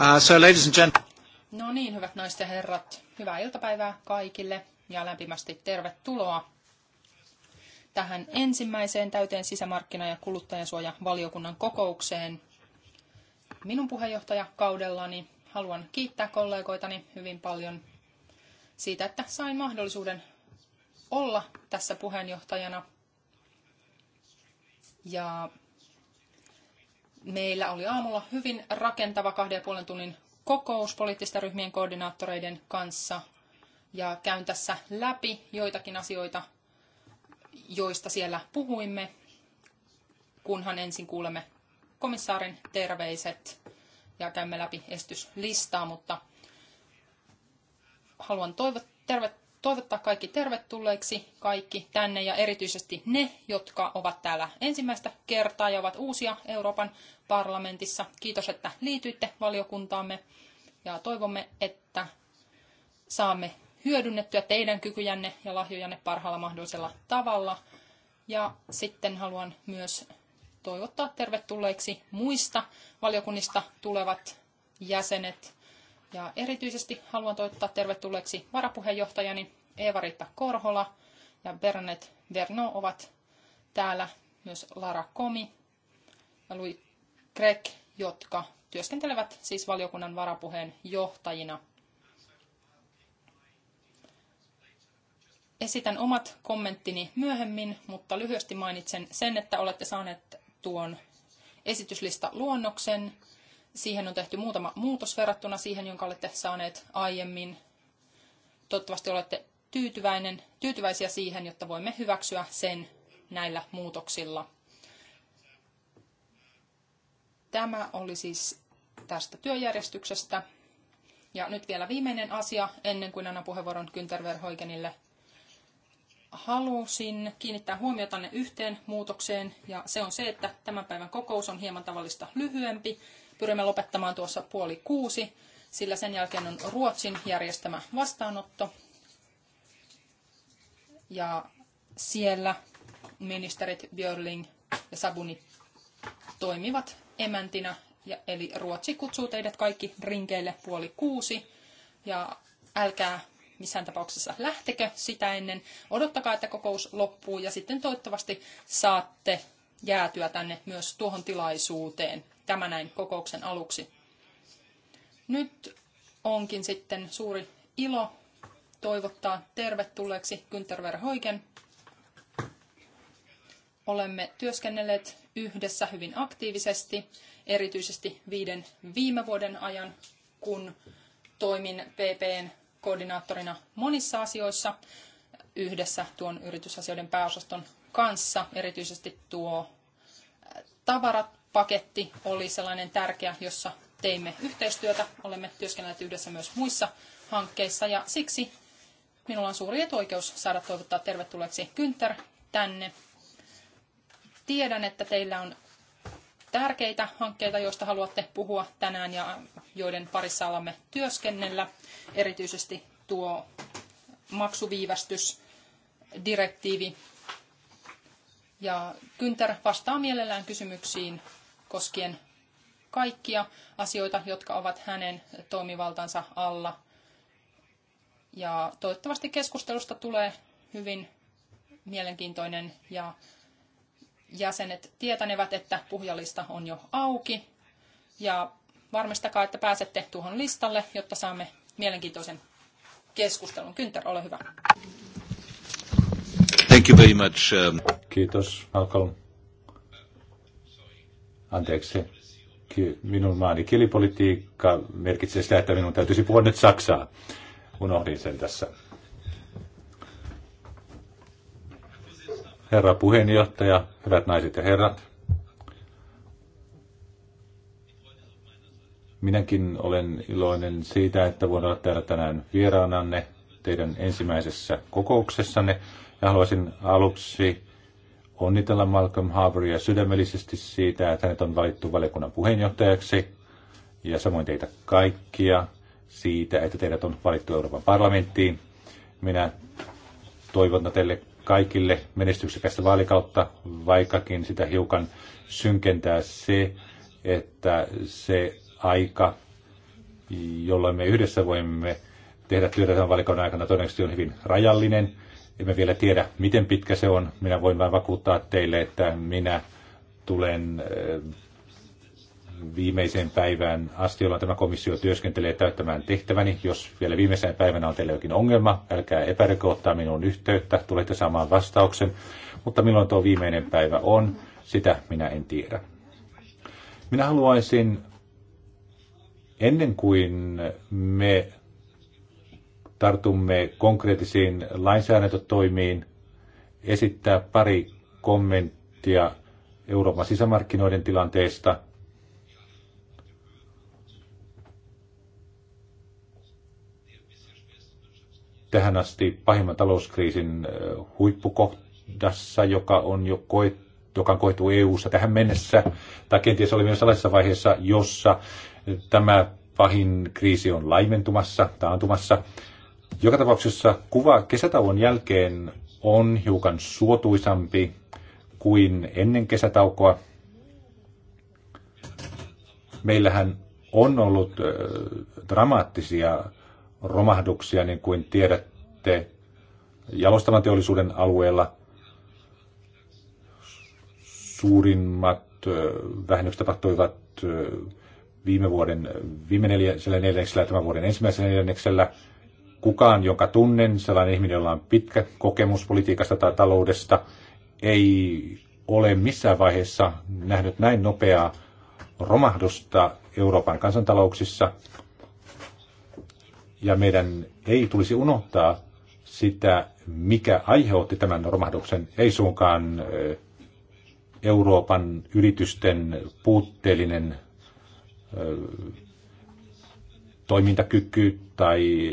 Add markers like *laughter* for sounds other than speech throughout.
Uh, ladies and gentlemen. No niin, hyvät naiset ja herrat. Hyvää iltapäivää kaikille ja lämpimästi tervetuloa tähän ensimmäiseen täyteen sisämarkkina- ja kuluttajansuojavaliokunnan kokoukseen. Minun puheenjohtajakaudellani haluan kiittää kollegoitani hyvin paljon siitä, että sain mahdollisuuden olla tässä puheenjohtajana. Ja Meillä oli aamulla hyvin rakentava kahden ja puolen tunnin kokous poliittisten ryhmien koordinaattoreiden kanssa. Ja käyn tässä läpi joitakin asioita, joista siellä puhuimme, kunhan ensin kuulemme komissaarin terveiset ja käymme läpi estyslistaa, mutta haluan toivot, tervet, toivottaa kaikki tervetulleiksi, kaikki tänne ja erityisesti ne, jotka ovat täällä ensimmäistä kertaa ja ovat uusia Euroopan parlamentissa. Kiitos, että liityitte valiokuntaamme ja toivomme, että saamme hyödynnettyä teidän kykyjänne ja lahjojanne parhaalla mahdollisella tavalla. Ja sitten haluan myös toivottaa tervetulleiksi muista valiokunnista tulevat jäsenet ja erityisesti haluan toivottaa tervetulleeksi varapuheenjohtajani Eeva-Riitta Korhola ja Bernet Verno ovat täällä myös Lara Komi ja Louis Greg, jotka työskentelevät siis valiokunnan varapuheen johtajina. Esitän omat kommenttini myöhemmin, mutta lyhyesti mainitsen sen, että olette saaneet tuon esityslista luonnoksen Siihen on tehty muutama muutos verrattuna siihen, jonka olette saaneet aiemmin. Toivottavasti olette tyytyväinen, tyytyväisiä siihen, jotta voimme hyväksyä sen näillä muutoksilla. Tämä oli siis tästä työjärjestyksestä. Ja nyt vielä viimeinen asia, ennen kuin annan puheenvuoron Günther Verhoikenille. Halusin kiinnittää huomiotanne yhteen muutokseen, ja se on se, että tämän päivän kokous on hieman tavallista lyhyempi, Pyrimme lopettamaan tuossa puoli kuusi, sillä sen jälkeen on Ruotsin järjestämä vastaanotto. Ja siellä ministerit Björling ja Sabuni toimivat emäntinä. Ja, eli Ruotsi kutsuu teidät kaikki rinkeille puoli kuusi. Ja älkää missään tapauksessa lähtekö sitä ennen. Odottakaa, että kokous loppuu ja sitten toivottavasti saatte jäätyä tänne myös tuohon tilaisuuteen. Tämä näin kokouksen aluksi. Nyt onkin sitten suuri ilo toivottaa tervetulleeksi Günther Verhoiken. Olemme työskennelleet yhdessä hyvin aktiivisesti, erityisesti viiden viime vuoden ajan, kun toimin PPn koordinaattorina monissa asioissa yhdessä tuon yritysasioiden pääosaston kanssa, erityisesti tuo äh, tavarat, paketti oli sellainen tärkeä, jossa teimme yhteistyötä. Olemme työskennelleet yhdessä myös muissa hankkeissa ja siksi minulla on suuri etuoikeus saada toivottaa tervetulleeksi Günther tänne. Tiedän, että teillä on tärkeitä hankkeita, joista haluatte puhua tänään ja joiden parissa alamme työskennellä. Erityisesti tuo maksuviivästysdirektiivi. Ja Günther vastaa mielellään kysymyksiin koskien kaikkia asioita, jotka ovat hänen toimivaltansa alla. Ja toivottavasti keskustelusta tulee hyvin mielenkiintoinen ja jäsenet tietänevät, että puhjalista on jo auki. Ja varmistakaa, että pääsette tuohon listalle, jotta saamme mielenkiintoisen keskustelun. Kynter, ole hyvä. Thank you very much. Um, Kiitos, Malcolm. Anteeksi. Minun maani kielipolitiikka merkitsee sitä, että minun täytyisi puhua nyt Saksaa. Unohdin sen tässä. Herra puheenjohtaja, hyvät naiset ja herrat. Minäkin olen iloinen siitä, että voin olla täällä tänään vieraananne teidän ensimmäisessä kokouksessanne. Ja haluaisin aluksi onnitella Malcolm Harbouria sydämellisesti siitä, että hänet on valittu valiokunnan puheenjohtajaksi ja samoin teitä kaikkia siitä, että teidät on valittu Euroopan parlamenttiin. Minä toivon teille kaikille menestyksekästä vaalikautta, vaikkakin sitä hiukan synkentää se, että se aika, jolloin me yhdessä voimme tehdä työtä tämän valikon aikana, todennäköisesti on hyvin rajallinen. Emme vielä tiedä, miten pitkä se on. Minä voin vain vakuuttaa teille, että minä tulen eh, viimeiseen päivään asti, jolloin tämä komissio työskentelee täyttämään tehtäväni. Jos vielä viimeisenä päivänä on teillä jokin ongelma, älkää epäröikö ottaa minuun yhteyttä, tulette saamaan vastauksen. Mutta milloin tuo viimeinen päivä on, sitä minä en tiedä. Minä haluaisin, ennen kuin me tartumme konkreettisiin lainsäädäntötoimiin, esittää pari kommenttia Euroopan sisämarkkinoiden tilanteesta. Tähän asti pahimman talouskriisin huippukohdassa, joka on jo koettu joka on koettu EU-ssa tähän mennessä, tai kenties oli myös sellaisessa vaiheessa, jossa tämä pahin kriisi on laimentumassa, taantumassa. Joka tapauksessa kuva kesätauon jälkeen on hiukan suotuisampi kuin ennen kesätaukoa. Meillähän on ollut dramaattisia romahduksia, niin kuin tiedätte, jalostavan teollisuuden alueella. Suurimmat vähennykset tapahtuivat viime vuoden viime neljäsellä neljänneksellä ja tämän vuoden ensimmäisellä neljänneksellä – kukaan, joka tunnen, sellainen ihminen, jolla on pitkä kokemus politiikasta tai taloudesta, ei ole missään vaiheessa nähnyt näin nopeaa romahdusta Euroopan kansantalouksissa. Ja meidän ei tulisi unohtaa sitä, mikä aiheutti tämän romahduksen. Ei suinkaan Euroopan yritysten puutteellinen toimintakyky tai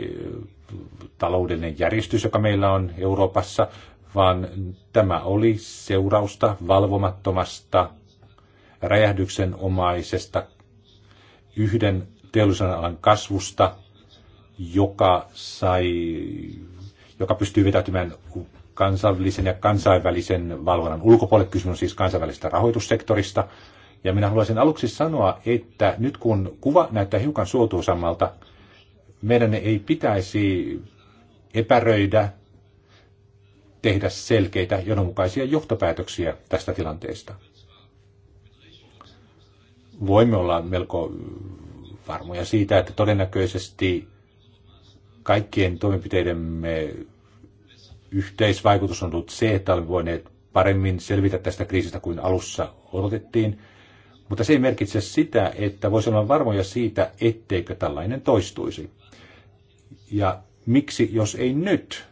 taloudellinen järjestys, joka meillä on Euroopassa, vaan tämä oli seurausta valvomattomasta, räjähdyksenomaisesta yhden teollisuuden kasvusta, joka, sai, joka pystyy vetäytymään kansallisen ja kansainvälisen valvonnan ulkopuolelle. Kysymys on siis kansainvälisestä rahoitussektorista, ja minä haluaisin aluksi sanoa, että nyt kun kuva näyttää hiukan suotuisammalta, meidän ei pitäisi epäröidä tehdä selkeitä johdonmukaisia johtopäätöksiä tästä tilanteesta. Voimme olla melko varmoja siitä, että todennäköisesti kaikkien toimenpiteidemme yhteisvaikutus on ollut se, että olemme voineet paremmin selvitä tästä kriisistä kuin alussa odotettiin – mutta se ei merkitse sitä, että voisi olla varmoja siitä, etteikö tällainen toistuisi. Ja miksi, jos ei nyt,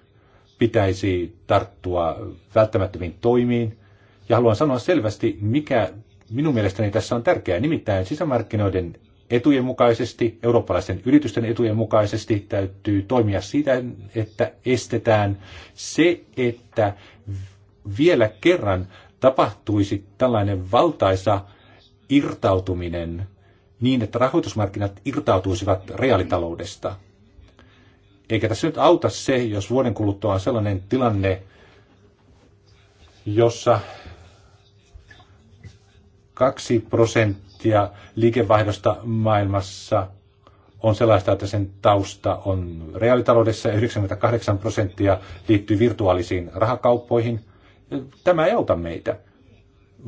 pitäisi tarttua välttämättömiin toimiin. Ja haluan sanoa selvästi, mikä minun mielestäni tässä on tärkeää, nimittäin sisämarkkinoiden etujen mukaisesti, eurooppalaisten yritysten etujen mukaisesti täytyy toimia siitä, että estetään se, että vielä kerran tapahtuisi tällainen valtaisa irtautuminen niin, että rahoitusmarkkinat irtautuisivat reaalitaloudesta. Eikä tässä nyt auta se, jos vuoden kuluttua on sellainen tilanne, jossa kaksi prosenttia liikevaihdosta maailmassa on sellaista, että sen tausta on reaalitaloudessa ja 98 prosenttia liittyy virtuaalisiin rahakauppoihin. Tämä ei auta meitä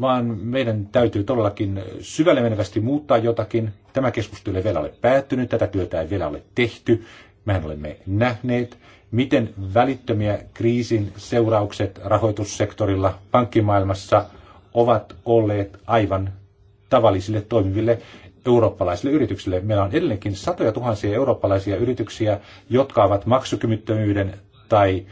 vaan meidän täytyy todellakin syvällemenevästi muuttaa jotakin. Tämä keskustelu ei vielä ole päättynyt, tätä työtä ei vielä ole tehty. Mehän olemme nähneet, miten välittömiä kriisin seuraukset rahoitussektorilla pankkimaailmassa ovat olleet aivan tavallisille toimiville eurooppalaisille yrityksille. Meillä on edelleenkin satoja tuhansia eurooppalaisia yrityksiä, jotka ovat maksukyvyttömyyden tai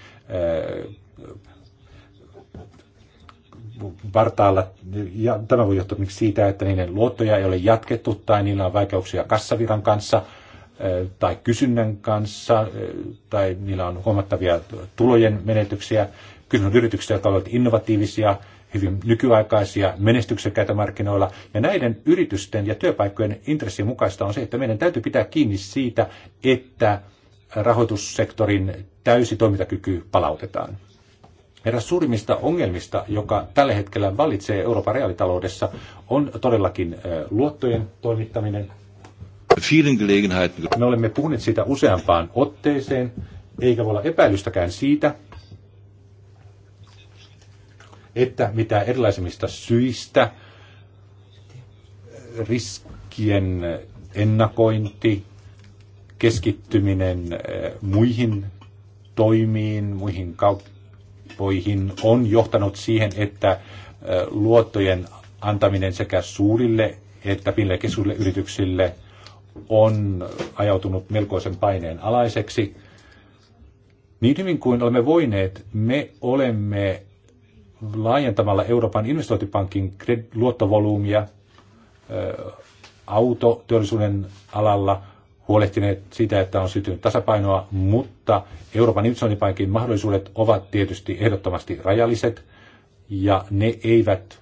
vartaalla, ja tämä voi johtua siitä, että niiden luottoja ei ole jatkettu tai niillä on vaikeuksia kassaviran kanssa tai kysynnän kanssa tai niillä on huomattavia tulojen menetyksiä. Kyllä on yrityksiä, jotka ovat innovatiivisia, hyvin nykyaikaisia, menestyksekkäitä markkinoilla. Ja näiden yritysten ja työpaikkojen intressien mukaista on se, että meidän täytyy pitää kiinni siitä, että rahoitussektorin täysi toimintakyky palautetaan. Eräs suurimmista ongelmista, joka tällä hetkellä valitsee Euroopan reaalitaloudessa, on todellakin luottojen toimittaminen. Me olemme puhuneet siitä useampaan otteeseen, eikä voi olla epäilystäkään siitä, että mitä erilaisimmista syistä riskien ennakointi, keskittyminen muihin toimiin, muihin kaup- kauppoihin on johtanut siihen, että luottojen antaminen sekä suurille että pienille keskuille yrityksille on ajautunut melkoisen paineen alaiseksi. Niin hyvin kuin olemme voineet, me olemme laajentamalla Euroopan investointipankin luottovolyymiä autoteollisuuden alalla huolehtineet siitä, että on syntynyt tasapainoa, mutta Euroopan investointipankin mahdollisuudet ovat tietysti ehdottomasti rajalliset, ja ne eivät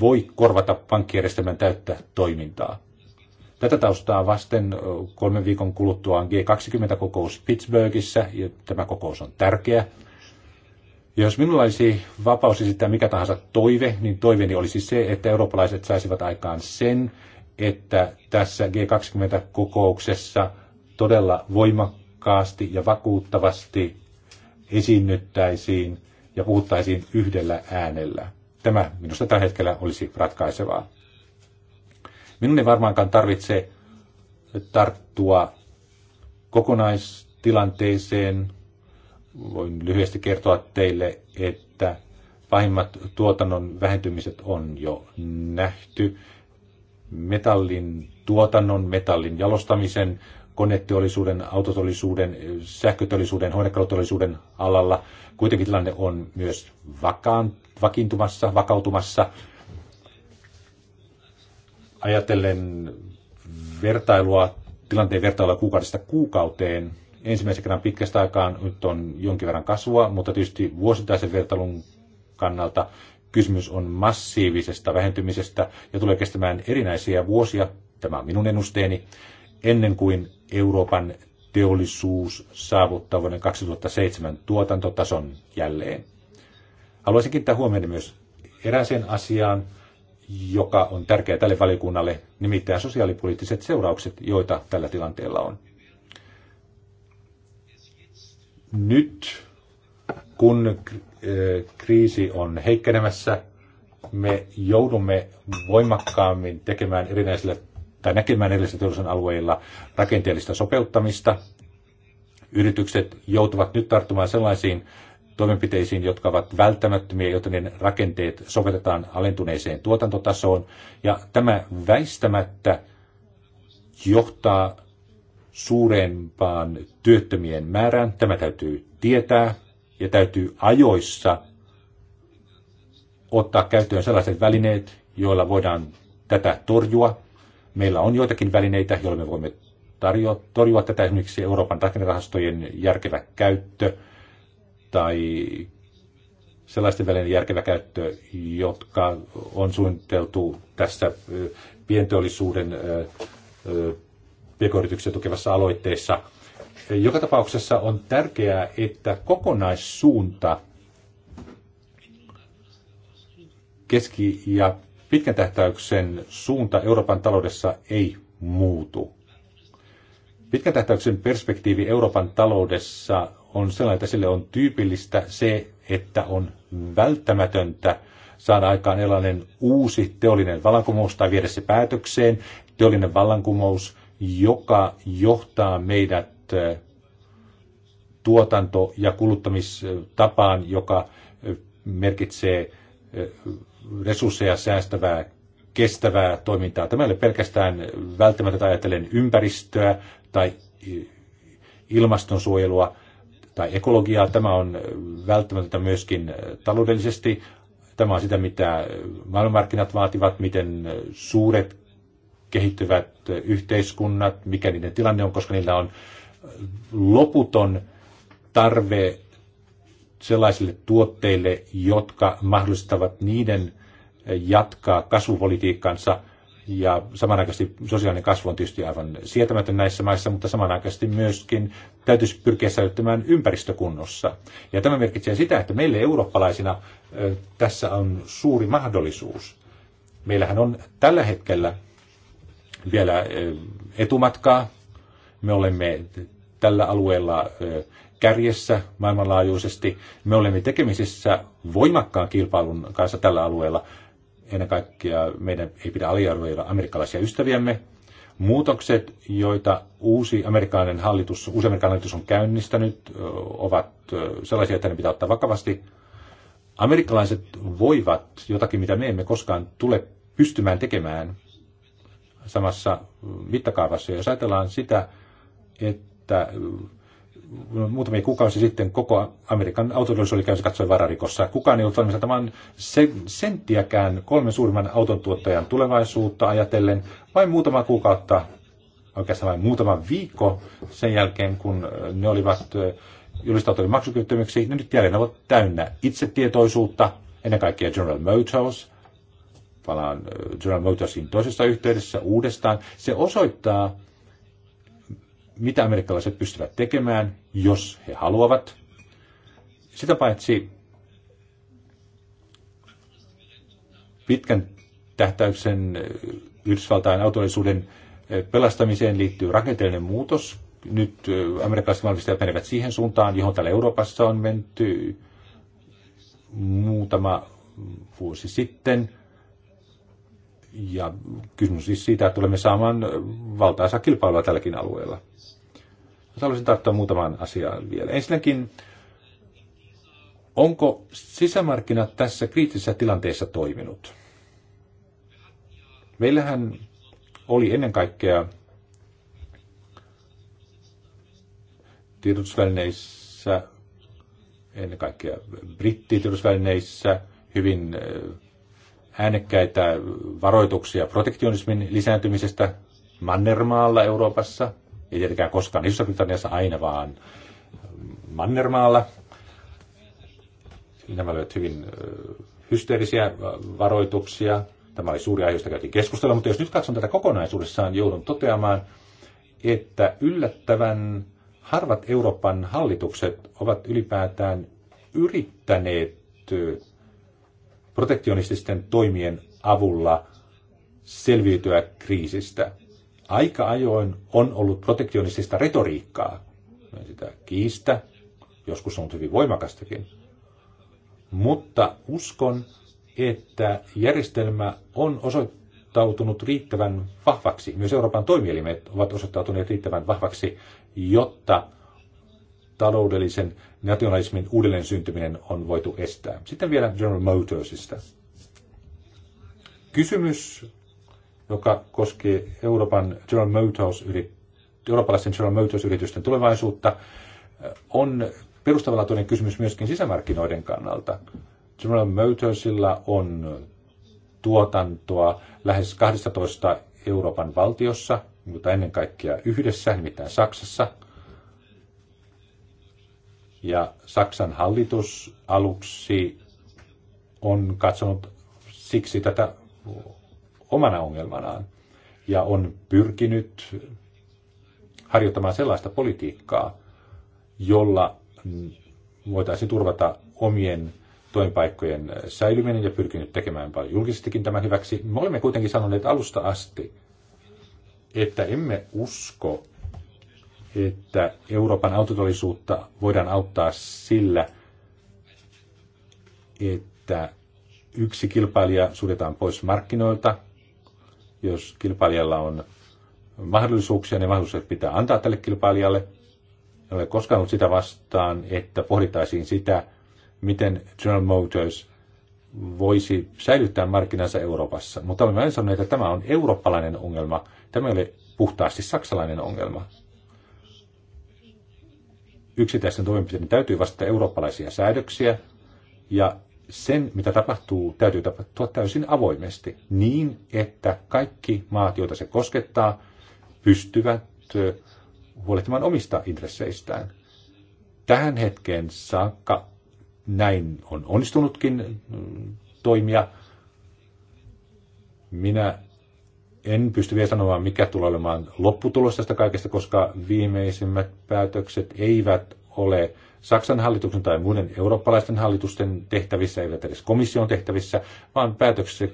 voi korvata pankkijärjestelmän täyttä toimintaa. Tätä taustaa vasten kolmen viikon kuluttua on G20-kokous Pittsburghissa, ja tämä kokous on tärkeä. Ja jos minulla olisi vapaus esittää mikä tahansa toive, niin toiveeni olisi se, että eurooppalaiset saisivat aikaan sen, että tässä G20-kokouksessa todella voimakkaasti ja vakuuttavasti esiinnyttäisiin ja puhuttaisiin yhdellä äänellä. Tämä minusta tällä hetkellä olisi ratkaisevaa. Minun ei varmaankaan tarvitse tarttua kokonaistilanteeseen. Voin lyhyesti kertoa teille, että pahimmat tuotannon vähentymiset on jo nähty metallin tuotannon, metallin jalostamisen, koneteollisuuden, autotollisuuden, sähköteollisuuden, huonekaluteollisuuden alalla. Kuitenkin tilanne on myös vakaan, vakiintumassa, vakautumassa. Ajatellen vertailua, tilanteen vertailua kuukaudesta kuukauteen, ensimmäisen kerran pitkästä aikaan nyt on jonkin verran kasvua, mutta tietysti vuosittaisen vertailun kannalta Kysymys on massiivisesta vähentymisestä ja tulee kestämään erinäisiä vuosia, tämä on minun ennusteeni, ennen kuin Euroopan teollisuus saavuttaa vuoden 2007 tuotantotason jälleen. Haluaisin kiinnittää huomiota myös erääseen asiaan, joka on tärkeä tälle valiokunnalle, nimittäin sosiaalipoliittiset seuraukset, joita tällä tilanteella on. Nyt kun eh, kriisi on heikkenemässä, me joudumme voimakkaammin tekemään erinäisillä tai näkemään erilaisilla teollisuuden alueilla rakenteellista sopeuttamista. Yritykset joutuvat nyt tarttumaan sellaisiin toimenpiteisiin, jotka ovat välttämättömiä, joten ne rakenteet sovelletaan alentuneeseen tuotantotasoon. Ja tämä väistämättä johtaa suurempaan työttömien määrään. Tämä täytyy tietää ja täytyy ajoissa ottaa käyttöön sellaiset välineet, joilla voidaan tätä torjua. Meillä on joitakin välineitä, joilla me voimme tarjo- torjua tätä, esimerkiksi Euroopan rakennerahastojen järkevä käyttö tai sellaisten välineiden järkevä käyttö, jotka on suunniteltu tässä pienteollisuuden pk tukevassa aloitteessa – joka tapauksessa on tärkeää, että kokonaissuunta keski- ja pitkän tähtäyksen suunta Euroopan taloudessa ei muutu. Pitkän tähtäyksen perspektiivi Euroopan taloudessa on sellainen, että sille on tyypillistä se, että on välttämätöntä saada aikaan erilainen uusi teollinen vallankumous tai viedä se päätökseen, teollinen vallankumous, joka johtaa meidät tuotanto- ja kuluttamistapaan, joka merkitsee resursseja säästävää, kestävää toimintaa. Tämä ei ole pelkästään välttämättä ajatellen ympäristöä tai ilmastonsuojelua tai ekologiaa. Tämä on välttämätöntä myöskin taloudellisesti. Tämä on sitä, mitä maailmanmarkkinat vaativat, miten suuret kehittyvät yhteiskunnat, mikä niiden tilanne on, koska niillä on loputon tarve sellaisille tuotteille, jotka mahdollistavat niiden eh, jatkaa kasvupolitiikkansa. Ja samanaikaisesti sosiaalinen kasvu on tietysti aivan sietämätön näissä maissa, mutta samanaikaisesti myöskin täytyisi pyrkiä säilyttämään ympäristökunnossa. Ja tämä merkitsee sitä, että meille eurooppalaisina eh, tässä on suuri mahdollisuus. Meillähän on tällä hetkellä vielä eh, etumatkaa. Me olemme tällä alueella kärjessä maailmanlaajuisesti. Me olemme tekemisissä voimakkaan kilpailun kanssa tällä alueella. Ennen kaikkea meidän ei pidä aliarvioida amerikkalaisia ystäviämme. Muutokset, joita uusi amerikkalainen hallitus, uusi amerikkalainen hallitus on käynnistänyt, ovat sellaisia, että ne pitää ottaa vakavasti. Amerikkalaiset voivat jotakin, mitä me emme koskaan tule pystymään tekemään samassa mittakaavassa. Jos ajatellaan sitä, että että äh, muutamia kuukausi sitten koko Amerikan autoteollisuus oli käynnissä katsoen vararikossa. Kukaan ei ollut valmis antamaan senttiäkään kolmen suurimman auton tuottajan tulevaisuutta ajatellen, vain muutama kuukautta, oikeastaan vain muutama viikko sen jälkeen, kun äh, ne olivat äh, julistautuneet maksukyvyttömyksi, ne nyt jälleen ovat täynnä itsetietoisuutta, ennen kaikkea General Motors, palaan General Motorsin toisessa yhteydessä uudestaan, se osoittaa, mitä amerikkalaiset pystyvät tekemään, jos he haluavat. Sitä paitsi pitkän tähtäyksen eh, Yhdysvaltain autollisuuden eh, pelastamiseen liittyy rakenteellinen muutos. Nyt eh, amerikkalaiset valmistajat menevät siihen suuntaan, johon täällä Euroopassa on menty muutama vuosi sitten. Ja kysymys siis siitä, että tulemme saamaan valtaisaa kilpailua tälläkin alueella. Mutta haluaisin tarttua muutamaan asiaan vielä. Ensinnäkin, onko sisämarkkinat tässä kriittisessä tilanteessa toiminut? Meillähän oli ennen kaikkea tiedotusvälineissä, ennen kaikkea brittitiedotusvälineissä, hyvin äänekkäitä varoituksia protektionismin lisääntymisestä Mannermaalla Euroopassa, ei tietenkään koskaan Iso-Britanniassa aina, vaan Mannermaalla. Nämä olivat hyvin hysteerisiä varoituksia. Tämä oli suuri aihe, josta käytiin keskustelua, mutta jos nyt katson tätä kokonaisuudessaan, niin joudun toteamaan, että yllättävän harvat Euroopan hallitukset ovat ylipäätään yrittäneet protektionististen toimien avulla selviytyä kriisistä. Aika ajoin on ollut protektionistista retoriikkaa. sitä kiistä, joskus on hyvin voimakastakin. Mutta uskon, että järjestelmä on osoittautunut riittävän vahvaksi. Myös Euroopan toimielimet ovat osoittautuneet riittävän vahvaksi, jotta taloudellisen nationalismin uudelleen syntyminen on voitu estää. Sitten vielä General Motorsista. Kysymys, joka koskee Euroopan General Motors eurooppalaisten General Motors-yritysten tulevaisuutta, on perustavalla toinen kysymys myöskin sisämarkkinoiden kannalta. General Motorsilla on tuotantoa lähes 12 Euroopan valtiossa, mutta ennen kaikkea yhdessä, nimittäin Saksassa – ja Saksan hallitus aluksi on katsonut siksi tätä omana ongelmanaan ja on pyrkinyt harjoittamaan sellaista politiikkaa, jolla voitaisiin turvata omien toimipaikkojen säilyminen ja pyrkinyt tekemään paljon julkisestikin tämän hyväksi. Me olemme kuitenkin sanoneet alusta asti, että emme usko, että Euroopan autotollisuutta voidaan auttaa sillä, että yksi kilpailija suljetaan pois markkinoilta. Jos kilpailijalla on mahdollisuuksia, niin mahdollisuudet pitää antaa tälle kilpailijalle. En ole koskaan ollut sitä vastaan, että pohditaisiin sitä, miten General Motors voisi säilyttää markkinansa Euroopassa. Mutta olemme aina sanoneet, että tämä on eurooppalainen ongelma. Tämä ei ole puhtaasti saksalainen ongelma yksittäisten toimenpiteiden täytyy vastata eurooppalaisia säädöksiä ja sen, mitä tapahtuu, täytyy tapahtua täysin avoimesti niin, että kaikki maat, joita se koskettaa, pystyvät huolehtimaan omista intresseistään. Tähän hetkeen saakka näin on onnistunutkin mm, toimia. Minä en pysty vielä sanomaan, mikä tulee olemaan lopputulos tästä kaikesta, koska viimeisimmät päätökset eivät ole Saksan hallituksen tai muiden eurooppalaisten hallitusten tehtävissä, eivät edes komission tehtävissä, vaan päätökset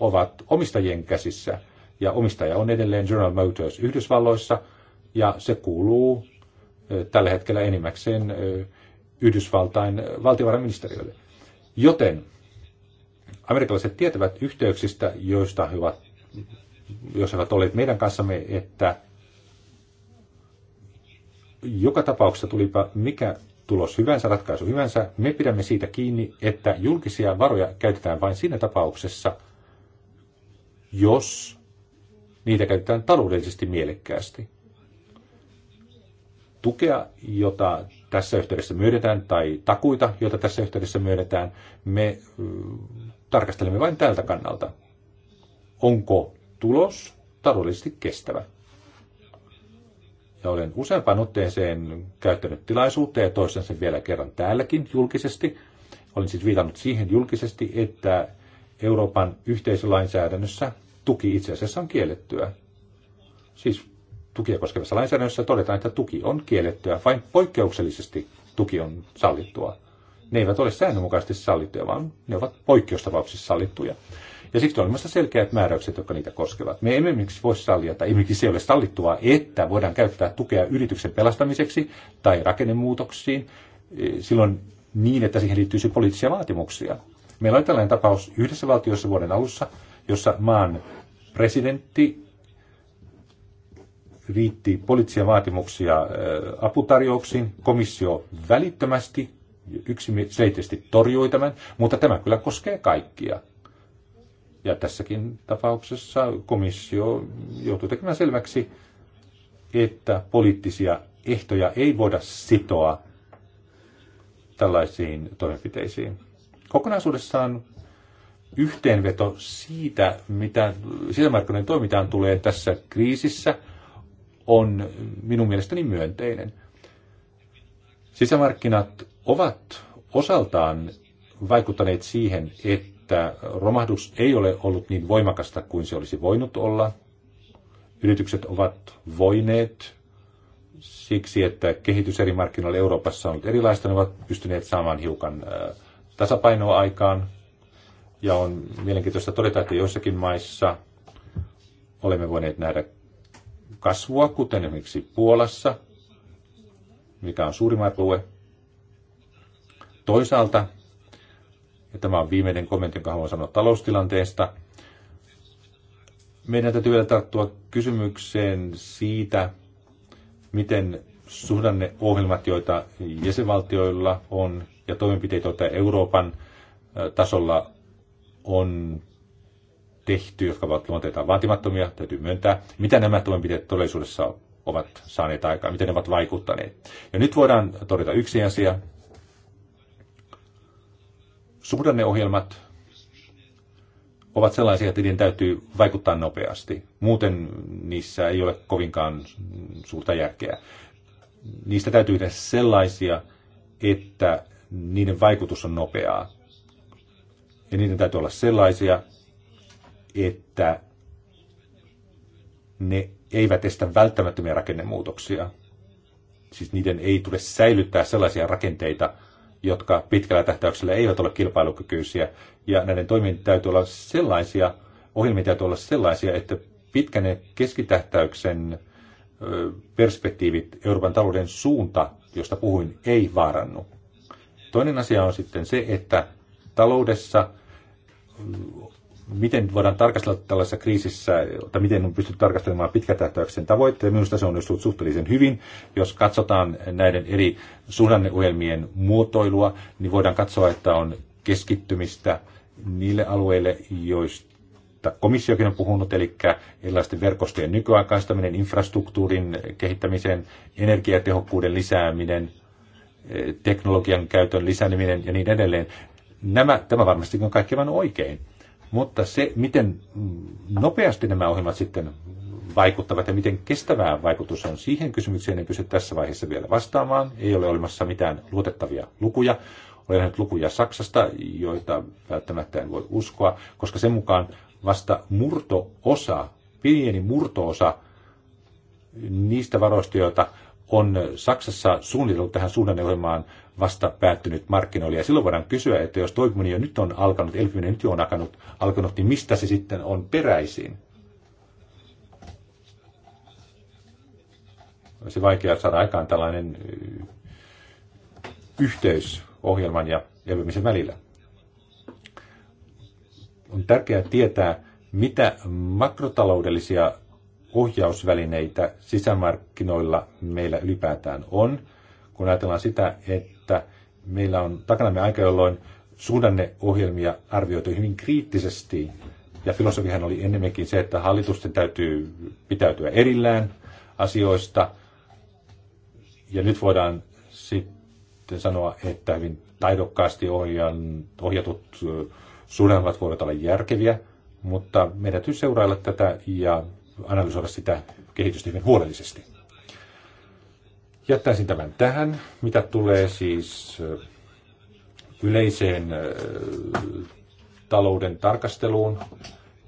ovat omistajien käsissä. Ja omistaja on edelleen General Motors Yhdysvalloissa, ja se kuuluu tällä hetkellä enimmäkseen Yhdysvaltain valtiovarainministeriölle. Joten amerikkalaiset tietävät yhteyksistä, joista he ovat jos he ovat olleet meidän kanssamme, että joka tapauksessa tulipa mikä tulos hyvänsä, ratkaisu hyvänsä, me pidämme siitä kiinni, että julkisia varoja käytetään vain siinä tapauksessa, jos niitä käytetään taloudellisesti mielekkäästi. Tukea, jota tässä yhteydessä myönnetään, tai takuita, joita tässä yhteydessä myönnetään, me tarkastelemme vain tältä kannalta. Onko tulos taloudellisesti kestävä. Ja olen useampaan otteeseen käyttänyt tilaisuutta ja toistan sen vielä kerran täälläkin julkisesti. Olin siis viitannut siihen julkisesti, että Euroopan yhteisölainsäädännössä tuki itse asiassa on kiellettyä. Siis tukia koskevassa lainsäädännössä todetaan, että tuki on kiellettyä, vain poikkeuksellisesti tuki on sallittua. Ne eivät ole säännönmukaisesti sallittuja, vaan ne ovat poikkeustapauksissa sallittuja. Ja siksi on olemassa selkeät määräykset, jotka niitä koskevat. Me emme miksi voi sallia, tai esimerkiksi ei ole sallittua, että voidaan käyttää tukea yrityksen pelastamiseksi tai rakennemuutoksiin e, silloin niin, että siihen liittyisi poliittisia vaatimuksia. Meillä oli tällainen tapaus yhdessä valtiossa vuoden alussa, jossa maan presidentti riitti poliittisia vaatimuksia e, aputarjouksiin. Komissio välittömästi yksimielisesti torjui tämän, mutta tämä kyllä koskee kaikkia. Ja tässäkin tapauksessa komissio joutuu tekemään selväksi, että poliittisia ehtoja ei voida sitoa tällaisiin toimenpiteisiin. Kokonaisuudessaan yhteenveto siitä, mitä sisämarkkinoiden toimintaan tulee tässä kriisissä, on minun mielestäni myönteinen. Sisämarkkinat ovat osaltaan vaikuttaneet siihen, että että romahdus ei ole ollut niin voimakasta kuin se olisi voinut olla. Yritykset ovat voineet siksi, että kehitys eri markkinoilla Euroopassa on ollut erilaista, ne ovat pystyneet saamaan hiukan äh, tasapainoa aikaan. Ja on mielenkiintoista todeta, että joissakin maissa olemme voineet nähdä kasvua, kuten esimerkiksi Puolassa, mikä on suurimmat lue. Toisaalta ja tämä on viimeinen kommentti, jonka haluan sanoa taloustilanteesta, meidän täytyy vielä tarttua kysymykseen siitä, miten suhdanneohjelmat, joita jäsenvaltioilla on, ja toimenpiteitä, joita Euroopan tasolla on tehty, jotka ovat luonteeltaan vaatimattomia, täytyy myöntää, mitä nämä toimenpiteet todellisuudessa ovat saaneet aikaan, miten ne ovat vaikuttaneet. Ja nyt voidaan todeta yksi asia, Suhdanneohjelmat ovat sellaisia, että niiden täytyy vaikuttaa nopeasti. Muuten niissä ei ole kovinkaan suurta järkeä. Niistä täytyy tehdä sellaisia, että niiden vaikutus on nopeaa. Ja niiden täytyy olla sellaisia, että ne eivät estä välttämättömiä rakennemuutoksia. Siis niiden ei tule säilyttää sellaisia rakenteita, jotka pitkällä tähtäyksellä eivät ole kilpailukykyisiä. Ja näiden toimien täytyy olla sellaisia, ohjelmien täytyy olla sellaisia, että pitkän keskitähtäyksen perspektiivit, Euroopan talouden suunta, josta puhuin, ei vaarannu. Toinen asia on sitten se, että taloudessa miten voidaan tarkastella tällaisessa kriisissä, tai miten on pystytty tarkastelemaan pitkätähtäyksen tavoitteet. Minusta se on onnistunut suhteellisen hyvin. Jos katsotaan näiden eri suhdanneohjelmien muotoilua, niin voidaan katsoa, että on keskittymistä niille alueille, joista komissiokin on puhunut, eli erilaisten verkostojen nykyaikaistaminen, infrastruktuurin kehittämisen, energiatehokkuuden lisääminen, eh, teknologian käytön lisääminen ja niin edelleen. Nämä, tämä varmasti on kaikki vain oikein. Mutta se, miten nopeasti nämä ohjelmat sitten vaikuttavat ja miten kestävää vaikutus on siihen kysymykseen, en pysty tässä vaiheessa vielä vastaamaan. Ei ole olemassa mitään luotettavia lukuja. Olen nähnyt lukuja Saksasta, joita välttämättä en voi uskoa, koska sen mukaan vasta murtoosa, pieni murtoosa niistä varoista, joita on Saksassa suunniteltu tähän suhdanneohjelmaan, vasta päättynyt markkinoille. Ja silloin voidaan kysyä, että jos toipuminen jo nyt on alkanut, elpyminen nyt jo on alkanut, alkanut niin mistä se sitten on peräisin? Olisi vaikea saada aikaan tällainen yhteys ohjelman ja elpymisen välillä. On tärkeää tietää, mitä makrotaloudellisia ohjausvälineitä sisämarkkinoilla meillä ylipäätään on, kun ajatellaan sitä, että että meillä on takanamme aika, jolloin suhdanneohjelmia arvioitu hyvin kriittisesti. Ja filosofihan oli enemmänkin se, että hallitusten täytyy pitäytyä erillään asioista. Ja nyt voidaan sitten sanoa, että hyvin taidokkaasti ohjan, ohjatut suhdannat voivat olla järkeviä, mutta meidän täytyy seurailla tätä ja analysoida sitä kehitystä hyvin huolellisesti. Jättäisin tämän tähän, mitä tulee siis yleiseen talouden tarkasteluun.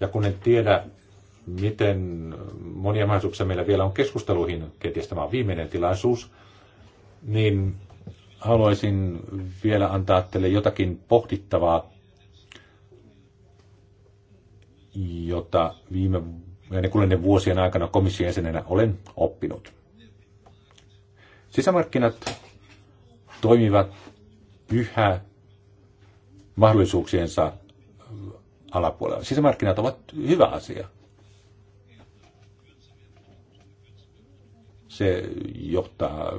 Ja kun en tiedä, miten monia mahdollisuuksia meillä vielä on keskusteluihin, kenties tämä on viimeinen tilaisuus, niin haluaisin vielä antaa teille jotakin pohdittavaa, jota viime kuin ennen vuosien aikana komission jäsenenä olen oppinut. Sisämarkkinat toimivat yhä mahdollisuuksiensa alapuolella. Sisämarkkinat ovat hyvä asia. Se johtaa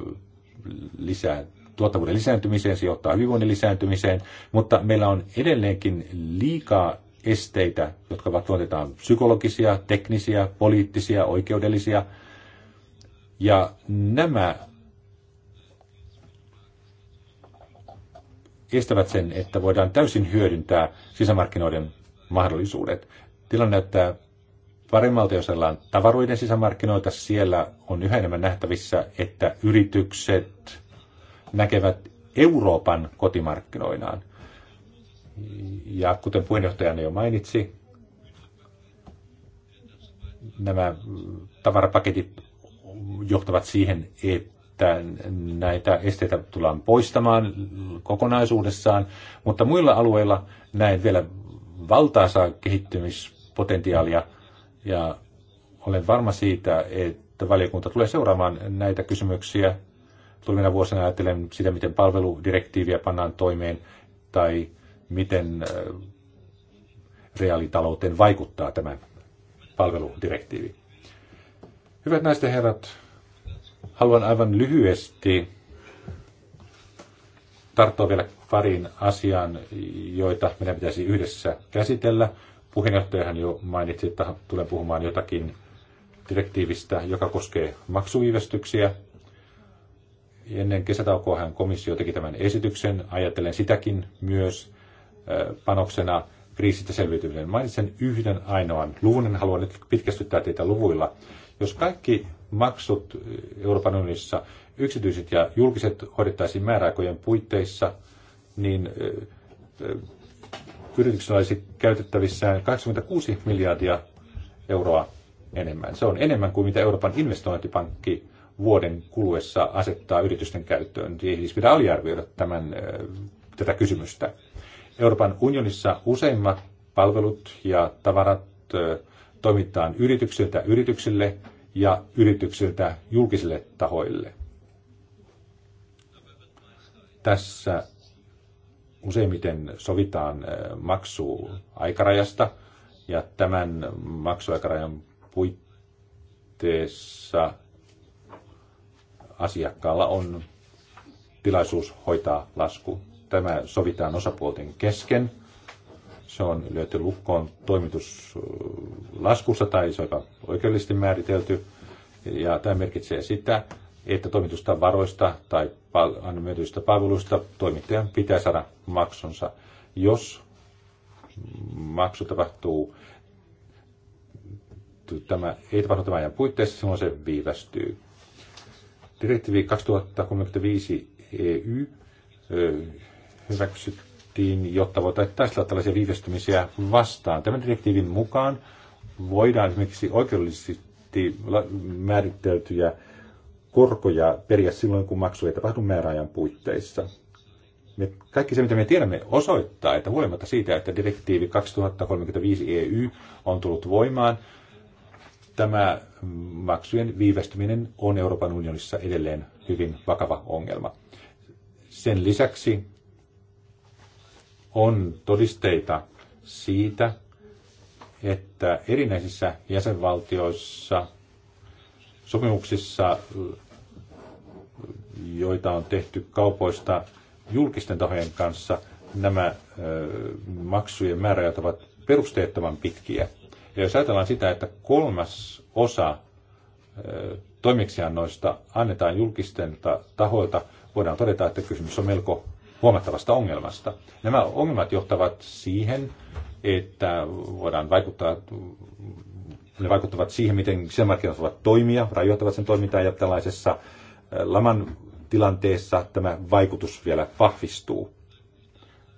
lisää tuottavuuden lisääntymiseen, se johtaa hyvinvoinnin lisääntymiseen, mutta meillä on edelleenkin liikaa esteitä, jotka ovat tuotetaan psykologisia, teknisiä, poliittisia, oikeudellisia. Ja nämä estävät sen, että voidaan täysin hyödyntää sisämarkkinoiden mahdollisuudet. Tilanne näyttää paremmalta, jos ollaan tavaroiden sisämarkkinoita. Siellä on yhä enemmän nähtävissä, että yritykset näkevät Euroopan kotimarkkinoinaan. Ja kuten puheenjohtajani jo mainitsi, nämä tavarapaketit johtavat siihen, että että näitä esteitä tullaan poistamaan kokonaisuudessaan, mutta muilla alueilla näen vielä valtaisaa kehittymispotentiaalia ja olen varma siitä, että valiokunta tulee seuraamaan näitä kysymyksiä tulevina vuosina ajattelen sitä, miten palveludirektiiviä pannaan toimeen tai miten äh, reaalitalouteen vaikuttaa tämä palveludirektiivi. Hyvät naiset ja herrat, Haluan aivan lyhyesti tarttua vielä pariin asiaan, joita meidän pitäisi yhdessä käsitellä. Puheenjohtajahan jo mainitsi, että tulen puhumaan jotakin direktiivistä, joka koskee maksuviivästyksiä. Ennen kesätaukoa hän komissio teki tämän esityksen. Ajattelen sitäkin myös panoksena kriisistä selviytyminen. Mainitsen yhden ainoan luvun, en halua nyt pitkästyttää teitä luvuilla. Jos kaikki maksut Euroopan unionissa, yksityiset ja julkiset hoidettaisiin määräaikojen puitteissa, niin yrityksellä olisi käytettävissään 86 miljardia euroa enemmän. Se on enemmän kuin mitä Euroopan investointipankki vuoden kuluessa asettaa yritysten käyttöön. Ei siis pidä aliarvioida tämän, tätä kysymystä. Euroopan unionissa useimmat palvelut ja tavarat toimitaan yrityksiltä yrityksille – ja yrityksiltä julkisille tahoille. Tässä useimmiten sovitaan äh, maksuaikarajasta ja tämän maksuaikarajan puitteissa asiakkaalla on tilaisuus hoitaa lasku. Tämä sovitaan osapuolten kesken – se on lyöty lukkoon toimituslaskussa tai se on oikeudellisesti määritelty. Ja tämä merkitsee sitä, että toimitusta varoista tai annetuista palveluista toimittajan pitää saada maksunsa. Jos maksu tapahtuu, tämä, ei tapahdu tämän ajan puitteissa, silloin se viivästyy. Direktiivi 2035 EU hyväksyt direktiiviin, jotta voitaisiin taistella tällaisia viivästymisiä vastaan. Tämän direktiivin mukaan voidaan esimerkiksi oikeudellisesti määriteltyjä korkoja periä silloin, kun maksu ei tapahdu määräajan puitteissa. Me, kaikki se, mitä me tiedämme, osoittaa, että huolimatta siitä, että direktiivi 2035 EU on tullut voimaan, tämä maksujen viivästyminen on Euroopan unionissa edelleen hyvin vakava ongelma. Sen lisäksi on todisteita siitä, että erinäisissä jäsenvaltioissa sopimuksissa, joita on tehty kaupoista julkisten tahojen kanssa, nämä maksujen määräajat ovat perusteettoman pitkiä. Ja jos ajatellaan sitä, että kolmas osa toimeksiannoista annetaan julkisten tahoilta, voidaan todeta, että kysymys on melko huomattavasta ongelmasta. Nämä ongelmat johtavat siihen, että voidaan vaikuttaa, ne vaikuttavat siihen, miten sisämarkkinat voivat toimia, rajoittavat sen toimintaa ja tällaisessa laman tilanteessa tämä vaikutus vielä vahvistuu.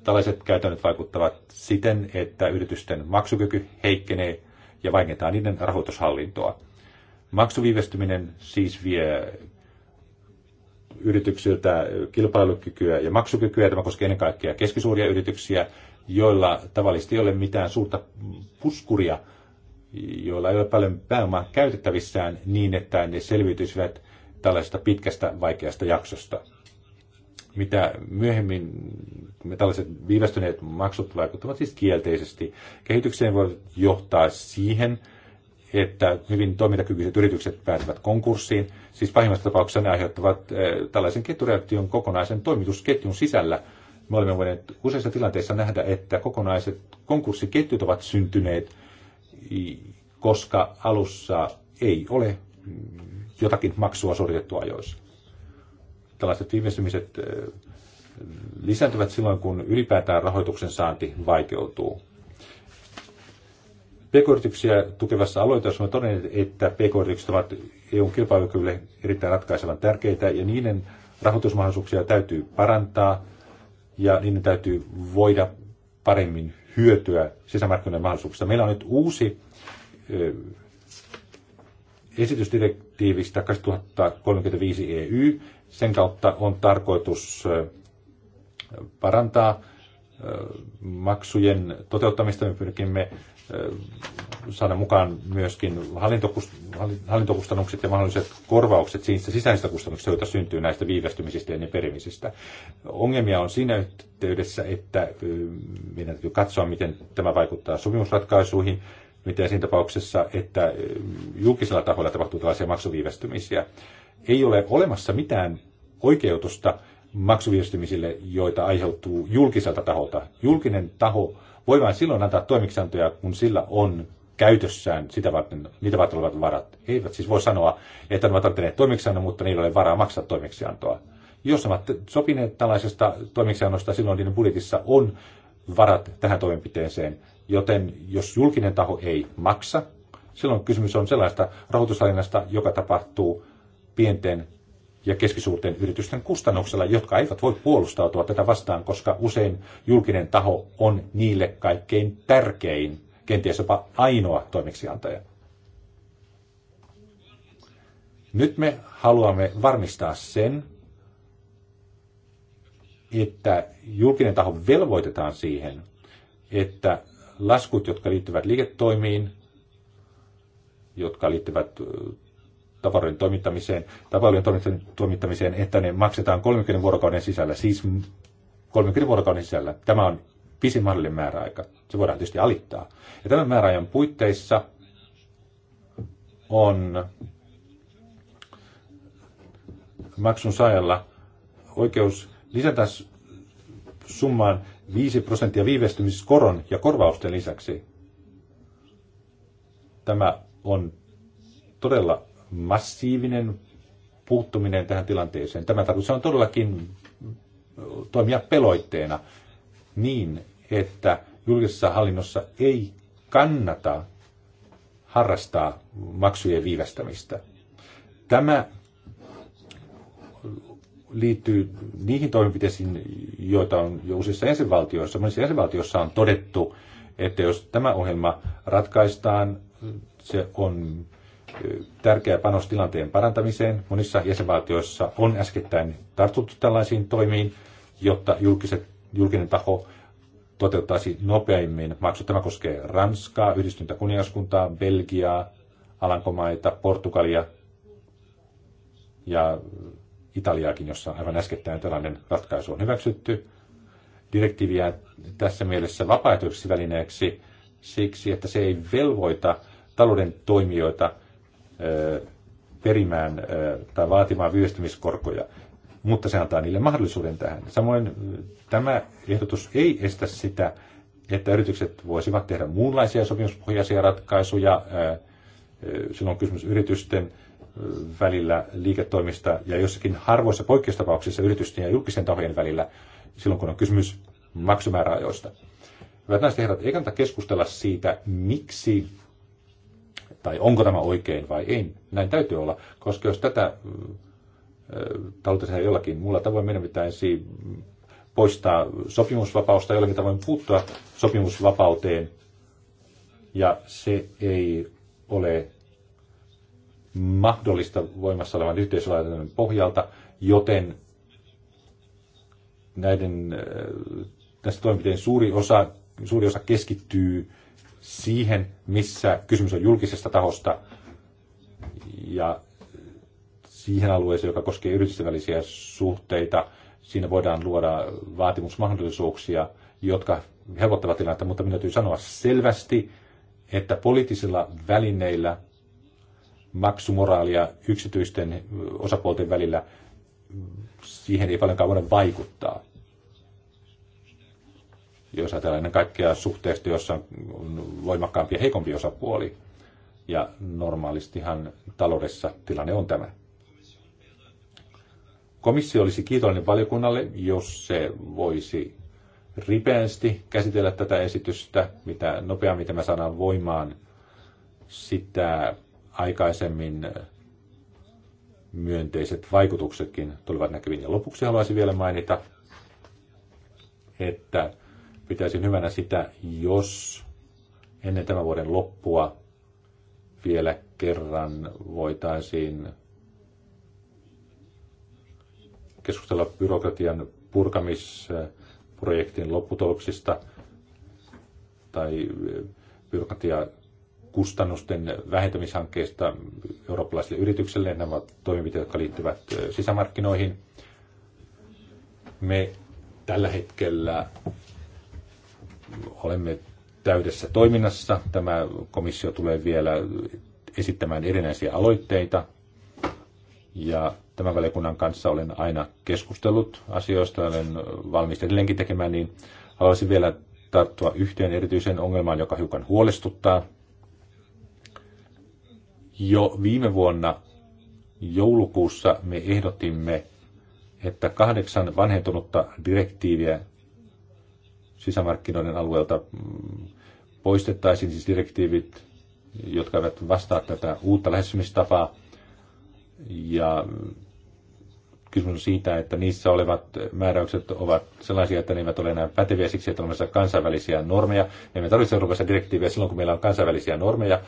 Tällaiset käytännöt vaikuttavat siten, että yritysten maksukyky heikkenee ja vaikeutetaan niiden rahoitushallintoa. Maksuviivästyminen siis vie yrityksiltä kilpailukykyä ja maksukykyä. Tämä koskee ennen kaikkea keskisuuria yrityksiä, joilla tavallisesti ei ole mitään suurta puskuria, joilla ei ole paljon pääomaa käytettävissään niin, että ne selviytyisivät tällaisesta pitkästä vaikeasta jaksosta. Mitä myöhemmin me tällaiset viivästyneet maksut vaikuttavat siis kielteisesti. Kehitykseen voi johtaa siihen, että hyvin toimintakykyiset yritykset pääsevät konkurssiin. Siis pahimmassa tapauksessa ne aiheuttavat eh, tällaisen ketjureaktion kokonaisen toimitusketjun sisällä. Me olemme voineet useissa tilanteissa nähdä, että kokonaiset konkurssiketjut ovat syntyneet, koska alussa ei ole mm, jotakin maksua suoritettu ajoissa. Tällaiset viimeistymiset eh, lisääntyvät silloin, kun ylipäätään rahoituksen saanti vaikeutuu. PK-yrityksiä tukevassa aloitteessa on todennut, että PK-yritykset ovat EUn kilpailukyvylle erittäin ratkaisevan tärkeitä ja niiden rahoitusmahdollisuuksia täytyy parantaa ja niiden täytyy voida paremmin hyötyä sisämarkkinoiden mahdollisuuksista. Meillä on nyt uusi esitysdirektiivistä 2035 EY. Sen kautta on tarkoitus parantaa maksujen toteuttamista. Me pyrkimme saada mukaan myöskin hallintokustannukset ja mahdolliset korvaukset siitä sisäisistä kustannuksista, joita syntyy näistä viivästymisistä ja ne perimisistä. Ongelmia on siinä yhteydessä, että meidän täytyy katsoa, miten tämä vaikuttaa sopimusratkaisuihin, miten siinä tapauksessa, että julkisella taholla tapahtuu tällaisia maksuviivästymisiä. Ei ole olemassa mitään oikeutusta maksuviivästymisille, joita aiheutuu julkiselta taholta. Julkinen taho voi vain silloin antaa toimiksiantoja, kun sillä on käytössään sitä varten, niitä varten olevat varat. He eivät siis voi sanoa, että ne ovat antaneet toimiksiannon, mutta niillä ei varaa maksaa toimiksiantoa. Jos ne ovat sopineet tällaisesta toimiksiannosta, silloin niiden budjetissa on varat tähän toimenpiteeseen. Joten jos julkinen taho ei maksa, silloin kysymys on sellaista rahoitusalinnasta, joka tapahtuu pienten ja keskisuurten yritysten kustannuksella, jotka eivät voi puolustautua tätä vastaan, koska usein julkinen taho on niille kaikkein tärkein, kenties jopa ainoa toimeksiantaja. Nyt me haluamme varmistaa sen, että julkinen taho velvoitetaan siihen, että laskut, jotka liittyvät liiketoimiin, jotka liittyvät tavaroiden toimittamiseen, tavaroiden toimittamiseen, että ne maksetaan 30 vuorokauden sisällä, siis 30 vuorokauden sisällä. Tämä on pisin mahdollinen määräaika. Se voidaan tietysti alittaa. Ja tämän määräajan puitteissa on maksun saajalla oikeus lisätä summaan 5 prosenttia viivästymiskoron ja korvausten lisäksi. Tämä on todella massiivinen puuttuminen tähän tilanteeseen. Tämä tarkoitus on todellakin toimia peloitteena niin, että julkisessa hallinnossa ei kannata harrastaa maksujen viivästämistä. Tämä liittyy niihin toimenpiteisiin, joita on jo useissa jäsenvaltioissa. Monissa jäsenvaltioissa on todettu, että jos tämä ohjelma ratkaistaan, se on tärkeä panos tilanteen parantamiseen. Monissa jäsenvaltioissa on äskettäin tartuttu tällaisiin toimiin, jotta julkiset, julkinen taho toteuttaisi nopeimmin maksut. Tämä koskee Ranskaa, Yhdistyntä kuningaskuntaa, Belgiaa, Alankomaita, Portugalia ja Italiaakin, jossa aivan äskettäin tällainen ratkaisu on hyväksytty. Direktiiviä tässä mielessä vapaaehtoiseksi välineeksi siksi, että se ei velvoita talouden toimijoita – perimään tai vaatimaan viivästymiskorkoja, mutta se antaa niille mahdollisuuden tähän. Samoin tämä ehdotus ei estä sitä, että yritykset voisivat tehdä muunlaisia sopimuspohjaisia ratkaisuja. Silloin on kysymys yritysten välillä liiketoimista ja jossakin harvoissa poikkeustapauksissa yritysten ja julkisen tahojen välillä silloin, kun on kysymys maksumääräajoista. Hyvät naiset herrat, ei kannata keskustella siitä, miksi tai onko tämä oikein vai ei. Näin täytyy olla, koska jos tätä taloutetaan jollakin muulla tavoin, meidän pitäisi poistaa tai jollakin tavoin puuttua sopimusvapauteen. Ja se ei ole mahdollista voimassa olevan yhteisölainsäädännön pohjalta, joten näiden, tästä toimenpiteen suuri osa, suuri osa keskittyy siihen, missä kysymys on julkisesta tahosta ja siihen alueeseen, joka koskee yritysten välisiä suhteita. Siinä voidaan luoda vaatimusmahdollisuuksia, jotka helpottavat tilannetta, mutta minä täytyy sanoa selvästi, että poliittisilla välineillä maksumoraalia yksityisten osapuolten välillä siihen ei paljonkaan voida vaikuttaa jos ajatellaan ennen kaikkea suhteesta, jossa on voimakkaampi ja heikompi osapuoli. Ja normaalistihan taloudessa tilanne on tämä. Komissio olisi kiitollinen valiokunnalle, jos se voisi ripeästi käsitellä tätä esitystä. Mitä nopeammin tämä saadaan voimaan, sitä aikaisemmin myönteiset vaikutuksetkin tulivat näkyviin. Ja lopuksi haluaisin vielä mainita, että pitäisin hyvänä sitä, jos ennen tämän vuoden loppua vielä kerran voitaisiin keskustella byrokratian purkamisprojektin lopputuloksista tai eh, byrokratia kustannusten vähentämishankkeista eurooppalaisille yrityksille. Nämä ovat toimenpiteet, jotka liittyvät eh, sisämarkkinoihin. Me tällä hetkellä olemme täydessä toiminnassa. Tämä komissio tulee vielä esittämään erinäisiä aloitteita. Ja tämän valiokunnan kanssa olen aina keskustellut asioista, olen valmis edelleenkin tekemään, niin haluaisin vielä tarttua yhteen erityiseen ongelmaan, joka hiukan huolestuttaa. Jo viime vuonna joulukuussa me ehdotimme, että kahdeksan vanhentunutta direktiiviä sisämarkkinoiden alueelta mm, poistettaisiin siis direktiivit, jotka eivät vastaa tätä uutta lähestymistapaa. Ja kysymys on siitä, että niissä olevat määräykset ovat sellaisia, että ne eivät ole enää päteviä siksi, että on olemassa kansainvälisiä normeja. Me emme tarvitse Euroopassa direktiiviä silloin, kun meillä on kansainvälisiä normeja.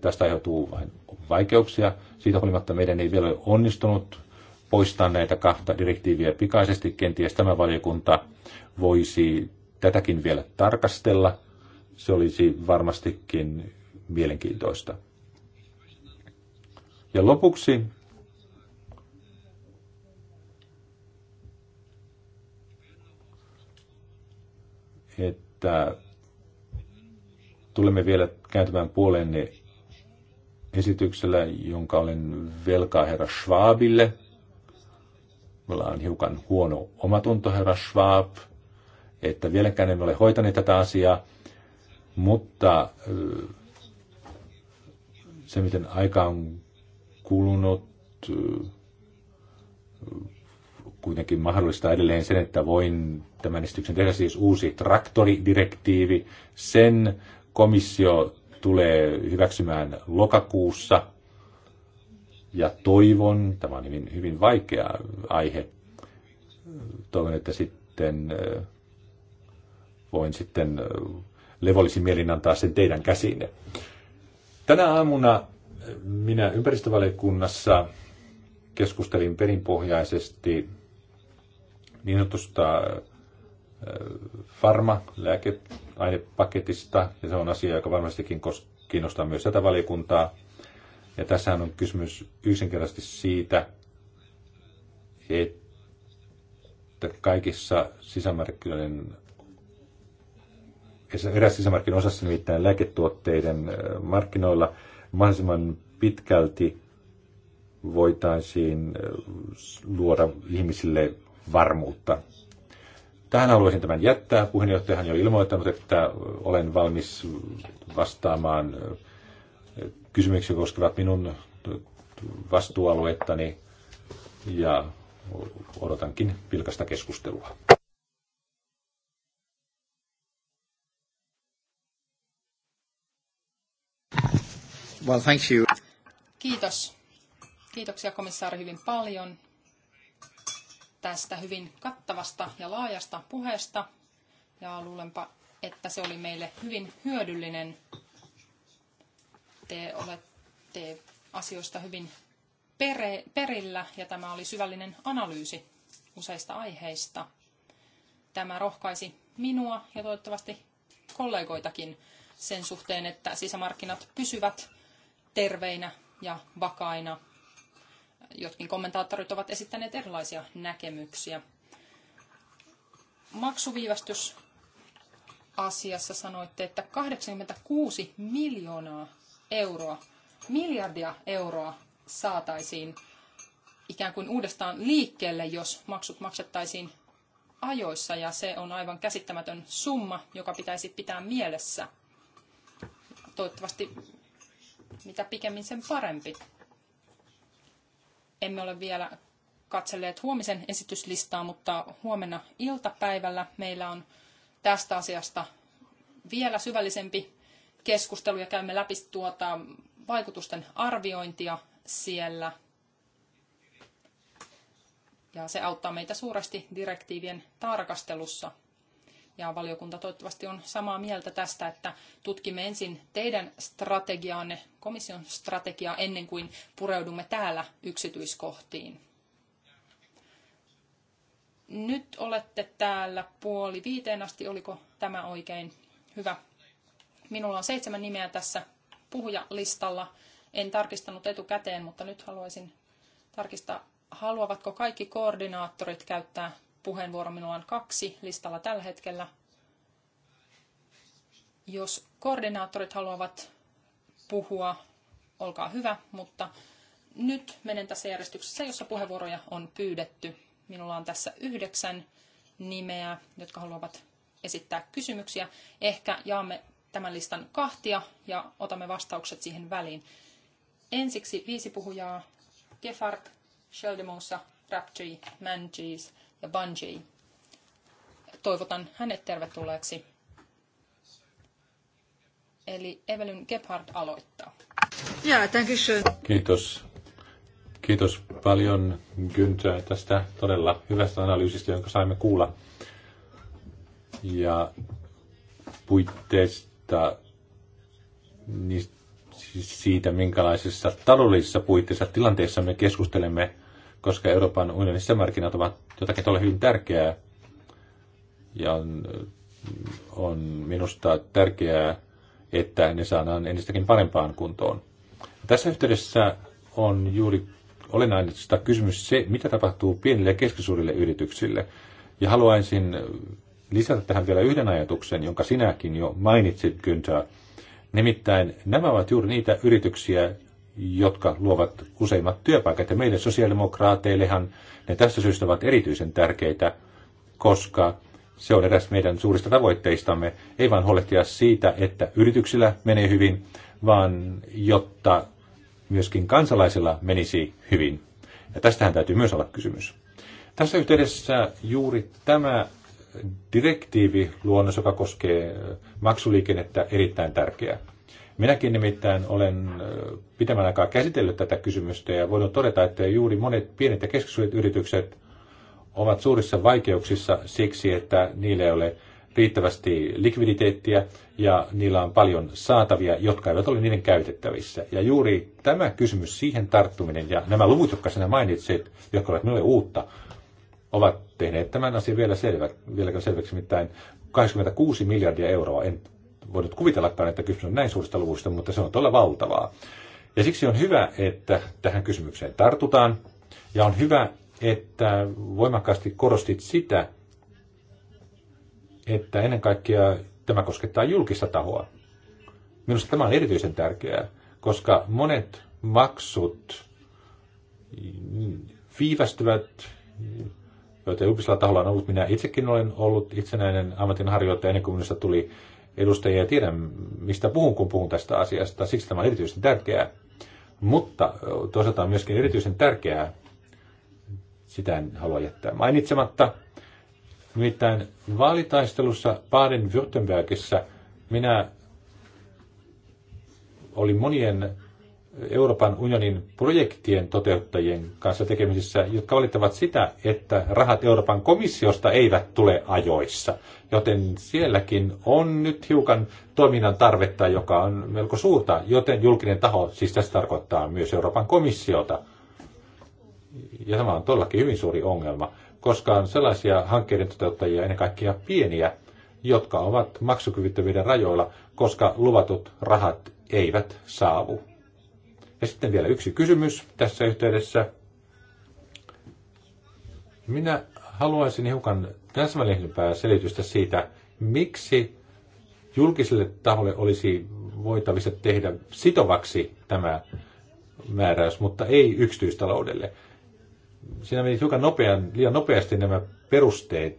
Tästä aiheutuu vain vaikeuksia. Siitä huolimatta meidän ei vielä ole onnistunut poistaa näitä kahta direktiiviä pikaisesti. Kenties tämä valiokunta voisi tätäkin vielä tarkastella. Se olisi varmastikin mielenkiintoista. Ja lopuksi että tulemme vielä kääntymään puolenne esityksellä, jonka olen velkaa herra Schwabille. Meillä on hiukan huono omatunto herra Schwab että vieläkään emme ole hoitaneet tätä asiaa, mutta se, miten aika on kulunut, kuitenkin mahdollistaa edelleen sen, että voin tämän esityksen tehdä siis uusi traktoridirektiivi. Sen komissio tulee hyväksymään lokakuussa ja toivon, tämä on hyvin, hyvin vaikea aihe, toivon, että sitten voin sitten levollisin mielin antaa sen teidän käsiinne. Tänä aamuna minä ympäristövaliokunnassa keskustelin perinpohjaisesti niin sanotusta farma-lääkeainepaketista, ja se on asia, joka varmastikin kiinnostaa myös tätä valiokuntaa. Ja tässä on kysymys yksinkertaisesti siitä, että kaikissa sisämarkkinoiden eräs sisämarkkinan osassa, nimittäin lääketuotteiden markkinoilla, mahdollisimman pitkälti voitaisiin luoda ihmisille varmuutta. Tähän haluaisin tämän jättää. Puheenjohtajahan jo ilmoittanut, että olen valmis vastaamaan kysymyksiä koskevat minun vastuualuettani ja odotankin vilkasta keskustelua. Well, thank you. Kiitos. Kiitoksia komissaari hyvin paljon tästä hyvin kattavasta ja laajasta puheesta. Ja luulenpa, että se oli meille hyvin hyödyllinen. Te olette asioista hyvin pere, perillä ja tämä oli syvällinen analyysi useista aiheista. Tämä rohkaisi minua ja toivottavasti kollegoitakin sen suhteen, että sisämarkkinat pysyvät terveinä ja vakaina. Jotkin kommentaattorit ovat esittäneet erilaisia näkemyksiä. Maksuviivästys asiassa sanoitte, että 86 miljoonaa euroa, miljardia euroa saataisiin ikään kuin uudestaan liikkeelle, jos maksut maksettaisiin ajoissa, ja se on aivan käsittämätön summa, joka pitäisi pitää mielessä. Toivottavasti mitä pikemmin sen parempi. Emme ole vielä katselleet huomisen esityslistaa, mutta huomenna iltapäivällä meillä on tästä asiasta vielä syvällisempi keskustelu ja käymme läpi tuota vaikutusten arviointia siellä. Ja se auttaa meitä suuresti direktiivien tarkastelussa ja valiokunta toivottavasti on samaa mieltä tästä, että tutkimme ensin teidän strategiaanne, komission strategiaa, ennen kuin pureudumme täällä yksityiskohtiin. Nyt olette täällä puoli viiteen asti, oliko tämä oikein hyvä? Minulla on seitsemän nimeä tässä puhujalistalla. En tarkistanut etukäteen, mutta nyt haluaisin tarkistaa, haluavatko kaikki koordinaattorit käyttää puheenvuoro. Minulla on kaksi listalla tällä hetkellä. Jos koordinaattorit haluavat puhua, olkaa hyvä, mutta nyt menen tässä järjestyksessä, jossa puheenvuoroja on pyydetty. Minulla on tässä yhdeksän nimeä, jotka haluavat esittää kysymyksiä. Ehkä jaamme tämän listan kahtia ja otamme vastaukset siihen väliin. Ensiksi viisi puhujaa. Gefart, Sheldemoussa, Raptri, Mangees, ja Bungie. Toivotan hänet tervetulleeksi. Eli Evelyn Gebhard aloittaa. Ja, Kiitos. Kiitos paljon Günther tästä todella hyvästä analyysistä, jonka saimme kuulla. Ja puitteista, niin siis siitä, minkälaisissa taloudellisissa puitteissa tilanteissa me keskustelemme, koska Euroopan unionissa markkinat ovat jotakin tuolla hyvin tärkeää. Ja on, on minusta tärkeää, että ne saadaan ennistäkin parempaan kuntoon. Tässä yhteydessä on juuri olennaista kysymys se, mitä tapahtuu pienille ja keskisuurille yrityksille. Ja haluaisin lisätä tähän vielä yhden ajatuksen, jonka sinäkin jo mainitsit, Günther. Nimittäin nämä ovat juuri niitä yrityksiä, jotka luovat useimmat työpaikat. Ja meille sosiaalidemokraateillehan ne tästä syystä ovat erityisen tärkeitä, koska se on eräs meidän suurista tavoitteistamme, ei vain huolehtia siitä, että yrityksillä menee hyvin, vaan jotta myöskin kansalaisilla menisi hyvin. Ja tästähän täytyy myös olla kysymys. Tässä yhteydessä juuri tämä direktiivi luonnos, joka koskee maksuliikennettä, erittäin tärkeä. Minäkin nimittäin olen pitemmän aikaa käsitellyt tätä kysymystä ja voin todeta, että juuri monet pienet ja keskisuuret yritykset ovat suurissa vaikeuksissa siksi, että niillä ei ole riittävästi likviditeettiä ja niillä on paljon saatavia, jotka eivät ole niiden käytettävissä. Ja juuri tämä kysymys, siihen tarttuminen ja nämä luvut, jotka sinä mainitsit, jotka ovat minulle uutta, ovat tehneet tämän asian vielä, selvä, vielä selväksi, mitään 26 miljardia euroa. En voinut kuvitellakaan, että kysymys on näin suurista luvuista, mutta se on todella valtavaa. Ja siksi on hyvä, että tähän kysymykseen tartutaan. Ja on hyvä, että voimakkaasti korostit sitä, että ennen kaikkea tämä koskettaa julkista tahoa. Minusta tämä on erityisen tärkeää, koska monet maksut viivästyvät, joita julkisella taholla on ollut. Minä itsekin olen ollut itsenäinen ammatinharjoittaja ennen kuin minusta tuli edustajia tiedä, mistä puhun, kun puhun tästä asiasta. Siksi tämä on erityisen tärkeää. Mutta toisaalta on myöskin erityisen tärkeää, sitä en halua jättää mainitsematta, nimittäin vaalitaistelussa Baden-Württembergissä minä olin monien Euroopan unionin projektien toteuttajien kanssa tekemisissä, jotka valittavat sitä, että rahat Euroopan komissiosta eivät tule ajoissa. Joten sielläkin on nyt hiukan toiminnan tarvetta, joka on melko suurta, joten julkinen taho, siis tässä tarkoittaa myös Euroopan komissiota. Ja tämä on todellakin hyvin suuri ongelma, koska on sellaisia hankkeiden toteuttajia, ennen kaikkea pieniä, jotka ovat maksukyvyttömyyden rajoilla, koska luvatut rahat eivät saavu ja sitten vielä yksi kysymys tässä yhteydessä. Minä haluaisin hiukan täsmällisempää selitystä siitä, miksi julkiselle taholle olisi voitavissa tehdä sitovaksi tämä määräys, mutta ei yksityistaloudelle. Siinä meni hiukan nopean, liian nopeasti nämä perusteet.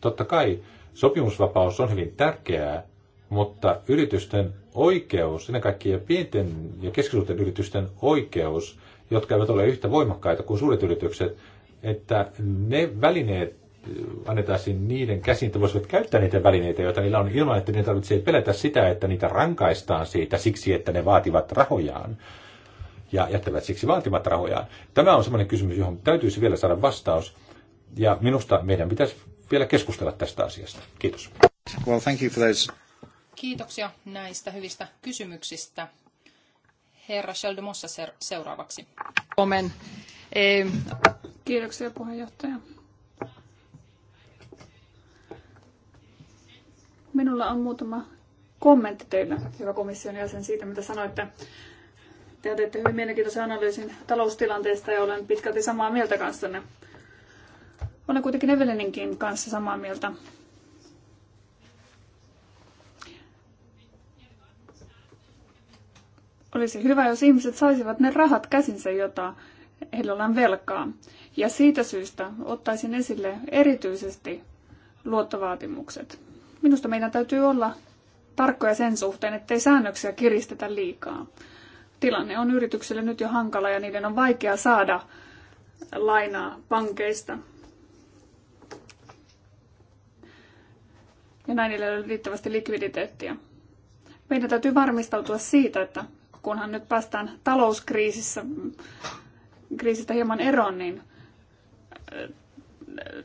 Totta kai sopimusvapaus on hyvin tärkeää, mutta yritysten oikeus, ennen kaikkea pienten ja keskisuurten yritysten oikeus, jotka eivät ole yhtä voimakkaita kuin suuret yritykset, että ne välineet annetaan niiden käsiin, että voisivat käyttää niitä välineitä, joita niillä on ilman, että ne tarvitsee pelätä sitä, että niitä rankaistaan siitä siksi, että ne vaativat rahojaan ja jättävät siksi vaatimat rahojaan. Tämä on sellainen kysymys, johon täytyisi vielä saada vastaus. Ja minusta meidän pitäisi vielä keskustella tästä asiasta. Kiitos. Well, thank you for those Kiitoksia näistä hyvistä kysymyksistä. Herra Sheldemossa seuraavaksi. Omen. Eh, Kiitoksia puheenjohtaja. Minulla on muutama kommentti teillä, hyvä komission jäsen, siitä mitä sanoitte. Te teette hyvin mielenkiintoisen analyysin taloustilanteesta ja olen pitkälti samaa mieltä kanssanne. Olen kuitenkin Evelininkin kanssa samaa mieltä Olisi hyvä, jos ihmiset saisivat ne rahat käsinsä, jota heillä on velkaa. Ja siitä syystä ottaisin esille erityisesti luottovaatimukset. Minusta meidän täytyy olla tarkkoja sen suhteen, ettei säännöksiä kiristetä liikaa. Tilanne on yrityksille nyt jo hankala ja niiden on vaikea saada lainaa pankeista. Ja näin niillä ei ole riittävästi likviditeettiä. Meidän täytyy varmistautua siitä, että kunhan nyt päästään talouskriisissä kriisistä hieman eroon, niin eh,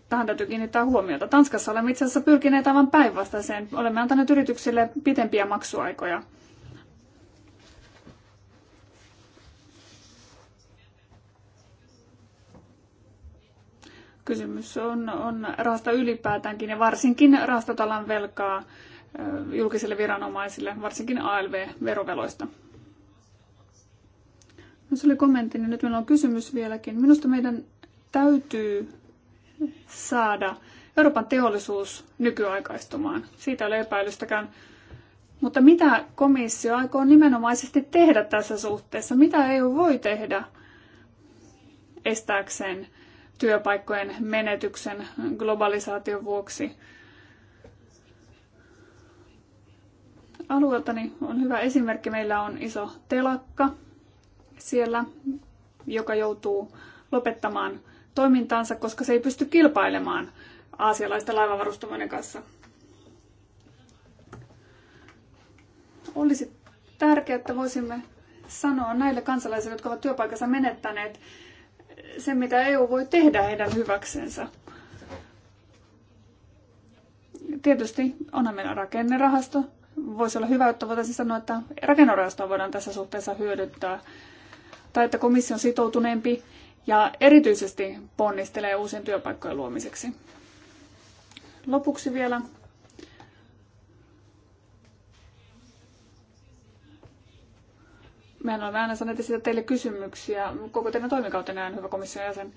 tähän täytyy kiinnittää huomiota. Tanskassa olemme itse asiassa pyrkineet aivan päinvastaiseen. Olemme antaneet yrityksille pitempiä maksuaikoja. Kysymys on, on rahasta ylipäätäänkin ja varsinkin rahastotalan velkaa eh, julkisille viranomaisille, varsinkin ALV-veroveloista. No, se oli kommentti, niin nyt meillä on kysymys vieläkin. Minusta meidän täytyy saada Euroopan teollisuus nykyaikaistumaan. Siitä ei ole epäilystäkään. Mutta mitä komissio aikoo nimenomaisesti tehdä tässä suhteessa? Mitä EU voi tehdä estääkseen työpaikkojen menetyksen globalisaation vuoksi? Alueeltani on hyvä esimerkki. Meillä on iso telakka, siellä, joka joutuu lopettamaan toimintaansa, koska se ei pysty kilpailemaan aasialaisten laivavarustamoiden kanssa. Olisi tärkeää, että voisimme sanoa näille kansalaisille, jotka ovat työpaikansa menettäneet, sen, mitä EU voi tehdä heidän hyväksensä. Tietysti onhan meidän rakennerahasto. Voisi olla hyvä, että voitaisiin sanoa, että rakennerahastoa voidaan tässä suhteessa hyödyttää tai että komissio on sitoutuneempi ja erityisesti ponnistelee uusien työpaikkojen luomiseksi. Lopuksi vielä Mehän olemme aina saaneet esittää teille kysymyksiä koko teidän toimikautenne on hyvä komission jäsen.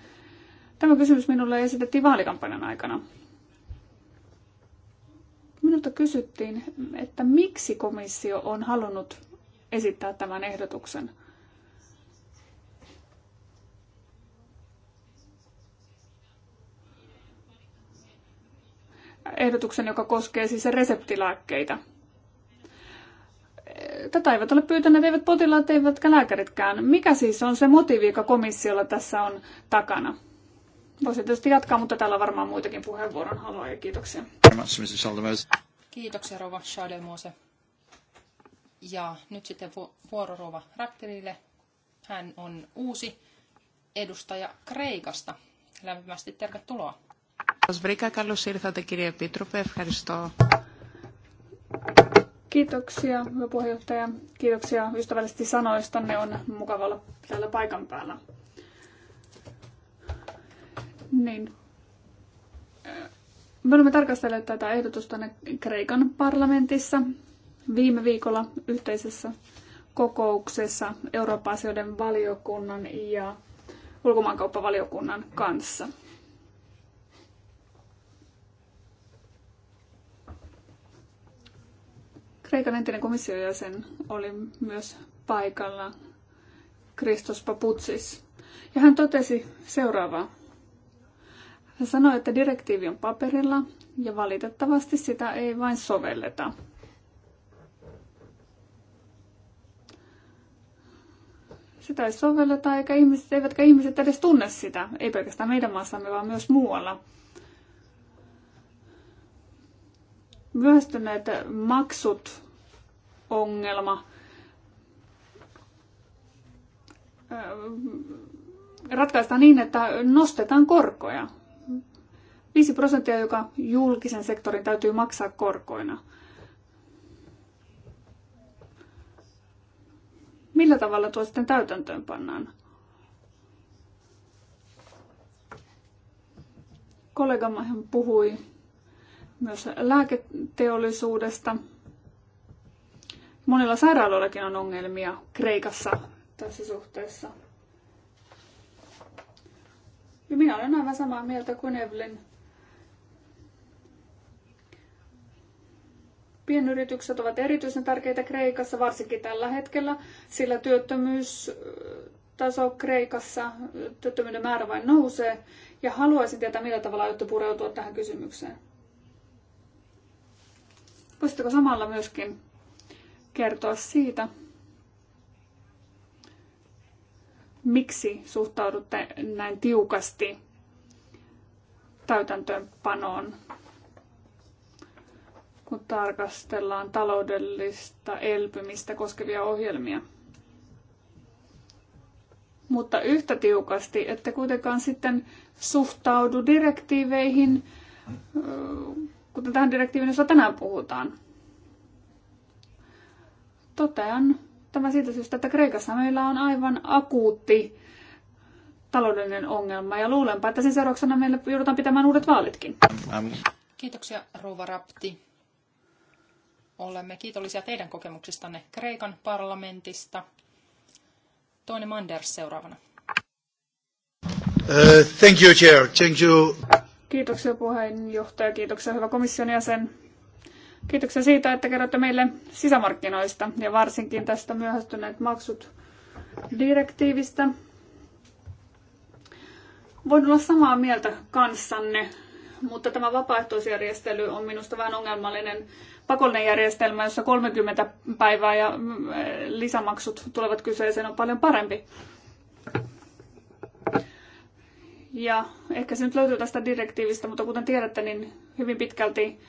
Tämä kysymys minulle esitettiin vaalikampanjan aikana. Minulta kysyttiin, että miksi komissio on halunnut esittää tämän ehdotuksen – ehdotuksen, joka koskee siis reseptilääkkeitä. Tätä eivät ole pyytäneet, eivät potilaat, eivätkä lääkäritkään. Mikä siis on se motiivi, joka komissiolla tässä on takana? Voisin tietysti jatkaa, mutta täällä on varmaan muitakin puheenvuoron Ja Kiitoksia. Kiitoksia, Rova Schademose. Ja nyt sitten vuoro Rova Rakterille. Hän on uusi edustaja Kreikasta. Lämpimästi tervetuloa. Σας βρήκα. Καλώς ήρθατε κύριε Επίτροπε. Ευχαριστώ. Kiitoksia, hyvä puheenjohtaja. Kiitoksia ystävällisesti ne On mukava olla täällä paikan päällä. Niin. Me olemme tarkastelleet tätä ehdotusta Kreikan parlamentissa viime viikolla yhteisessä kokouksessa Eurooppa-asioiden valiokunnan ja ulkomaankauppavaliokunnan kanssa. Kreikan entinen komission jäsen oli myös paikalla, Kristos Paputsis. Ja hän totesi seuraavaa. Hän sanoi, että direktiivi on paperilla ja valitettavasti sitä ei vain sovelleta. Sitä ei sovelleta, eikä ihmiset, eivätkä ihmiset edes tunne sitä, ei pelkästään meidän maassamme, vaan myös muualla. myöstyneet maksut ongelma. Ratkaistaan niin, että nostetaan korkoja. 5 prosenttia, joka julkisen sektorin täytyy maksaa korkoina. Millä tavalla tuo sitten täytäntöön pannaan? Kollegamme puhui myös lääketeollisuudesta. Monilla sairaaloillakin on ongelmia Kreikassa tässä suhteessa. Ja minä olen aivan samaa mieltä kuin Evelyn. Pienyritykset ovat erityisen tärkeitä Kreikassa, varsinkin tällä hetkellä, sillä työttömyystaso Kreikassa, työttömyyden määrä vain nousee. Ja haluaisin tietää, millä tavalla aiotte pureutua tähän kysymykseen. Voisitteko samalla myöskin kertoa siitä, miksi suhtaudutte näin tiukasti täytäntöönpanoon, kun tarkastellaan taloudellista elpymistä koskevia ohjelmia? Mutta yhtä tiukasti, että kuitenkaan sitten suhtaudu direktiiveihin kuten tähän direktiivin, josta tänään puhutaan. Totean tämä siitä syystä, että Kreikassa meillä on aivan akuutti taloudellinen ongelma ja luulenpa, että sen seurauksena meillä joudutaan pitämään uudet vaalitkin. Kiitoksia Rouva Rapti. Olemme kiitollisia teidän kokemuksistanne Kreikan parlamentista. Toinen Manders seuraavana. Uh, thank you, Chair. Thank you. Kiitoksia puheenjohtaja, kiitoksia hyvä komission jäsen. Kiitoksia siitä, että kerrotte meille sisämarkkinoista ja varsinkin tästä myöhästyneet maksut direktiivistä. Voin olla samaa mieltä kanssanne, mutta tämä vapaaehtoisjärjestely on minusta vähän ongelmallinen pakollinen järjestelmä, jossa 30 päivää ja mm, lisämaksut tulevat kyseeseen on paljon parempi. Ja ehkä se nyt löytyy tästä direktiivistä, mutta kuten tiedätte, niin hyvin pitkälti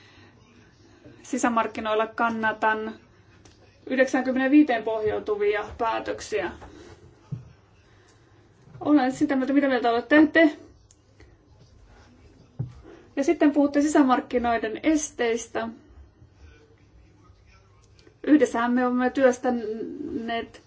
sisämarkkinoilla kannatan 95 pohjautuvia päätöksiä. Olen sitä mieltä, mitä mieltä olette te. Ja sitten puhutte sisämarkkinoiden esteistä. Yhdessähän me olemme työstäneet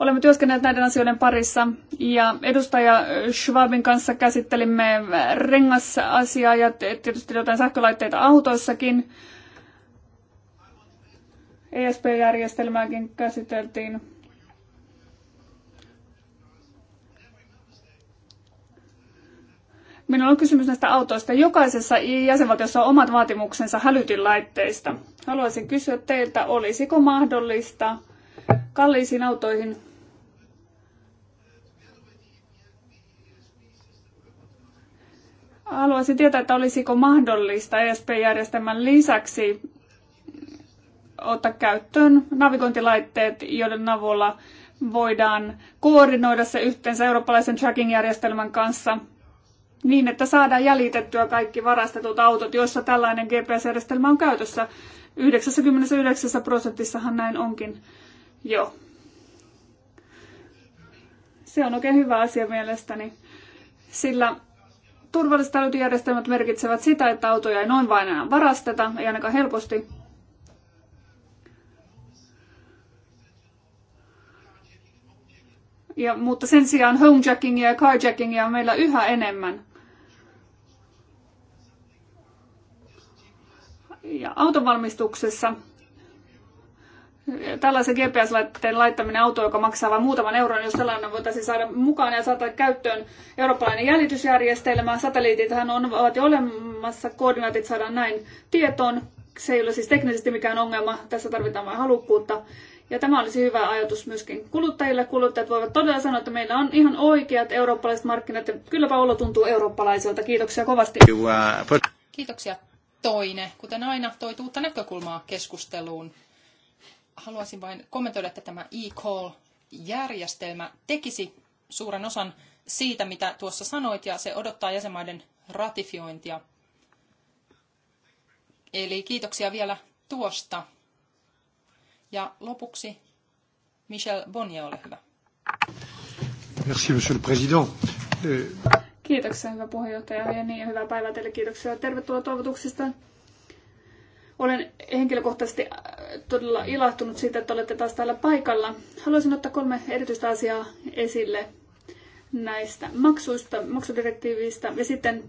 Olemme työskennelleet näiden asioiden parissa ja edustaja Schwabin kanssa käsittelimme rengasasiaa ja tietysti jotain sähkölaitteita autoissakin. ESP-järjestelmääkin käsiteltiin. Minulla on kysymys näistä autoista. Jokaisessa jäsenvaltiossa on omat vaatimuksensa hälytinlaitteista. Haluaisin kysyä teiltä, olisiko mahdollista kalliisiin autoihin. Haluaisin tietää, että olisiko mahdollista ESP-järjestelmän lisäksi ottaa käyttöön navigointilaitteet, joiden avulla voidaan koordinoida se yhteensä eurooppalaisen tracking-järjestelmän kanssa niin, että saadaan jäljitettyä kaikki varastetut autot, joissa tällainen GPS-järjestelmä on käytössä. 99 prosentissahan näin onkin. Joo. Se on oikein hyvä asia mielestäni, sillä turvalliset merkitsevät sitä, että autoja ei noin vain enää varasteta, ei ainakaan helposti. Ja, mutta sen sijaan homejackingia ja carjackingia on meillä yhä enemmän. Ja autonvalmistuksessa tällaisen GPS-laitteen laittaminen auto, joka maksaa vain muutaman euron, jos sellainen voitaisiin saada mukaan ja saada käyttöön eurooppalainen jäljitysjärjestelmä. Satelliitithan on, ovat jo olemassa, koordinaatit saadaan näin tietoon. Se ei ole siis teknisesti mikään ongelma, tässä tarvitaan vain halukkuutta. Ja tämä olisi hyvä ajatus myöskin kuluttajille. Kuluttajat voivat todella sanoa, että meillä on ihan oikeat eurooppalaiset markkinat ja kylläpä olo tuntuu eurooppalaiselta. Kiitoksia kovasti. Uh, Kiitoksia. Toine, kuten aina, toit uutta näkökulmaa keskusteluun haluaisin vain kommentoida, että tämä e-call-järjestelmä tekisi suuren osan siitä, mitä tuossa sanoit, ja se odottaa jäsenmaiden ratifiointia. Eli kiitoksia vielä tuosta. Ja lopuksi Michel Bonnier, ole hyvä. Merci, monsieur le président. Kiitoksia, hyvä puheenjohtaja, ja niin, hyvää päivää teille. Kiitoksia. Tervetuloa toivotuksista olen henkilökohtaisesti äh, todella ilahtunut siitä, että olette taas täällä paikalla. Haluaisin ottaa kolme erityistä asiaa esille näistä maksuista, maksudirektiivistä ja sitten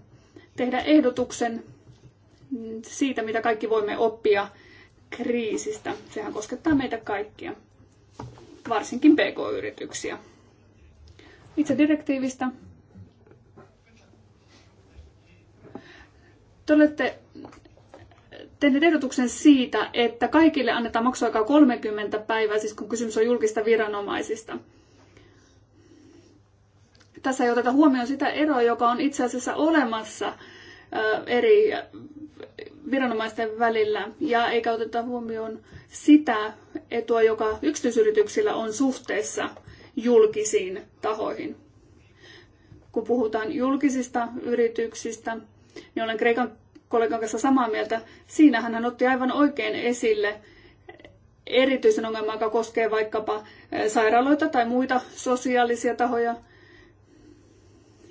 tehdä ehdotuksen siitä, mitä kaikki voimme oppia kriisistä. Sehän koskettaa meitä kaikkia, varsinkin pk-yrityksiä. Itse direktiivistä. Te olette tehneet ehdotuksen siitä, että kaikille annetaan maksuaikaa 30 päivää, siis kun kysymys on julkista viranomaisista. Tässä ei oteta huomioon sitä eroa, joka on itse asiassa olemassa eri viranomaisten välillä, ja eikä oteta huomioon sitä etua, joka yksityisyrityksillä on suhteessa julkisiin tahoihin. Kun puhutaan julkisista yrityksistä, niin olen Kreikan kollegan kanssa samaa mieltä. Siinähän hän otti aivan oikein esille erityisen ongelman, joka koskee vaikkapa eh, sairaaloita tai muita sosiaalisia tahoja.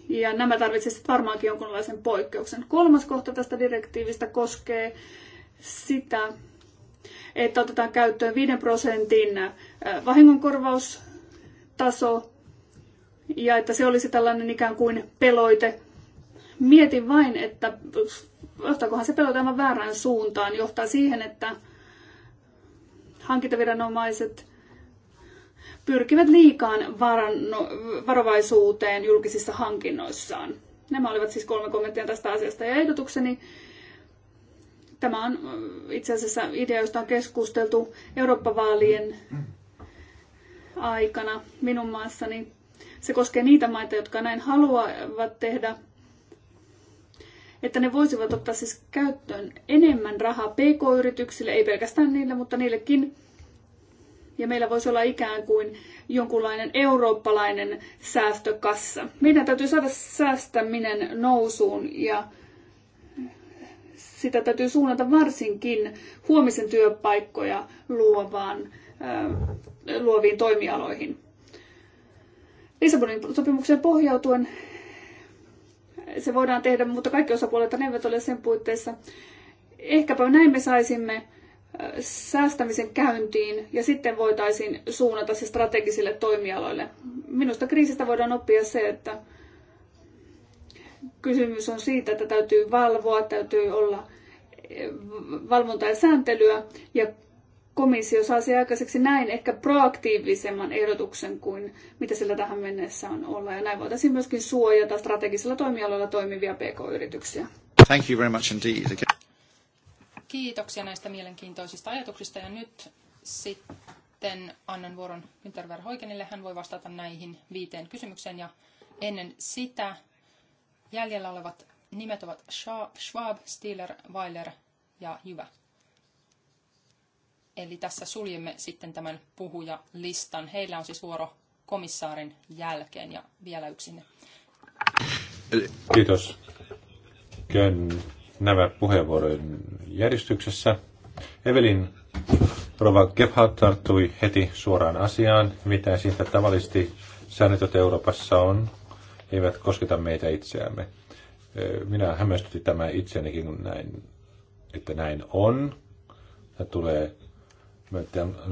Ja nämä tarvitsisivat varmaankin jonkunlaisen poikkeuksen. Kolmas kohta tästä direktiivistä koskee sitä, että otetaan käyttöön 5 prosentin eh, vahingonkorvaustaso ja että se olisi tällainen ikään kuin peloite. Mietin vain, että johtaakohan se pelot aivan väärään suuntaan, johtaa siihen, että hankintaviranomaiset pyrkivät liikaan varano, varovaisuuteen julkisissa hankinnoissaan. Nämä olivat siis kolme kommenttia tästä asiasta ja ehdotukseni. Tämä on äh, itse asiassa idea, josta on keskusteltu Eurooppa-vaalien aikana minun maassani. Se koskee niitä maita, jotka näin haluavat tehdä että ne voisivat ottaa siis käyttöön enemmän rahaa pk-yrityksille, ei pelkästään niille, mutta niillekin. Ja meillä voisi olla ikään kuin jonkunlainen eurooppalainen säästökassa. Meidän täytyy saada säästäminen nousuun ja sitä täytyy suunnata varsinkin huomisen työpaikkoja luovaan, äh, luoviin toimialoihin. Lissabonin sopimukseen pohjautuen se voidaan tehdä, mutta kaikki osapuolet eivät ole sen puitteissa. Ehkäpä näin me saisimme äh, säästämisen käyntiin ja sitten voitaisiin suunnata se strategisille toimialoille. Minusta kriisistä voidaan oppia se, että kysymys on siitä, että täytyy valvoa, täytyy olla eh, valvonta ja sääntelyä ja komissio saisi aikaiseksi näin ehkä proaktiivisemman ehdotuksen kuin mitä sillä tähän mennessä on ollut. Ja näin voitaisiin myöskin suojata strategisilla toimialoilla toimivia pk-yrityksiä. Thank you very much indeed. Kiitoksia näistä mielenkiintoisista ajatuksista ja nyt sitten annan vuoron Günter Verhoikenille. Hän voi vastata näihin viiteen kysymykseen ja ennen sitä jäljellä olevat nimet ovat Schwab, Steeler, Weiler ja Jyvä. Eli tässä suljemme sitten tämän puhujalistan. Heillä on siis vuoro komissaarin jälkeen ja vielä yksinne. Kiitos. Käyn nämä puheenvuorojen järjestyksessä. Evelin Rova Gebhardt tarttui heti suoraan asiaan, mitä siitä tavallisesti säännötöt Euroopassa on, eivät kosketa meitä itseämme. Minä hämmästytin tämä itseänikin, näin, että näin on. Tämä tulee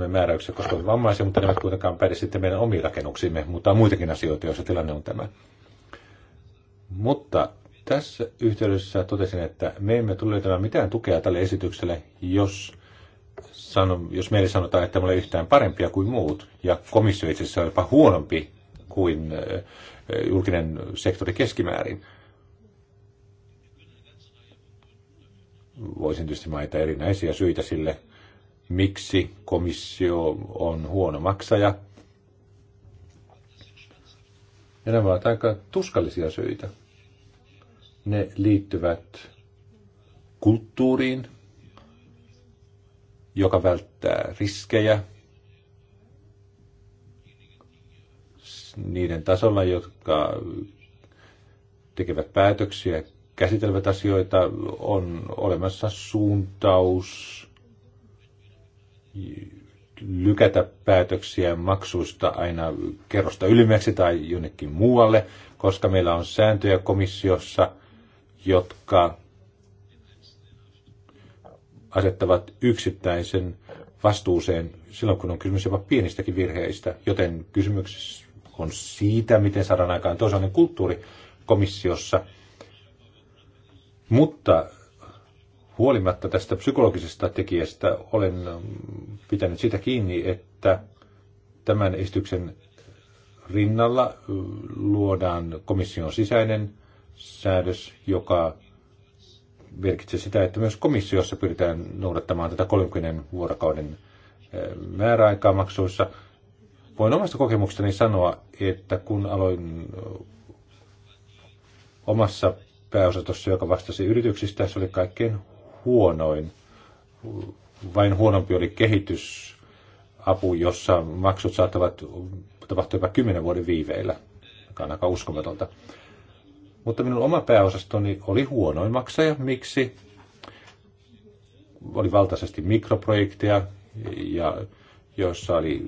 määräyksiä koskevat vammaisia, mutta ne eivät kuitenkaan päde sitten meidän omiin rakennuksiimme, mutta on muitakin asioita, joissa tilanne on tämä. Mutta tässä yhteydessä totesin, että me emme tule löytämään mitään tukea tälle esitykselle, jos, sano, jos meille sanotaan, että me olemme yhtään parempia kuin muut, ja komissio itse asiassa on jopa huonompi kuin eh, julkinen sektori keskimäärin. Voisin tietysti mainita erinäisiä syitä sille, miksi komissio on huono maksaja. Ja nämä ovat aika tuskallisia syitä. Ne liittyvät kulttuuriin, joka välttää riskejä niiden tasolla, jotka tekevät päätöksiä, käsitelevät asioita, on olemassa suuntaus lykätä päätöksiä maksuista aina kerrosta ylimmäksi tai jonnekin muualle, koska meillä on sääntöjä komissiossa, jotka asettavat yksittäisen vastuuseen silloin, kun on kysymys jopa pienistäkin virheistä. Joten kysymys on siitä, miten saadaan aikaan toisenlainen kulttuuri komissiossa. Mutta huolimatta tästä psykologisesta tekijästä olen mm, pitänyt sitä kiinni, että tämän esityksen rinnalla mm, luodaan komission sisäinen säädös, joka merkitsee sitä, että myös komissiossa pyritään noudattamaan tätä 30 vuorokauden mm, määräaikaa maksuissa. Voin omasta kokemuksestani sanoa, että kun aloin omassa pääosatossa, joka vastasi yrityksistä, se oli kaikkein huonoin. Vain huonompi oli kehitysapu, jossa maksut saattavat tapahtua jopa kymmenen vuoden viiveillä, joka on aika uskomatonta. Mutta minun oma pääosastoni oli huonoin maksaja. Miksi? Oli valtaisesti mikroprojekteja, ja, joissa oli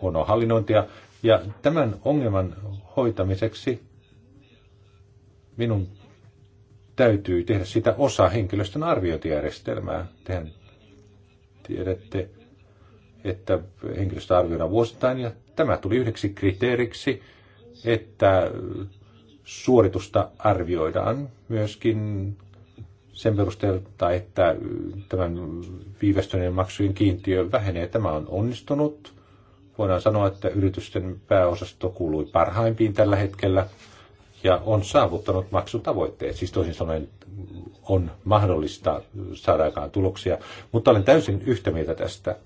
huono hallinnointia. Ja tämän ongelman hoitamiseksi minun täytyy tehdä sitä osa henkilöstön arviointijärjestelmää. Tehän tiedätte, että henkilöstö arvioidaan vuosittain ja tämä tuli yhdeksi kriteeriksi, että suoritusta arvioidaan myöskin sen perusteella, että tämän viivästyneen maksujen kiintiö vähenee. Tämä on onnistunut. Voidaan sanoa, että yritysten pääosasto kuului parhaimpiin tällä hetkellä ja on saavuttanut maksutavoitteet. Siis toisin sanoen on mahdollista saada aikaan tuloksia, mutta olen täysin yhtä mieltä tästä.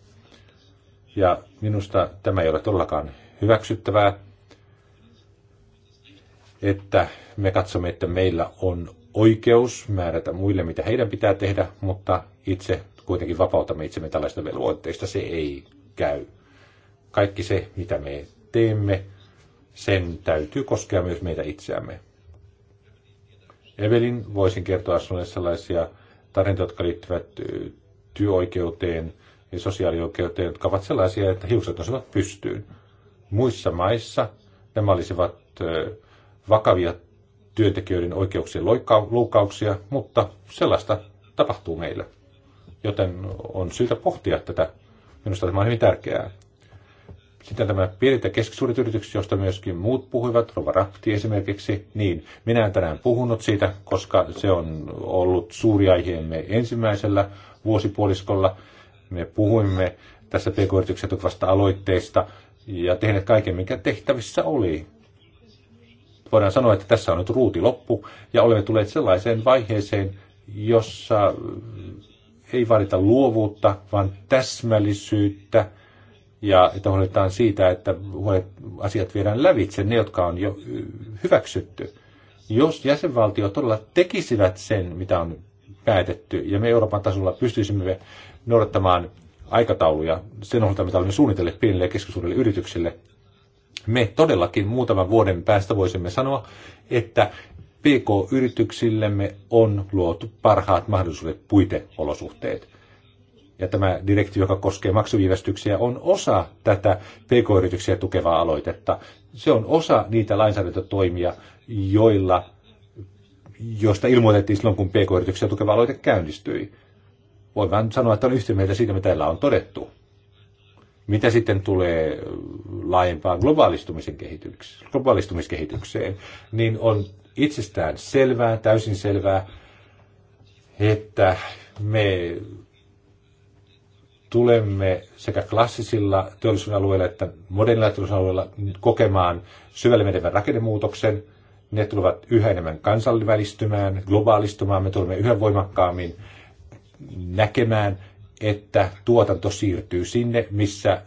Ja minusta tämä ei ole todellakaan hyväksyttävää, että me katsomme, että meillä on oikeus määrätä muille, mitä heidän pitää tehdä, mutta itse kuitenkin vapautamme itsemme tällaista velvoitteista. Se ei käy. Kaikki se, mitä me teemme, sen täytyy koskea myös meitä itseämme. Evelin, voisin kertoa sinulle sellaisia tarinoita, jotka liittyvät työoikeuteen ja sosiaalioikeuteen, jotka ovat sellaisia, että hiukset nousevat pystyyn. Muissa maissa nämä olisivat vakavia työntekijöiden oikeuksien loukkauksia, mutta sellaista tapahtuu meillä. Joten on syytä pohtia tätä. Minusta tämä on hyvin tärkeää. Sitten tämä pienet ja keskisuuret yritykset, joista myöskin muut puhuivat, Rova Rapti esimerkiksi, niin minä en tänään puhunut siitä, koska se on ollut suuri aiheemme ensimmäisellä vuosipuoliskolla. Me puhuimme tässä pk-yrityksen tukevasta aloitteesta ja tehneet kaiken, mikä tehtävissä oli. Voidaan sanoa, että tässä on nyt ruuti loppu ja olemme tulleet sellaiseen vaiheeseen, jossa ei vaadita luovuutta, vaan täsmällisyyttä ja että huolehditaan siitä, että asiat viedään lävitse, ne jotka on jo hyväksytty. Jos jäsenvaltiot todella tekisivät sen, mitä on päätetty, ja me Euroopan tasolla pystyisimme noudattamaan aikatauluja sen osalta, mitä olemme suunnitelleet pienille ja keskisuurille yrityksille, me todellakin muutaman vuoden päästä voisimme sanoa, että PK-yrityksillemme on luotu parhaat mahdollisuudet puiteolosuhteet ja tämä direktiivi, joka koskee maksuviivästyksiä, on osa tätä pk-yrityksiä tukevaa aloitetta. Se on osa niitä lainsäädäntötoimia, joilla, joista ilmoitettiin silloin, kun pk-yrityksiä tukeva aloite käynnistyi. Voin vain sanoa, että on yhtä mieltä siitä, mitä täällä on todettu. Mitä sitten tulee laajempaan globaalistumisen kehitykseen, globaalistumiskehitykseen, niin on itsestään selvää, täysin selvää, että me tulemme sekä klassisilla teollisuuden alueilla että modernilla teollisuuden alueilla kokemaan syvälle menevän rakennemuutoksen. Ne tulevat yhä enemmän kansainvälistymään, globaalistumaan. Me tulemme yhä voimakkaammin näkemään, että tuotanto siirtyy sinne, missä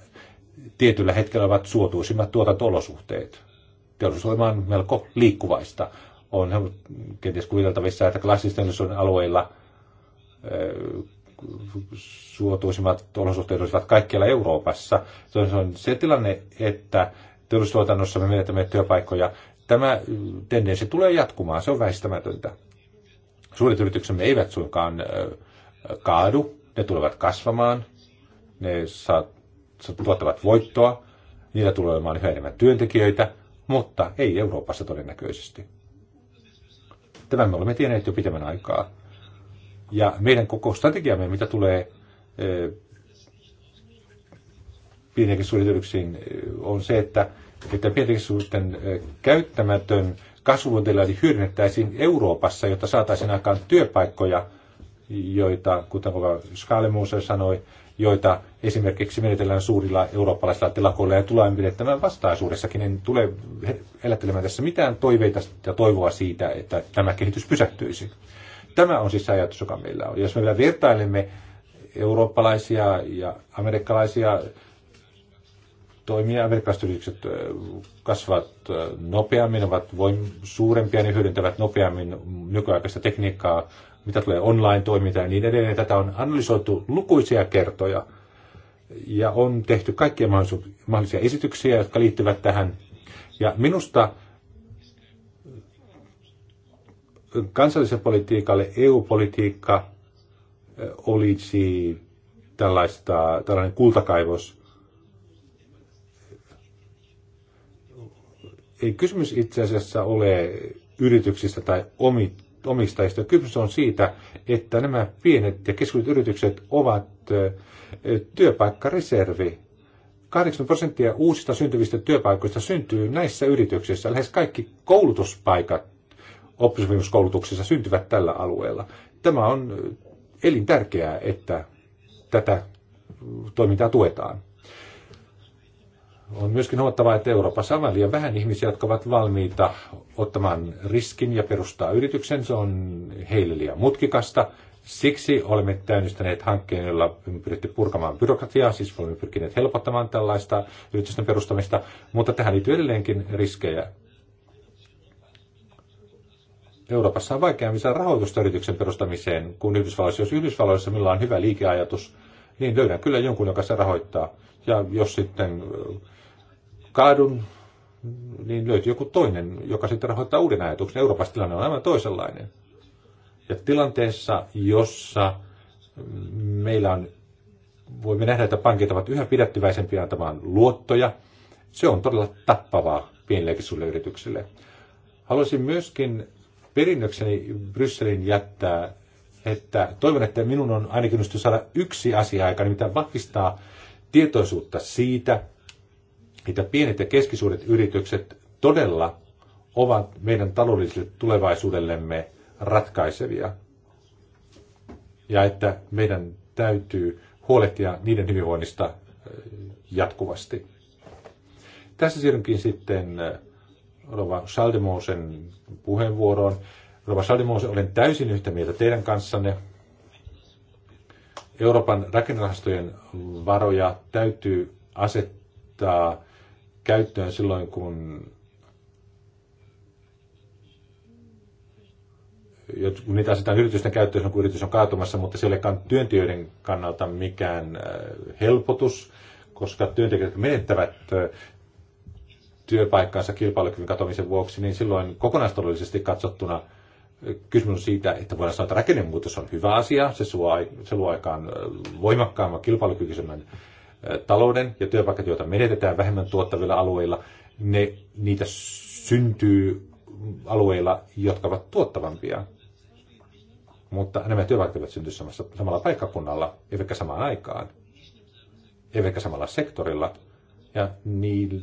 tietyllä hetkellä ovat suotuisimmat tuotantoolosuhteet. Teollisuus on melko liikkuvaista. On kenties kuviteltavissa, että klassisten alueilla suotuisimmat olosuhteet olisivat kaikkialla Euroopassa. Se on se tilanne, että teollisuustuotannossa me menetämme työpaikkoja. Tämä mm, tendenssi tulee jatkumaan, se on väistämätöntä. Suuret yrityksemme eivät suinkaan kaadu, ne tulevat kasvamaan, ne saa, tuottavat voittoa, niillä tulee olemaan yhä enemmän työntekijöitä, mutta ei Euroopassa todennäköisesti. Tämän me olemme tienneet jo pitemmän aikaa. Ja meidän koko strategiamme, mitä tulee pieniäkin suurin on se, että, että pienten suurten käyttämätön kasvuventilaali hyödynnettäisiin Euroopassa, jotta saataisiin aikaan työpaikkoja, joita, kuten Skaalemuse sanoi, joita esimerkiksi menetellään suurilla eurooppalaisilla telakoilla ja tullaan pidettämään vastaisuudessakin. En tule elättelemään tässä mitään toiveita ja toivoa siitä, että tämä kehitys pysähtyisi. Tämä on siis ajatus, joka meillä on. Jos me vielä vertailemme eurooppalaisia ja amerikkalaisia toimia, amerikkalaiset yritykset kasvavat nopeammin, ovat voim- suurempia, ne hyödyntävät nopeammin nykyaikaista tekniikkaa, mitä tulee online-toimintaan ja niin edelleen. Tätä on analysoitu lukuisia kertoja ja on tehty kaikkia mahdollisia esityksiä, jotka liittyvät tähän. Ja minusta kansalliselle politiikalle EU-politiikka olisi tällaista, tällainen kultakaivos. Ei kysymys itse asiassa ole yrityksistä tai omistajista. Kysymys on siitä, että nämä pienet ja keskisuuret yritykset ovat työpaikkareservi. 80 prosenttia uusista syntyvistä työpaikoista syntyy näissä yrityksissä. Lähes kaikki koulutuspaikat oppisopimuskoulutuksissa syntyvät tällä alueella. Tämä on elintärkeää, että tätä toimintaa tuetaan. On myöskin huomattavaa, että Euroopassa on liian vähän ihmisiä, jotka ovat valmiita ottamaan riskin ja perustaa yrityksen. Se on heille liian mutkikasta. Siksi olemme täynnistäneet hankkeen, jolla on pyritty purkamaan byrokratiaa, siis olemme pyrkineet helpottamaan tällaista yritysten perustamista, mutta tähän liittyy edelleenkin riskejä. Euroopassa on vaikeampi saada rahoitusta yrityksen perustamiseen kuin Yhdysvalloissa. Jos Yhdysvalloissa minulla on hyvä liikeajatus, niin löydän kyllä jonkun, joka se rahoittaa. Ja jos sitten äh, kaadun, niin löytyy joku toinen, joka sitten rahoittaa uuden ajatuksen. Euroopassa tilanne on aivan toisenlainen. Ja tilanteessa, jossa mm, meillä on, voimme nähdä, että pankit ovat yhä pidättyväisempiä antamaan luottoja, se on todella tappavaa pienille yrityksille. Haluaisin myöskin perinnökseni Brysselin jättää, että toivon, että minun on ainakin onnistu saada yksi asia aikaan, mitä vahvistaa tietoisuutta siitä, että pienet ja keskisuuret yritykset todella ovat meidän taloudelliselle tulevaisuudellemme ratkaisevia. Ja että meidän täytyy huolehtia niiden hyvinvoinnista äh, jatkuvasti. Tässä siirrynkin sitten äh, Rova Saldemosen puheenvuoroon. Rova Saldemose, olen täysin yhtä mieltä teidän kanssanne. Euroopan rakennerahastojen varoja täytyy asettaa käyttöön silloin, kun niitä asetetaan yritysten käyttöön, kun yritys on kaatumassa, mutta se ei olekaan työntekijöiden kannalta mikään äh, helpotus, koska työntekijät menettävät äh, työpaikkansa kilpailukyvyn katoamisen vuoksi, niin silloin kokonaistaloudellisesti katsottuna kysymys siitä, että voidaan sanoa, että rakennemuutos on hyvä asia, se, suo, se luo aikaan voimakkaamman, kilpailukykyisemmän talouden ja työpaikat, joita menetetään vähemmän tuottavilla alueilla, ne, niitä syntyy alueilla, jotka ovat tuottavampia. Mutta nämä työpaikat eivät synty samassa, samalla paikkakunnalla, eivätkä samaan aikaan, eivätkä samalla sektorilla. Ja niillä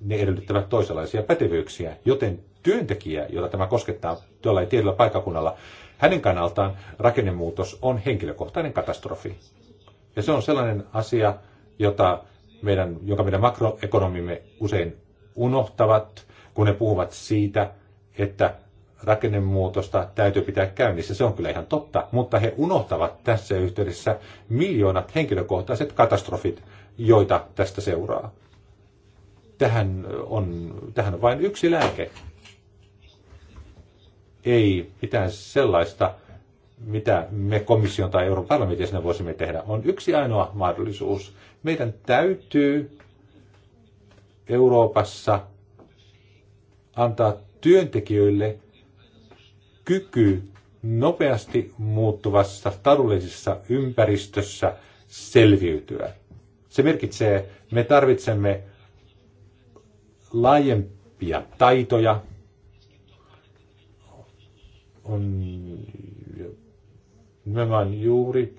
ne edellyttävät toisenlaisia pätevyyksiä, joten työntekijä, jota tämä koskettaa tuolla tietyllä paikakunnalla, hänen kannaltaan rakennemuutos on henkilökohtainen katastrofi. Ja se on sellainen asia, jota meidän, joka meidän makroekonomimme usein unohtavat, kun ne puhuvat siitä, että rakennemuutosta täytyy pitää käynnissä. Se on kyllä ihan totta, mutta he unohtavat tässä yhteydessä miljoonat henkilökohtaiset katastrofit, joita tästä seuraa. Tähän on, tähän on vain yksi lääke. Ei mitään sellaista, mitä me komission tai Euroopan parlamentin voisimme tehdä. On yksi ainoa mahdollisuus. Meidän täytyy Euroopassa antaa työntekijöille kyky nopeasti muuttuvassa taloudellisessa ympäristössä selviytyä. Se merkitsee, me tarvitsemme laajempia taitoja. On nimenomaan juuri,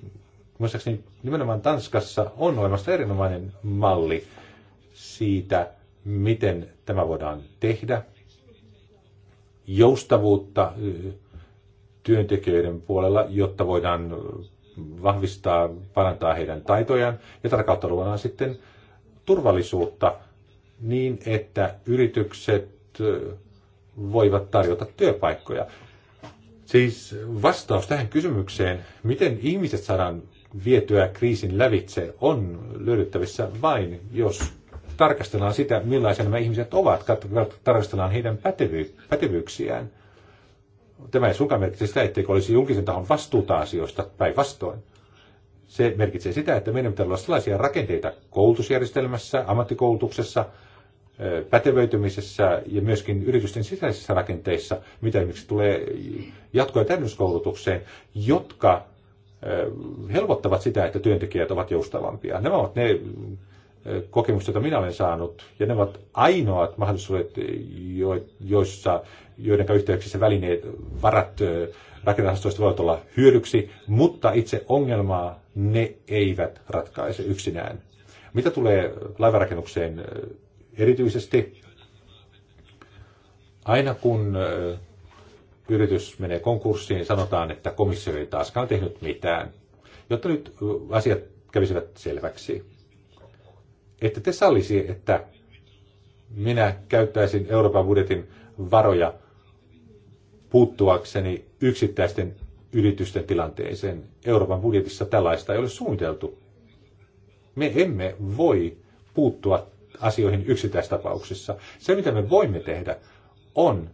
muistaakseni nimenomaan Tanskassa on olemassa erinomainen malli siitä, miten tämä voidaan tehdä. Joustavuutta työntekijöiden puolella, jotta voidaan vahvistaa, parantaa heidän taitojaan ja tätä kautta luodaan sitten turvallisuutta niin, että yritykset voivat tarjota työpaikkoja. Siis vastaus tähän kysymykseen, miten ihmiset saadaan vietyä kriisin lävitse, on löydettävissä vain, jos tarkastellaan sitä, millaisia nämä ihmiset ovat, tarkastellaan heidän pätevy- pätevyyksiään. Tämä ei suinkaan merkitse sitä, etteikö olisi julkisen tahon vastuuta asioista, päinvastoin. Se merkitsee sitä, että meidän pitää olla sellaisia rakenteita koulutusjärjestelmässä, ammattikoulutuksessa, pätevöitymisessä ja myöskin yritysten sisäisissä rakenteissa, mitä esimerkiksi tulee jatko- ja täydennyskoulutukseen, jotka helpottavat sitä, että työntekijät ovat joustavampia. Nämä ovat ne kokemukset, joita minä olen saanut, ja ne ovat ainoat mahdollisuudet, joissa, joiden yhteyksissä välineet, varat rakennusasioista voivat olla hyödyksi, mutta itse ongelmaa ne eivät ratkaise yksinään. Mitä tulee laivarakennukseen erityisesti. Aina kun yritys menee konkurssiin, niin sanotaan, että komissio ei taaskaan tehnyt mitään, jotta nyt asiat kävisivät selväksi. Että te sallisi, että minä käyttäisin Euroopan budjetin varoja puuttuakseni yksittäisten yritysten tilanteeseen. Euroopan budjetissa tällaista ei ole suunniteltu. Me emme voi puuttua asioihin yksittäistapauksissa. Se, mitä me voimme tehdä, on,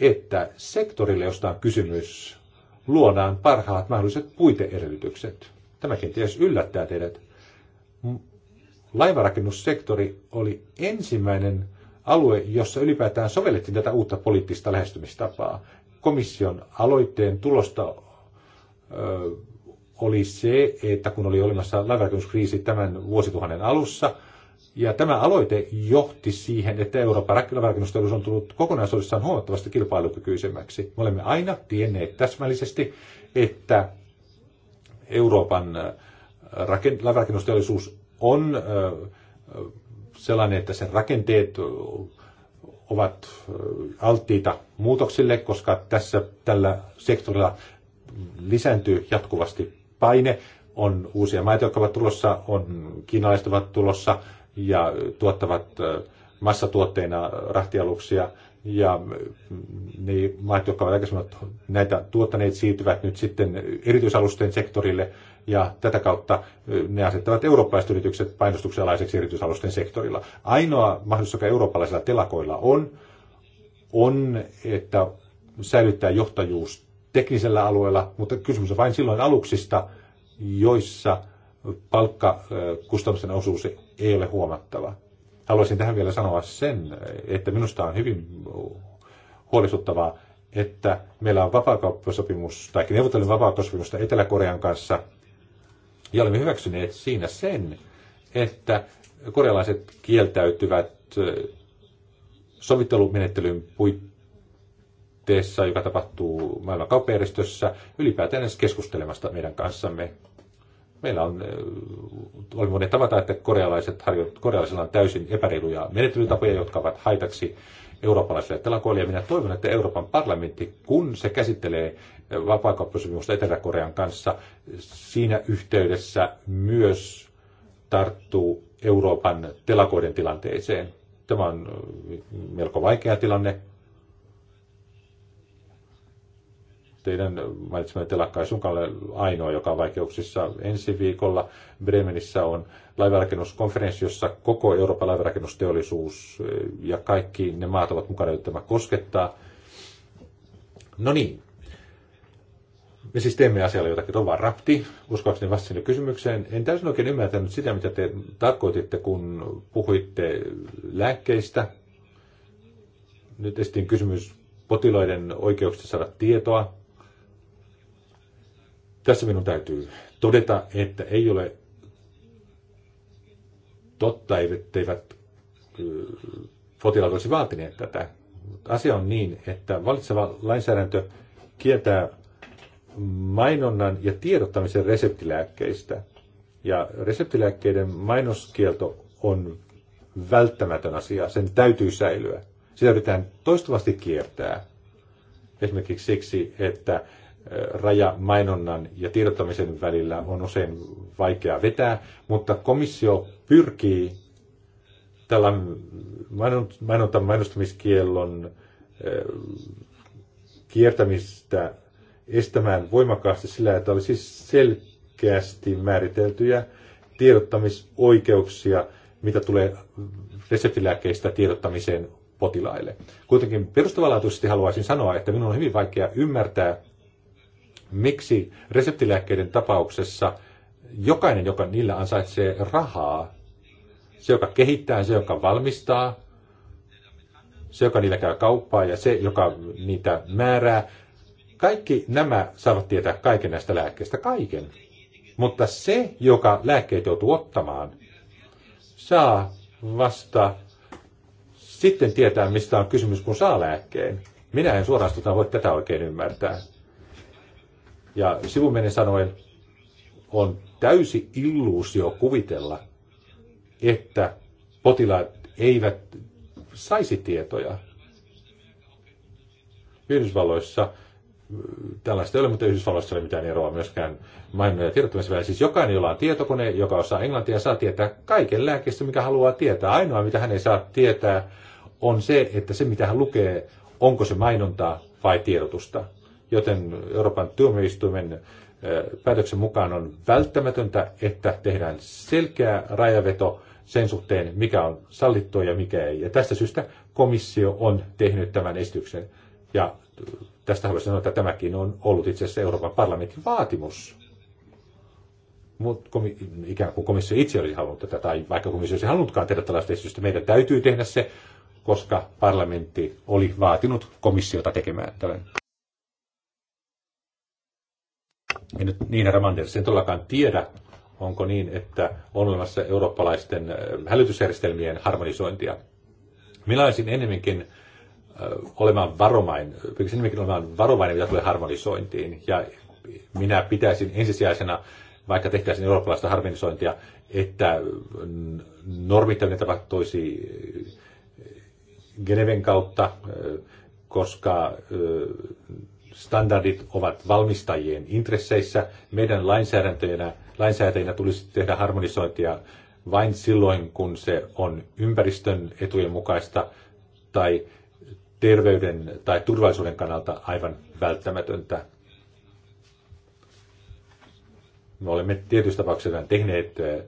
että sektorille, josta on kysymys, luodaan parhaat mahdolliset puiteedellytykset. Tämä kenties yllättää teidät. Laivarakennussektori oli ensimmäinen alue, jossa ylipäätään sovellettiin tätä uutta poliittista lähestymistapaa. Komission aloitteen tulosta ö, oli se, että kun oli olemassa laivarakennuskriisi tämän vuosituhannen alussa, ja tämä aloite johti siihen, että Euroopan rakennusteollisuus on tullut kokonaisuudessaan huomattavasti kilpailukykyisemmäksi. Me olemme aina tienneet täsmällisesti, että Euroopan äh, rakennusteollisuus on äh, sellainen, että sen rakenteet ovat äh, alttiita muutoksille, koska tässä tällä sektorilla lisääntyy jatkuvasti paine. On uusia maita, jotka ovat tulossa, on kiinalaiset ovat tulossa, ja tuottavat massatuotteina rahtialuksia. Ja ne maat, jotka ovat aikaisemmin näitä tuottaneet, siirtyvät nyt sitten erityisalusten sektorille. Ja tätä kautta ne asettavat eurooppalaiset yritykset painostuksen alaiseksi erityisalusten sektorilla. Ainoa mahdollisuus, joka eurooppalaisilla telakoilla on, on, että säilyttää johtajuus teknisellä alueella, mutta kysymys on vain silloin aluksista, joissa palkkakustannusten osuus ei ole huomattava. Haluaisin tähän vielä sanoa sen, että minusta on hyvin huolestuttavaa, että meillä on vapaakauppasopimus, tai neuvottelun vapaakauppasopimusta Etelä-Korean kanssa, ja olemme hyväksyneet siinä sen, että korealaiset kieltäytyvät sovittelumenettelyn puitteissa, joka tapahtuu maailman kauppajärjestössä, ylipäätään edes keskustelemasta meidän kanssamme. Meillä on, oli monet tavata, että korealaiset harjo, korealaisilla on täysin epäreiluja menettelytapoja, jotka ovat haitaksi eurooppalaisille telakoille. Ja minä toivon, että Euroopan parlamentti, kun se käsittelee vapaakauppasopimusta Etelä-Korean kanssa, siinä yhteydessä myös tarttuu Euroopan telakoiden tilanteeseen. Tämä on melko vaikea tilanne teidän mainitsemanne telakka ainoa, joka on vaikeuksissa. Ensi viikolla Bremenissä on laivarakennuskonferenssi, jossa koko Euroopan laivarakennusteollisuus eh, ja kaikki ne maat ovat mukana, joita tämä koskettaa. No niin, me siis teemme asialle jotakin. Tuo vaan rapti, uskoakseni sinne kysymykseen. En täysin oikein ymmärtänyt sitä, mitä te tarkoititte, kun puhuitte lääkkeistä. Nyt esitin kysymys potilaiden oikeuksista saada tietoa. Tässä minun täytyy todeta, että ei ole totta, etteivät potilaat olisi vaatineet tätä. Asia on niin, että valitseva lainsäädäntö kieltää mainonnan ja tiedottamisen reseptilääkkeistä. Ja reseptilääkkeiden mainoskielto on välttämätön asia, sen täytyy säilyä. Sitä yritetään toistuvasti kiertää. Esimerkiksi siksi, että raja mainonnan ja tiedottamisen välillä on usein vaikea vetää, mutta komissio pyrkii tällä mainonta mainostamiskiellon eh, kiertämistä estämään voimakkaasti sillä, että olisi selkeästi määriteltyjä tiedottamisoikeuksia, mitä tulee reseptilääkkeistä tiedottamiseen potilaille. Kuitenkin perustavanlaatuisesti haluaisin sanoa, että minun on hyvin vaikea ymmärtää, miksi reseptilääkkeiden tapauksessa jokainen, joka niillä ansaitsee rahaa, se, joka kehittää, se, joka valmistaa, se, joka niillä käy kauppaa ja se, joka niitä määrää, kaikki nämä saavat tietää kaiken näistä lääkkeistä, kaiken. Mutta se, joka lääkkeet joutuu ottamaan, saa vasta sitten tietää, mistä on kysymys, kun saa lääkkeen. Minä en suorastaan voi tätä oikein ymmärtää. Ja sivumennen sanoen on täysi illuusio kuvitella, että potilaat eivät saisi tietoja. Yhdysvalloissa tällaista ei ole, mutta Yhdysvalloissa ei ole mitään eroa myöskään mainon ja tiedottamisen välillä. Siis jokainen, jolla on tietokone, joka osaa englantia, saa tietää kaiken lääkkeestä, mikä haluaa tietää. Ainoa, mitä hän ei saa tietää, on se, että se, mitä hän lukee, onko se mainontaa vai tiedotusta joten Euroopan tuomioistuimen eh, päätöksen mukaan on välttämätöntä, että tehdään selkeä rajaveto sen suhteen, mikä on sallittua ja mikä ei. Ja tästä syystä komissio on tehnyt tämän esityksen. Ja eh, tästä haluaisin sanoa, että tämäkin on ollut itse asiassa Euroopan parlamentin vaatimus. Mutta komi- ikään kuin komissio itse olisi halunnut tätä, tai vaikka komissio ei halunnutkaan tehdä tällaista esitystä, meidän täytyy tehdä se, koska parlamentti oli vaatinut komissiota tekemään tämän. En nyt Niina Ramanders, sen todellakaan tiedä, onko niin, että on olemassa eurooppalaisten äh, hälytysjärjestelmien harmonisointia. Minä olisin enemmänkin äh, olemaan varovainen, enemmänkin olemaan varovainen, mitä tulee harmonisointiin. Ja minä pitäisin ensisijaisena, vaikka tehtäisiin eurooppalaista harmonisointia, että normittaminen tapahtuisi äh, Geneven kautta, koska standardit ovat valmistajien intresseissä. Meidän lainsäätäjinä tulisi tehdä harmonisointia vain silloin, kun se on ympäristön etujen mukaista tai terveyden tai turvallisuuden kannalta aivan välttämätöntä. Me olemme tietyissä tapauksissa tehneet eh,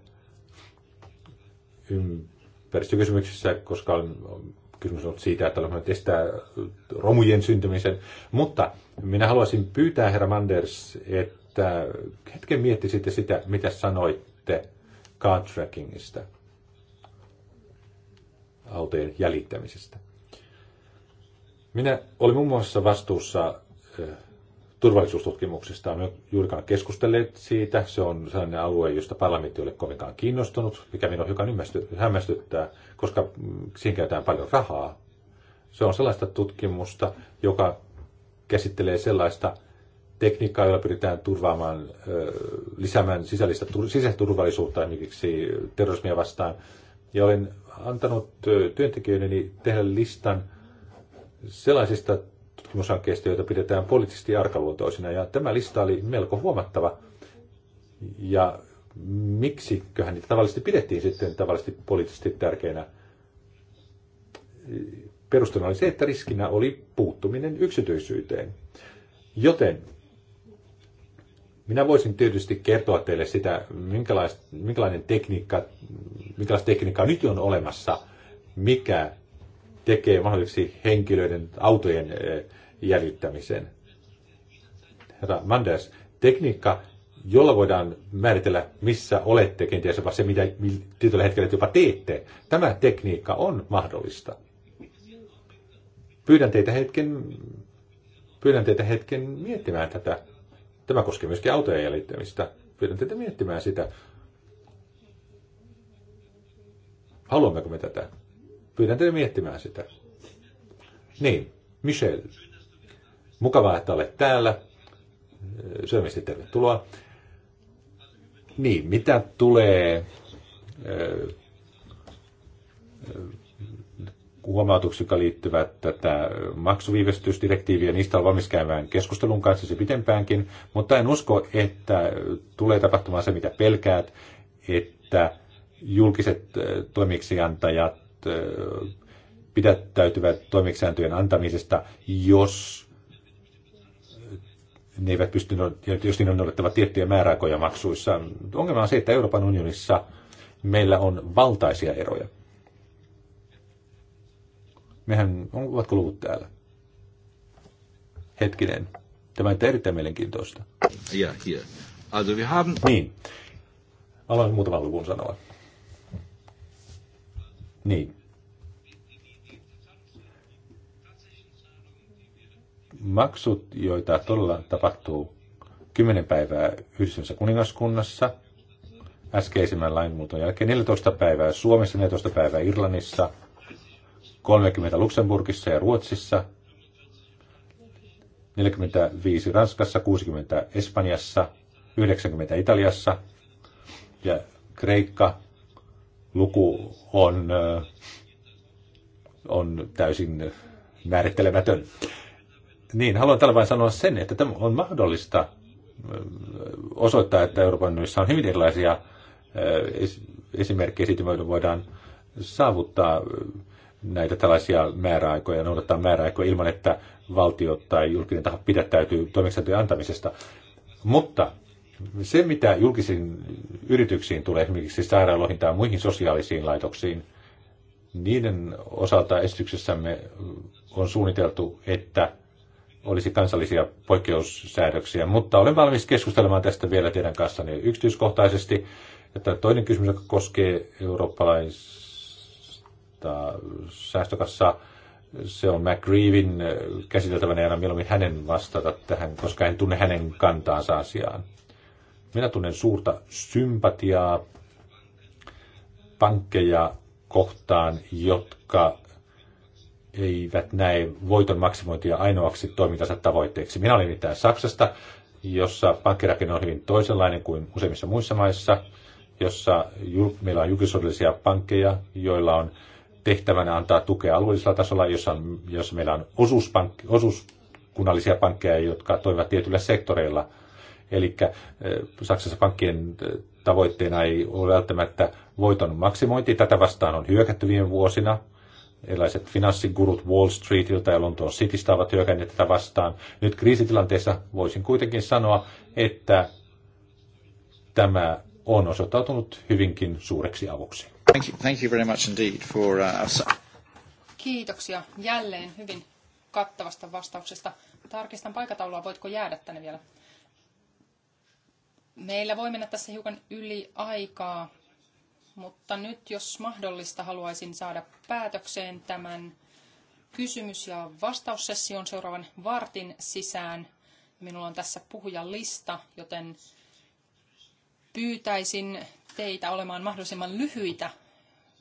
ympäristökysymyksissä, koska kysymys on siitä, että olemme estää romujen syntymisen. Mutta minä haluaisin pyytää, herra Manders, että hetken miettisitte sitä, mitä sanoitte car trackingista, autojen jäljittämisestä. Minä olin muun muassa vastuussa eh, turvallisuustutkimuksista on juurikaan keskustelleet siitä. Se on sellainen alue, josta parlamentti ei ole kovinkaan kiinnostunut, mikä minua hiukan hämmästyttää, koska siinä käytetään paljon rahaa. Se on sellaista tutkimusta, joka käsittelee sellaista tekniikkaa, jolla pyritään turvaamaan, lisäämään sisällistä, sisäistä turvallisuutta esimerkiksi terrorismia vastaan. Ja olen antanut työntekijöideni tehdä listan sellaisista tutkimushankkeista, joita pidetään poliittisesti arkaluontoisina. Ja tämä lista oli melko huomattava. Ja miksiköhän niitä tavallisesti pidettiin sitten tavallisesti poliittisesti tärkeinä? Perustana oli se, että riskinä oli puuttuminen yksityisyyteen. Joten minä voisin tietysti kertoa teille sitä, minkälainen tekniikka, minkälaista tekniikkaa nyt on olemassa, mikä tekee mahdolliseksi henkilöiden autojen jäljittämisen. Herra Manders, tekniikka, jolla voidaan määritellä, missä olette, kenties jopa se, mitä tietyllä hetkellä jopa teette, tämä tekniikka on mahdollista. Pyydän teitä hetken, pyydän teitä hetken miettimään tätä. Tämä koskee myöskin autojen jäljittämistä. Pyydän teitä miettimään sitä. Haluammeko me tätä? Pyydän teitä miettimään sitä. Niin, Michel. Mukavaa, että olet täällä. Syömisesti tervetuloa. Niin, mitä tulee äh, äh, huomautuksia, jotka liittyvät tätä maksuviivästysdirektiiviä, niistä on valmis käymään keskustelun kanssa se pitempäänkin, mutta en usko, että tulee tapahtumaan se, mitä pelkäät, että julkiset äh, toimiksiantajat Äh, pidättäytyvät toimeksiantojen antamisesta, jos ne eivät pysty, no- jos niin on noudattava tiettyjä määräaikoja maksuissa. Ongelma on se, että Euroopan unionissa meillä on valtaisia eroja. Mehän, ovatko luvut täällä? Hetkinen. Tämä on erittäin mielenkiintoista. yeah, yeah. Also we have... Niin. Aloin muutaman luvun sanoa. Niin. Maksut, joita todella tapahtuu kymmenen päivää Yhdistyneessä kuningaskunnassa, äskeisimmän lainmuuton jälkeen 14 päivää Suomessa, 14 päivää Irlannissa, 30 Luxemburgissa ja Ruotsissa, 45 Ranskassa, 60 Espanjassa, 90 Italiassa ja Kreikka luku on, äh, on täysin määrittelemätön. Niin, haluan tällä vain sanoa sen, että tämä on mahdollista äh, osoittaa, että Euroopan unionissa on hyvin erilaisia äh, esimerkkejä siitä, joita voidaan saavuttaa näitä tällaisia määräaikoja, noudattaa määräaikoja ilman, että valtio tai julkinen taho pidättäytyy toimeksiantojen antamisesta. Mutta se, mitä julkisiin yrityksiin tulee, esimerkiksi sairaaloihin tai muihin sosiaalisiin laitoksiin, niiden osalta esityksessämme on suunniteltu, että olisi kansallisia poikkeussäädöksiä, mutta olen valmis keskustelemaan tästä vielä teidän kanssanne yksityiskohtaisesti. Että toinen kysymys, joka koskee eurooppalaista säästökassaa, se on McGreevin käsiteltävänä ja mieluummin hänen vastata tähän, koska en tunne hänen kantaansa asiaan. Minä tunnen suurta sympatiaa pankkeja kohtaan, jotka eivät näe voiton maksimointia ainoaksi toimintansa tavoitteeksi. Minä olin mitään Saksasta, jossa pankkirakenne on hyvin toisenlainen kuin useimmissa muissa maissa, jossa meillä on julkisodellisia pankkeja, joilla on tehtävänä antaa tukea alueellisella tasolla, jossa, jossa meillä on osuuspankki, osuuskunnallisia pankkeja, jotka toimivat tietyillä sektoreilla – Eli eh, Saksassa pankkien eh, tavoitteena ei ole välttämättä voiton maksimointi. Tätä vastaan on hyökätty viime vuosina. Erilaiset finanssigurut Wall Streetiltä ja Lontoon Citystä ovat hyökänneet tätä vastaan. Nyt kriisitilanteessa voisin kuitenkin sanoa, että tämä on osoittautunut hyvinkin suureksi avuksi. Thank you, thank you very much indeed for, uh... Kiitoksia jälleen hyvin kattavasta vastauksesta. Tarkistan paikataulua, voitko jäädä tänne vielä? Meillä voi mennä tässä hiukan yli aikaa, mutta nyt jos mahdollista haluaisin saada päätökseen tämän kysymys- ja vastaussession seuraavan vartin sisään. Minulla on tässä puhujalista, joten pyytäisin teitä olemaan mahdollisimman lyhyitä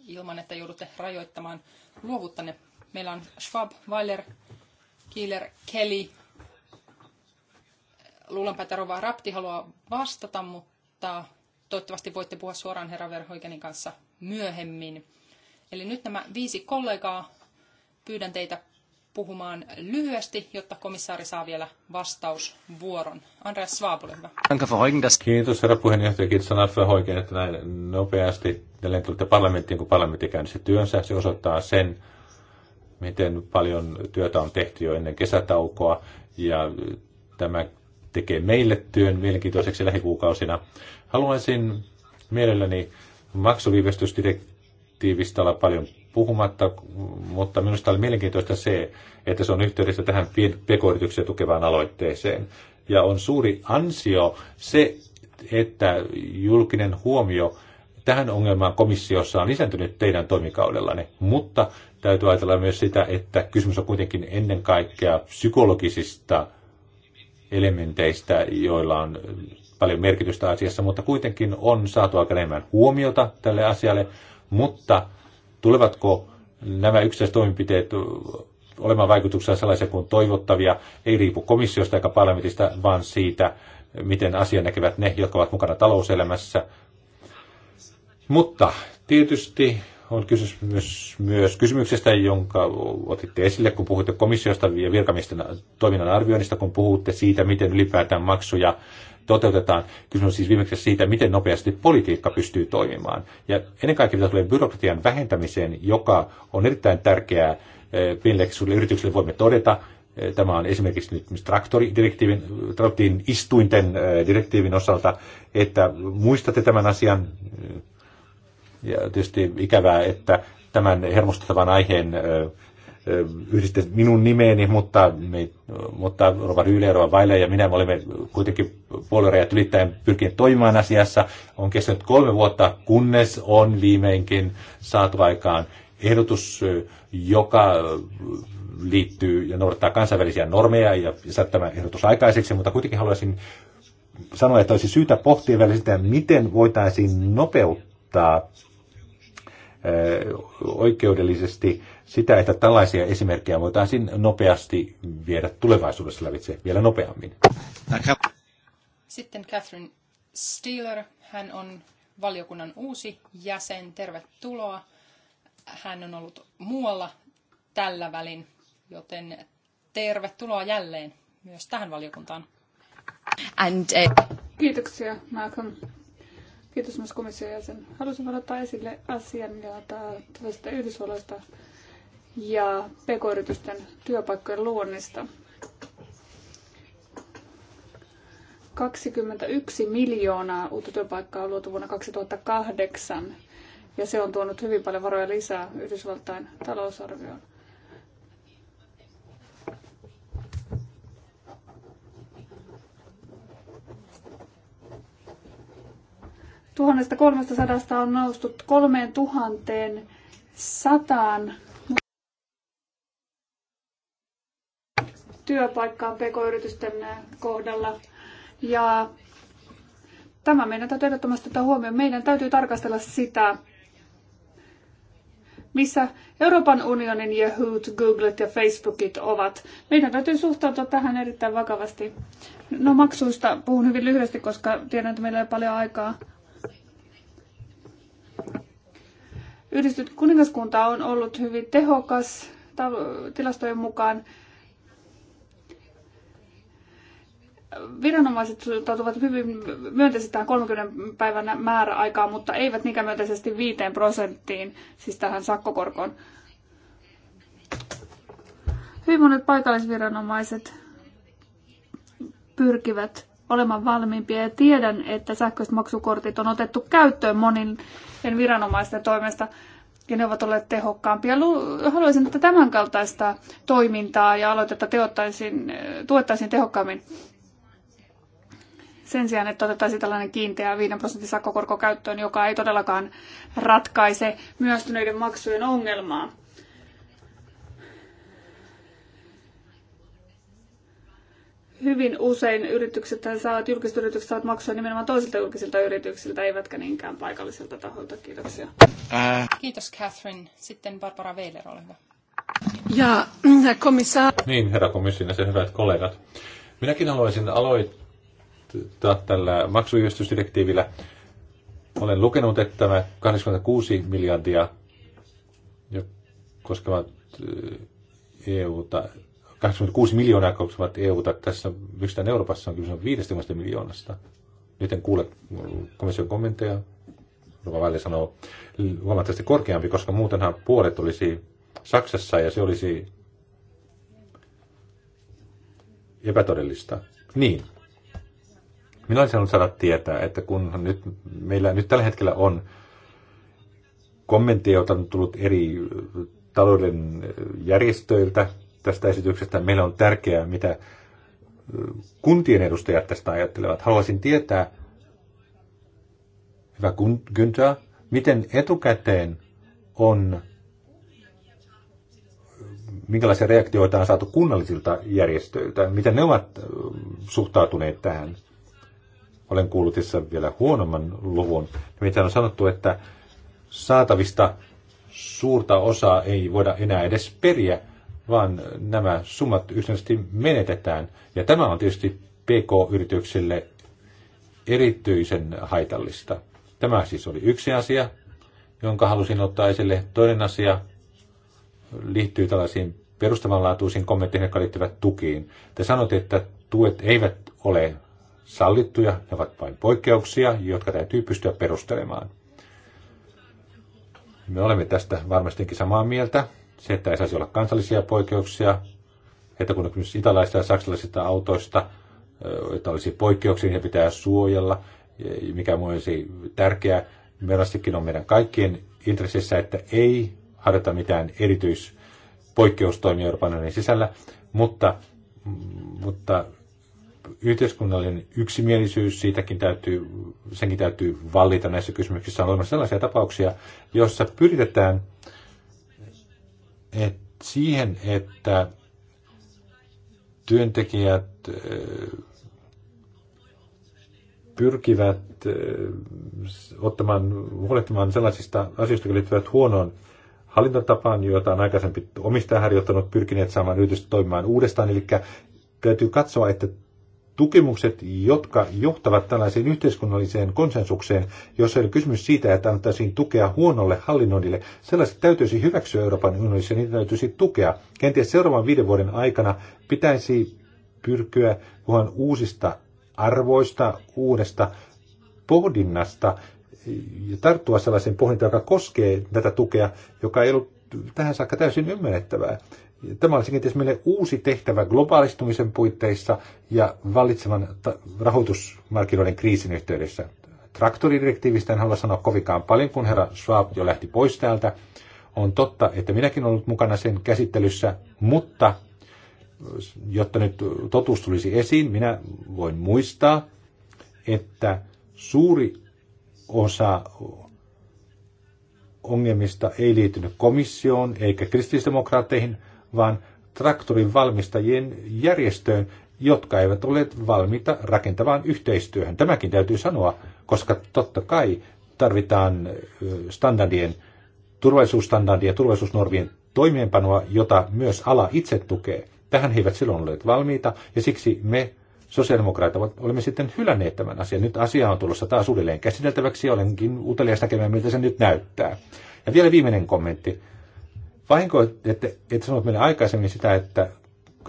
ilman, että joudutte rajoittamaan luovuttanne. Meillä on Schwab, Weiler, Kieler, Kelly, Luulenpa, että Rova Rapti haluaa vastata, mutta toivottavasti voitte puhua suoraan herra Verhoikenin kanssa myöhemmin. Eli nyt nämä viisi kollegaa pyydän teitä puhumaan lyhyesti, jotta komissaari saa vielä vastausvuoron. Andreas Svaab, ole hyvä. Kiitos herra puheenjohtaja, kiitos Andreas Verhoiken, että näin nopeasti jälleen tulitte parlamenttiin, kun parlamentti käynnissä työnsä. Se osoittaa sen, miten paljon työtä on tehty jo ennen kesätaukoa ja tämä tekee meille työn mielenkiintoiseksi lähikuukausina. Haluaisin mielelläni maksuviivästysdirektiivistä olla paljon puhumatta, mutta minusta oli mielenkiintoista se, että se on yhteydessä tähän pk tukevaan aloitteeseen. Ja on suuri ansio se, että julkinen huomio tähän ongelmaan komissiossa on lisääntynyt teidän toimikaudellanne, mutta täytyy ajatella myös sitä, että kysymys on kuitenkin ennen kaikkea psykologisista elementeistä, joilla on paljon merkitystä asiassa, mutta kuitenkin on saatu aika enemmän huomiota tälle asialle, mutta tulevatko nämä yksittäiset toimenpiteet olemaan vaikutuksia sellaisia kuin toivottavia, ei riipu komissiosta eikä parlamentista, vaan siitä, miten asia näkevät ne, jotka ovat mukana talouselämässä. Mutta tietysti on kysymys myös kysymyksestä, jonka otitte esille, kun puhutte komissiosta ja virkamiesten toiminnan arvioinnista, kun puhutte siitä, miten ylipäätään maksuja toteutetaan. Kysymys on siis viimeksi siitä, miten nopeasti politiikka pystyy toimimaan. Ja ennen kaikkea mitä tulee byrokratian vähentämiseen, joka on erittäin tärkeää eh, pienille yrityksille, voimme todeta, eh, Tämä on esimerkiksi nyt traktoridirektiivin, traktiin istuinten eh, direktiivin osalta, että muistatte tämän asian ja tietysti ikävää, että tämän hermostuttavan aiheen yhdistet minun nimeeni, mutta, me, mutta Rova ja Rova Vaile ja minä me olemme kuitenkin puolueen ylittäen pyrkineet toimimaan asiassa. On kestänyt kolme vuotta, kunnes on viimeinkin saatu aikaan ehdotus, joka liittyy ja noudattaa kansainvälisiä normeja ja saa tämä ehdotus aikaiseksi, mutta kuitenkin haluaisin sanoa, että olisi syytä pohtia vielä sitä, miten voitaisiin nopeuttaa oikeudellisesti sitä, että tällaisia esimerkkejä voitaisiin nopeasti viedä tulevaisuudessa lävitse vielä nopeammin. Sitten Catherine Steeler, hän on valiokunnan uusi jäsen, tervetuloa. Hän on ollut muualla tällä välin, joten tervetuloa jälleen myös tähän valiokuntaan. And, uh... Kiitoksia, Malcolm. Kiitos myös komission jäsen. Haluaisin vain ottaa esille asian, jota Yhdysvalloista ja pk-yritysten työpaikkojen luonnista. 21 miljoonaa uutta työpaikkaa on luotu vuonna 2008 ja se on tuonut hyvin paljon varoja lisää Yhdysvaltain talousarvioon. 1300 on noustu 3100 työpaikkaan pk-yritysten kohdalla. Ja tämä meidän täytyy ehdottomasti ottaa huomioon. Meidän täytyy tarkastella sitä, missä Euroopan unionin Yahoo, Googlet ja Facebookit ovat. Meidän täytyy suhtautua tähän erittäin vakavasti. No maksuista puhun hyvin lyhyesti, koska tiedän, että meillä ei ole paljon aikaa. Yhdistynyt kuningaskunta on ollut hyvin tehokas tilastojen mukaan. Viranomaiset suhtautuvat hyvin myönteisesti tähän 30 päivän määräaikaa, mutta eivät niinkään myönteisesti 5 prosenttiin, siis tähän sakkokorkoon. Hyvin monet paikallisviranomaiset pyrkivät olemaan valmiimpia ja tiedän, että sähköiset maksukortit on otettu käyttöön monin sen viranomaisten toimesta, ja ne ovat olleet tehokkaampia. Haluaisin, että tämän kaltaista toimintaa ja aloitetta teottaisiin, tuettaisiin tehokkaammin sen sijaan, että otettaisiin tällainen kiinteä 5 prosentin sakkokorko käyttöön, joka ei todellakaan ratkaise myöstyneiden maksujen ongelmaa. hyvin usein yritykset saavat, julkiset yritykset saavat maksua nimenomaan toisilta julkisilta yrityksiltä, eivätkä niinkään paikallisilta taholta. Kiitoksia. Ää. Äh. Kiitos Catherine. Sitten Barbara Weiler, ole hyvä. Ja mm, komissaari. Niin, herra komissiina, se hyvät kollegat. Minäkin haluaisin aloittaa tällä maksujärjestysdirektiivillä. Olen lukenut, että tämä 86 miljardia koskevat äh, EUta 86 miljoonaa koskevat EUta. Tässä yksittäin Euroopassa on kyse 50 miljoonasta. Nyt en kuule komission kommentteja. Rova Väli sanoo huomattavasti korkeampi, koska muutenhan puolet olisi Saksassa ja se olisi epätodellista. Niin. Minä olisin halunnut saada tietää, että kun nyt, meillä nyt tällä hetkellä on kommentteja, joita on tullut eri talouden järjestöiltä, tästä esityksestä. Meillä on tärkeää, mitä kuntien edustajat tästä ajattelevat. Haluaisin tietää, hyvä Günther, miten etukäteen on, minkälaisia reaktioita on saatu kunnallisilta järjestöiltä, miten ne ovat suhtautuneet tähän. Olen kuullut tässä vielä huonomman luvun. mitä on sanottu, että saatavista suurta osaa ei voida enää edes periä, vaan nämä summat yksinkertaisesti menetetään. Ja tämä on tietysti PK-yrityksille erityisen haitallista. Tämä siis oli yksi asia, jonka halusin ottaa esille. Toinen asia liittyy tällaisiin perustavanlaatuisiin kommentteihin, jotka liittyvät tukiin. Te sanotte, että tuet eivät ole sallittuja, ne ovat vain poikkeuksia, jotka täytyy pystyä perustelemaan. Me olemme tästä varmastikin samaa mieltä se, että ei saisi olla kansallisia poikkeuksia, että kun on italaisista ja saksalaisista autoista, että olisi poikkeuksia, niin he pitää suojella, e, mikä olisi tärkeää. Meillästikin on meidän kaikkien intressissä, että ei harjoita mitään erityispoikkeustoimia Euroopan unionin sisällä, mutta, mutta yhteiskunnallinen yksimielisyys, siitäkin täytyy, senkin täytyy vallita näissä kysymyksissä. On olemassa sellaisia tapauksia, joissa pyritetään et, siihen, että työntekijät pyrkivät ottamaan, huolehtimaan sellaisista asioista, jotka liittyvät huonoon hallintotapaan, joita on aikaisempi omistaja harjoittanut, pyrkineet saamaan yritystä toimimaan uudestaan. Eli täytyy katsoa, että Tukimukset, jotka johtavat tällaiseen yhteiskunnalliseen konsensukseen, jossa ei ole kysymys siitä, että annettaisiin tukea huonolle hallinnoinnille. Sellaiset täytyisi hyväksyä Euroopan unionissa, niitä täytyisi tukea. Kenties seuraavan viiden vuoden aikana pitäisi pyrkyä puhua uusista arvoista, uudesta pohdinnasta, ja tarttua sellaiseen pohdintaan, joka koskee tätä tukea, joka ei ollut tähän saakka täysin ymmärrettävää. Tämä olisi kenties meille uusi tehtävä globaalistumisen puitteissa ja vallitsevan rahoitusmarkkinoiden kriisin yhteydessä. Traktoridirektiivistä en halua sanoa kovinkaan paljon, kun herra Schwab jo lähti pois täältä. On totta, että minäkin olen ollut mukana sen käsittelyssä, mutta jotta nyt totuus tulisi esiin, minä voin muistaa, että suuri osa ongelmista ei liittynyt komissioon eikä kristillisdemokraatteihin, vaan traktorin valmistajien järjestöön, jotka eivät ole valmiita rakentavaan yhteistyöhön. Tämäkin täytyy sanoa, koska totta kai tarvitaan standardien, turvallisuusstandardien ja turvallisuusnormien toimeenpanoa, jota myös ala itse tukee. Tähän he eivät silloin ole valmiita, ja siksi me sosiaalidemokraatit olemme sitten hylänneet tämän asian. Nyt asia on tulossa taas uudelleen käsiteltäväksi, ja olenkin utelias näkemään, miltä se nyt näyttää. Ja vielä viimeinen kommentti. Vahinko, että, et sanoit meille aikaisemmin sitä, että,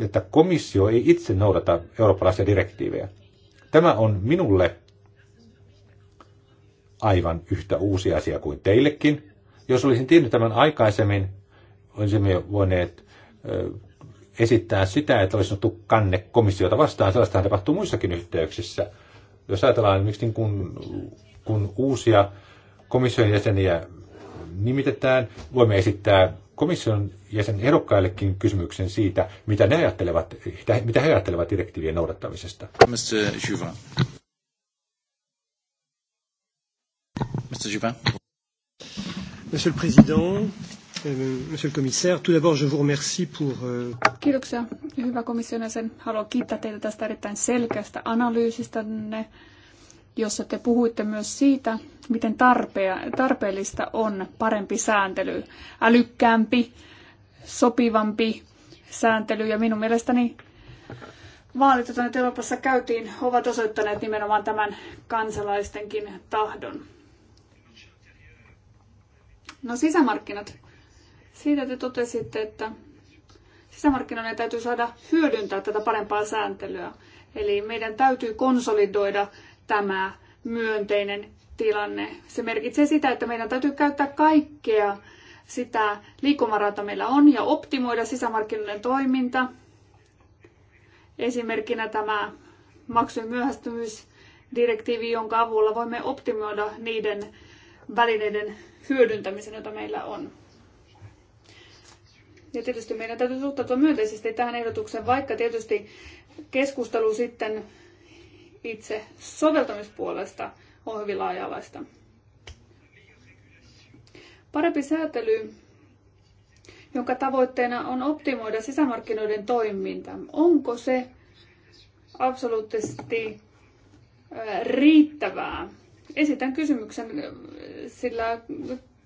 että komissio ei itse noudata eurooppalaisia direktiivejä. Tämä on minulle aivan yhtä uusi asia kuin teillekin. Jos olisin tiennyt tämän aikaisemmin, olisimme voineet esittää sitä, että olisi sanottu kanne komissiota vastaan. Sellaista tapahtuu muissakin yhteyksissä. Jos ajatellaan miksi niin kun, kun uusia komission jäseniä nimitetään, voimme esittää komission jäsen ehdokkaillekin kysymyksen siitä, mitä, ne ajattelevat, mitä he ajattelevat direktiivien noudattamisesta. Mr. Juvin. Mr. Juvin. Monsieur le Président, euh, Monsieur le Commissaire, tout d'abord je vous remercie pour... Euh, Kiitoksia, hyvä komission jäsen. Haluan kiittää teitä tästä erittäin selkeästä analyysistä jossa te puhuitte myös siitä, miten tarpeellista on parempi sääntely, älykkäämpi, sopivampi sääntely. Ja minun mielestäni vaalit, joita nyt Euroopassa käytiin, ovat osoittaneet nimenomaan tämän kansalaistenkin tahdon. No sisämarkkinat. Siitä te totesitte, että sisämarkkinoiden täytyy saada hyödyntää tätä parempaa sääntelyä. Eli meidän täytyy konsolidoida tämä myönteinen tilanne. Se merkitsee sitä, että meidän täytyy käyttää kaikkea sitä liikkumavaraa, jota meillä on, ja optimoida sisämarkkinoiden toiminta. Esimerkkinä tämä maksujen myöhästymisdirektiivi, jonka avulla voimme optimoida niiden välineiden hyödyntämisen, jota meillä on. Ja tietysti meidän täytyy suhtautua myönteisesti tähän ehdotukseen, vaikka tietysti keskustelu sitten itse soveltamispuolesta on hyvin laaja-alaista. Parempi säätely, jonka tavoitteena on optimoida sisämarkkinoiden toiminta. Onko se absoluuttisesti riittävää? Esitän kysymyksen, sillä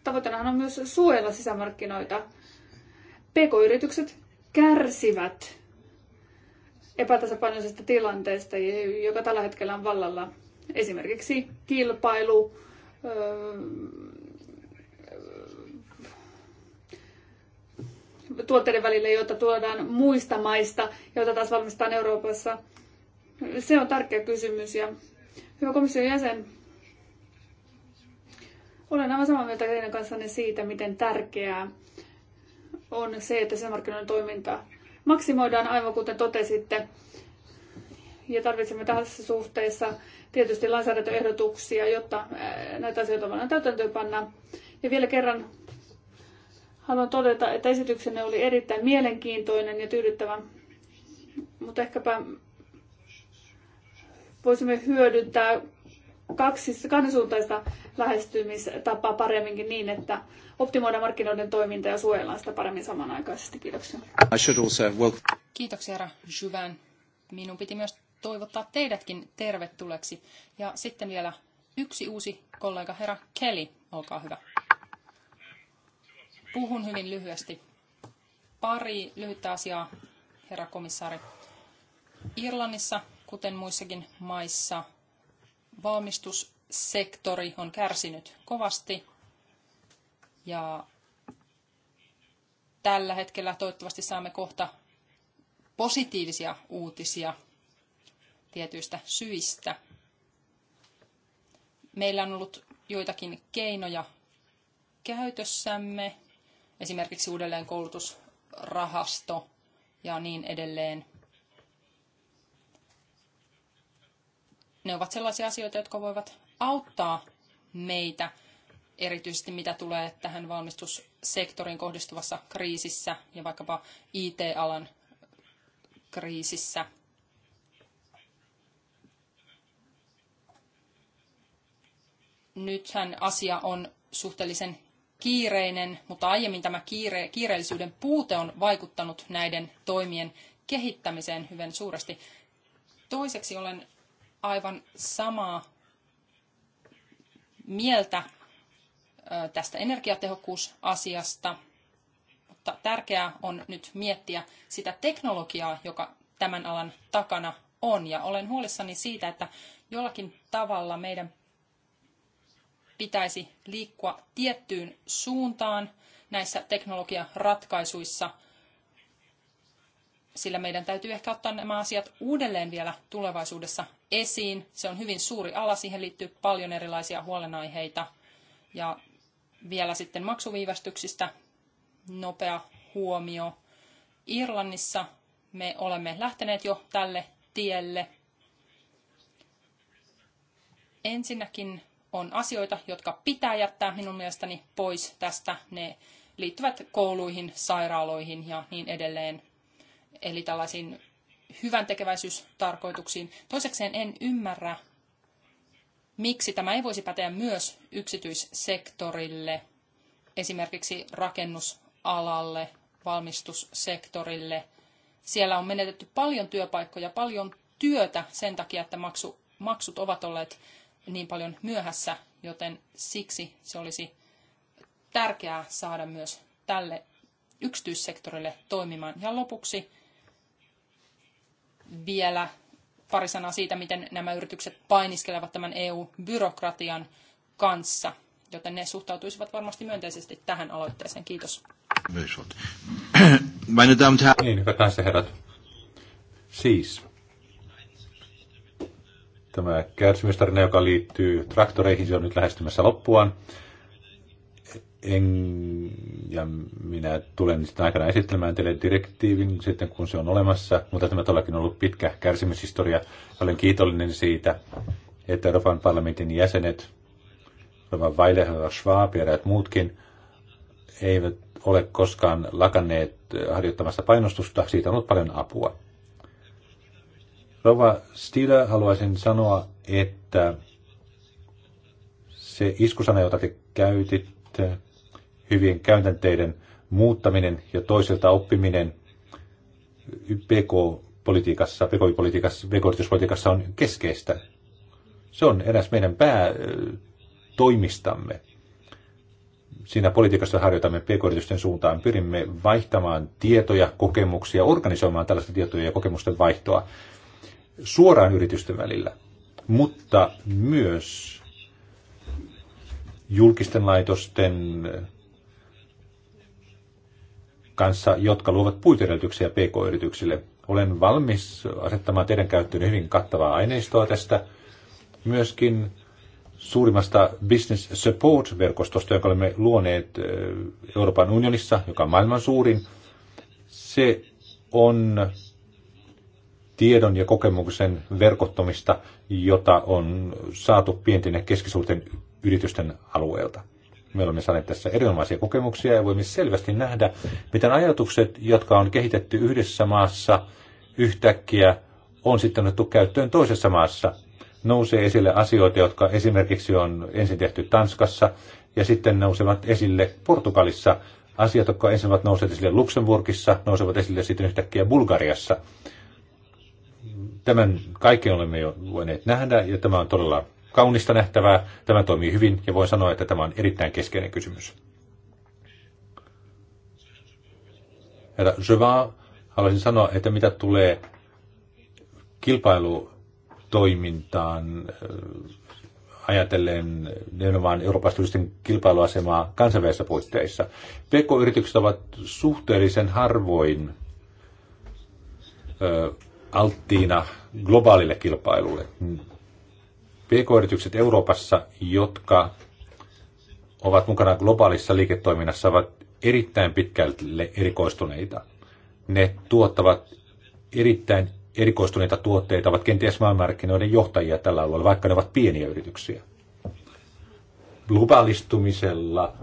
tavoitteena on myös suojella sisämarkkinoita. PK-yritykset kärsivät epätasapainoisesta tilanteesta, joka tällä hetkellä on vallalla. Esimerkiksi kilpailu, tuotteiden välillä, joita tuodaan muista maista, joita taas valmistetaan Euroopassa. Se on tärkeä kysymys ja hyvä komission jäsen, olen aivan samaa mieltä teidän kanssanne siitä, miten tärkeää on se, että sisämarkkinoiden toiminta maksimoidaan, aivan kuten totesitte. Ja tarvitsemme tässä suhteessa tietysti lainsäädäntöehdotuksia, jotta näitä asioita voidaan panna. Ja vielä kerran haluan todeta, että esityksenne oli erittäin mielenkiintoinen ja tyydyttävä, mutta ehkäpä voisimme hyödyntää kaksi, kahdensuuntaista lähestymistapaa paremminkin niin, että optimoidaan markkinoiden toimintaa ja suojellaan sitä paremmin samanaikaisesti. Kiitoksia. I should also welcome... Kiitoksia, herra Jyvän. Minun piti myös toivottaa teidätkin tervetulleeksi. Ja sitten vielä yksi uusi kollega, herra Kelly, olkaa hyvä. Puhun hyvin lyhyesti. Pari lyhyttä asiaa, herra komissaari. Irlannissa, kuten muissakin maissa, valmistussektori on kärsinyt kovasti ja tällä hetkellä toivottavasti saamme kohta positiivisia uutisia tietyistä syistä. Meillä on ollut joitakin keinoja käytössämme, esimerkiksi koulutusrahasto ja niin edelleen. Ne ovat sellaisia asioita, jotka voivat auttaa meitä, erityisesti mitä tulee tähän valmistussektoriin kohdistuvassa kriisissä ja vaikkapa IT-alan kriisissä. Nythän asia on suhteellisen kiireinen, mutta aiemmin tämä kiire, kiireellisyyden puute on vaikuttanut näiden toimien kehittämiseen hyvin suuresti. Toiseksi olen aivan samaa mieltä tästä energiatehokkuusasiasta, mutta tärkeää on nyt miettiä sitä teknologiaa, joka tämän alan takana on. Ja olen huolissani siitä, että jollakin tavalla meidän pitäisi liikkua tiettyyn suuntaan näissä teknologiaratkaisuissa, sillä meidän täytyy ehkä ottaa nämä asiat uudelleen vielä tulevaisuudessa esiin. Se on hyvin suuri ala, siihen liittyy paljon erilaisia huolenaiheita. Ja vielä sitten maksuviivästyksistä nopea huomio. Irlannissa me olemme lähteneet jo tälle tielle. Ensinnäkin on asioita, jotka pitää jättää minun mielestäni pois tästä. Ne liittyvät kouluihin, sairaaloihin ja niin edelleen. Eli tällaisiin hyvän tekeväisyystarkoituksiin. Toisekseen en ymmärrä, miksi tämä ei voisi päteä myös yksityissektorille, esimerkiksi rakennusalalle, valmistussektorille. Siellä on menetetty paljon työpaikkoja, paljon työtä sen takia, että maksu, maksut ovat olleet niin paljon myöhässä, joten siksi se olisi tärkeää saada myös tälle yksityissektorille toimimaan. Ja lopuksi vielä pari sanaa siitä, miten nämä yritykset painiskelevat tämän EU-byrokratian kanssa, joten ne suhtautuisivat varmasti myönteisesti tähän aloitteeseen. Kiitos. *clears throat* Niin, hyvät naiset herrat. Siis, tämä kärsimystarina, joka liittyy traktoreihin, se on nyt lähestymässä loppuaan en, ja minä tulen sitten aikana esittelemään teille direktiivin sitten, kun se on olemassa, mutta tämä todellakin on ollut pitkä kärsimyshistoria. Olen kiitollinen siitä, että Euroopan parlamentin jäsenet, Euroopan Weile, Schwab ja eräät muutkin, eivät ole koskaan lakanneet harjoittamassa painostusta. Siitä on ollut paljon apua. Rova Stila haluaisin sanoa, että se iskusana, jota te käytitte, hyvien käytänteiden muuttaminen ja toiselta oppiminen PK-politiikassa, PK-politiikassa, pk on keskeistä. Se on eräs meidän päätoimistamme. Siinä politiikassa harjoitamme pk suuntaan. Pyrimme vaihtamaan tietoja, kokemuksia, organisoimaan tällaista tietoja ja kokemusten vaihtoa suoraan yritysten välillä, mutta myös julkisten laitosten, kanssa, jotka luovat puitedellytyksiä PK-yrityksille. Olen valmis asettamaan teidän käyttöön hyvin kattavaa aineistoa tästä. Myöskin suurimmasta Business Support-verkostosta, jonka olemme luoneet Euroopan unionissa, joka on maailman suurin. Se on tiedon ja kokemuksen verkottomista, jota on saatu pienten ja keskisuurten yritysten alueelta. Me olemme saaneet tässä erinomaisia kokemuksia ja voimme selvästi nähdä, miten ajatukset, jotka on kehitetty yhdessä maassa, yhtäkkiä on sitten otettu käyttöön toisessa maassa. Nousee esille asioita, jotka esimerkiksi on ensin tehty Tanskassa ja sitten nousevat esille Portugalissa. Asiat, jotka ensin ovat nousseet esille Luxemburgissa, nousevat esille sitten yhtäkkiä Bulgariassa. Tämän kaiken olemme jo voineet nähdä ja tämä on todella kaunista nähtävää. Tämä toimii hyvin ja voin sanoa, että tämä on erittäin keskeinen kysymys. Herra Jevin, haluaisin sanoa, että mitä tulee kilpailutoimintaan äh, ajatellen nimenomaan eurooppalaisten kilpailuasemaa kansainvälisissä puitteissa. PK-yritykset ovat suhteellisen harvoin äh, alttiina globaalille kilpailulle. PK-yritykset Euroopassa, jotka ovat mukana globaalissa liiketoiminnassa, ovat erittäin pitkälle erikoistuneita. Ne tuottavat erittäin erikoistuneita tuotteita, ovat kenties maailmanmarkkinoiden johtajia tällä alueella, vaikka ne ovat pieniä yrityksiä. Globalistumisella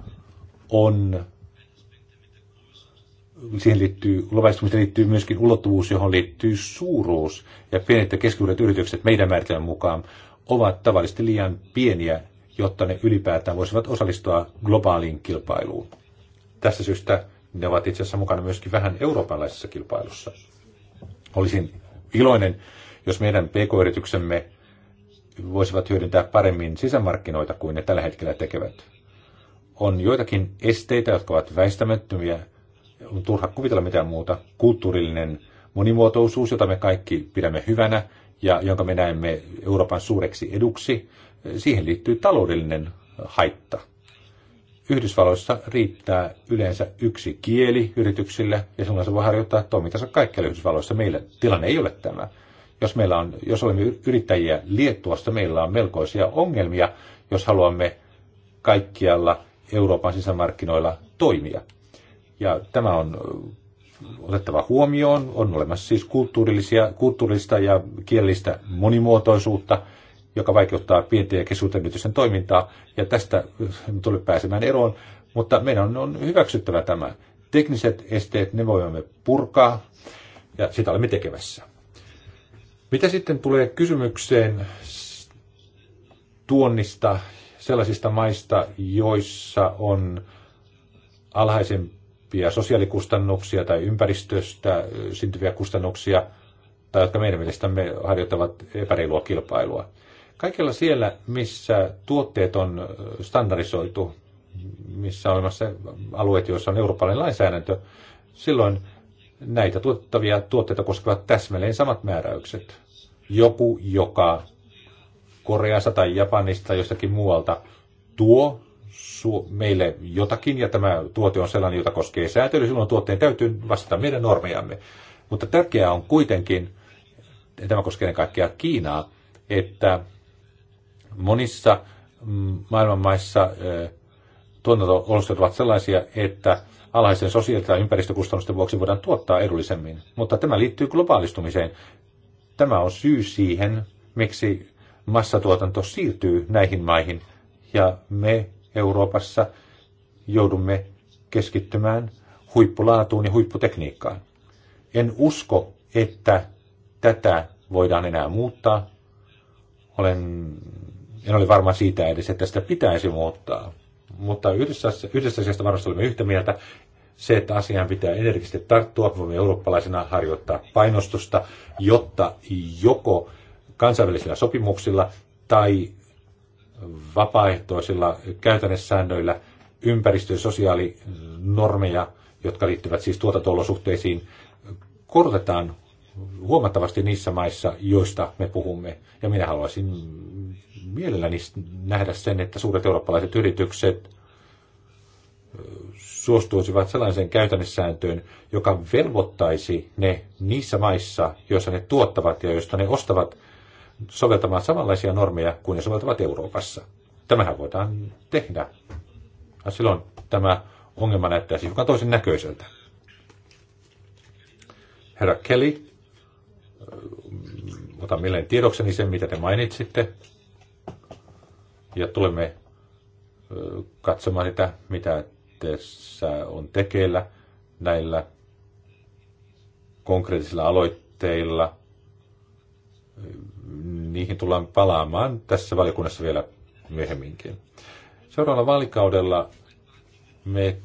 on, siihen liittyy, globalistumiseen liittyy myöskin ulottuvuus, johon liittyy suuruus, ja pienet ja keskiyuudet yritykset meidän määritelmän mukaan ovat tavallisesti liian pieniä, jotta ne ylipäätään voisivat osallistua globaaliin kilpailuun. Tässä syystä ne ovat itse asiassa mukana myöskin vähän eurooppalaisessa kilpailussa. Olisin iloinen, jos meidän pk-yrityksemme voisivat hyödyntää paremmin sisämarkkinoita kuin ne tällä hetkellä tekevät. On joitakin esteitä, jotka ovat väistämättömiä. On turha kuvitella mitään muuta. Kulttuurillinen monimuotoisuus, jota me kaikki pidämme hyvänä, ja jonka me näemme Euroopan suureksi eduksi, siihen liittyy taloudellinen haitta. Yhdysvalloissa riittää yleensä yksi kieli yrityksille ja silloin se voi harjoittaa toimintansa kaikkialla Yhdysvalloissa. Meillä tilanne ei ole tämä. Jos, meillä on, jos olemme yrittäjiä Liettuasta, meillä on melkoisia ongelmia, jos haluamme kaikkialla Euroopan sisämarkkinoilla toimia. Ja tämä on otettava huomioon. On olemassa siis kulttuurillisia, kulttuurista ja kielistä monimuotoisuutta, joka vaikeuttaa pienten ja keskisuurten toimintaa, ja tästä tuli pääsemään eroon. Mutta meidän on hyväksyttävä tämä. Tekniset esteet, ne voimme purkaa, ja sitä olemme tekemässä. Mitä sitten tulee kysymykseen tuonnista sellaisista maista, joissa on alhaisempi syntyviä sosiaalikustannuksia tai ympäristöstä syntyviä kustannuksia, tai jotka meidän mielestämme harjoittavat epäreilua kilpailua. Kaikella siellä, missä tuotteet on standardisoitu, missä on olemassa alueet, joissa on eurooppalainen lainsäädäntö, silloin näitä tuottavia tuotteita koskevat täsmälleen samat määräykset. Joku, joka Koreasta tai Japanista jostakin muualta tuo meille jotakin, ja tämä tuote on sellainen, jota koskee säätely, silloin tuotteen täytyy vastata meidän normejamme. Mutta tärkeää on kuitenkin, ja tämä koskee ennen kaikkea Kiinaa, että monissa mm, maailmanmaissa maissa tuotanto-olosuhteet ovat sellaisia, että alhaisen sosiaali- tai ympäristökustannusten vuoksi voidaan tuottaa edullisemmin. Mutta tämä liittyy globaalistumiseen. Tämä on syy siihen, miksi massatuotanto siirtyy näihin maihin. Ja me Euroopassa joudumme keskittymään huippulaatuun ja huipputekniikkaan. En usko, että tätä voidaan enää muuttaa. Olen, en ole varma siitä edes, että sitä pitäisi muuttaa. Mutta yhdessä, yhdessä asiasta varmasti olemme yhtä mieltä. Se, että asiaan pitää energisesti tarttua, voimme eurooppalaisena harjoittaa painostusta, jotta joko kansainvälisillä sopimuksilla tai vapaaehtoisilla käytännössäännöillä ympäristö- ja sosiaalinormeja, jotka liittyvät siis tuotanto-olosuhteisiin, korotetaan huomattavasti niissä maissa, joista me puhumme. Ja minä haluaisin mielelläni nähdä sen, että suuret eurooppalaiset yritykset suostuisivat sellaiseen käytännössääntöön, joka velvoittaisi ne niissä maissa, joissa ne tuottavat ja joista ne ostavat soveltamaan samanlaisia normeja kuin ne soveltavat Euroopassa. Tämähän voidaan tehdä. Ja silloin tämä ongelma siis hiukan toisen näköiseltä. Herra Kelly, äh, otan mieleen tiedokseni sen, mitä te mainitsitte. Ja tulemme äh, katsomaan sitä, mitä tässä on tekeillä näillä konkreettisilla aloitteilla, niihin tullaan palaamaan tässä valiokunnassa vielä myöhemminkin. Seuraavalla vaalikaudella me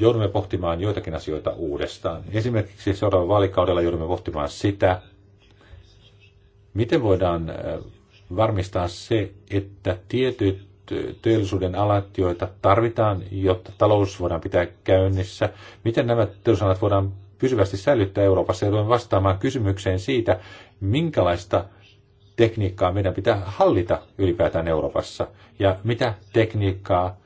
joudumme pohtimaan joitakin asioita uudestaan. Esimerkiksi seuraavalla vaalikaudella joudumme pohtimaan sitä, miten voidaan varmistaa se, että tietyt teollisuuden alat, joita tarvitaan, jotta talous voidaan pitää käynnissä, miten nämä teollisuusalat voidaan pysyvästi säilyttää Euroopassa ja vastaamaan kysymykseen siitä, minkälaista tekniikkaa meidän pitää hallita ylipäätään Euroopassa ja mitä tekniikkaa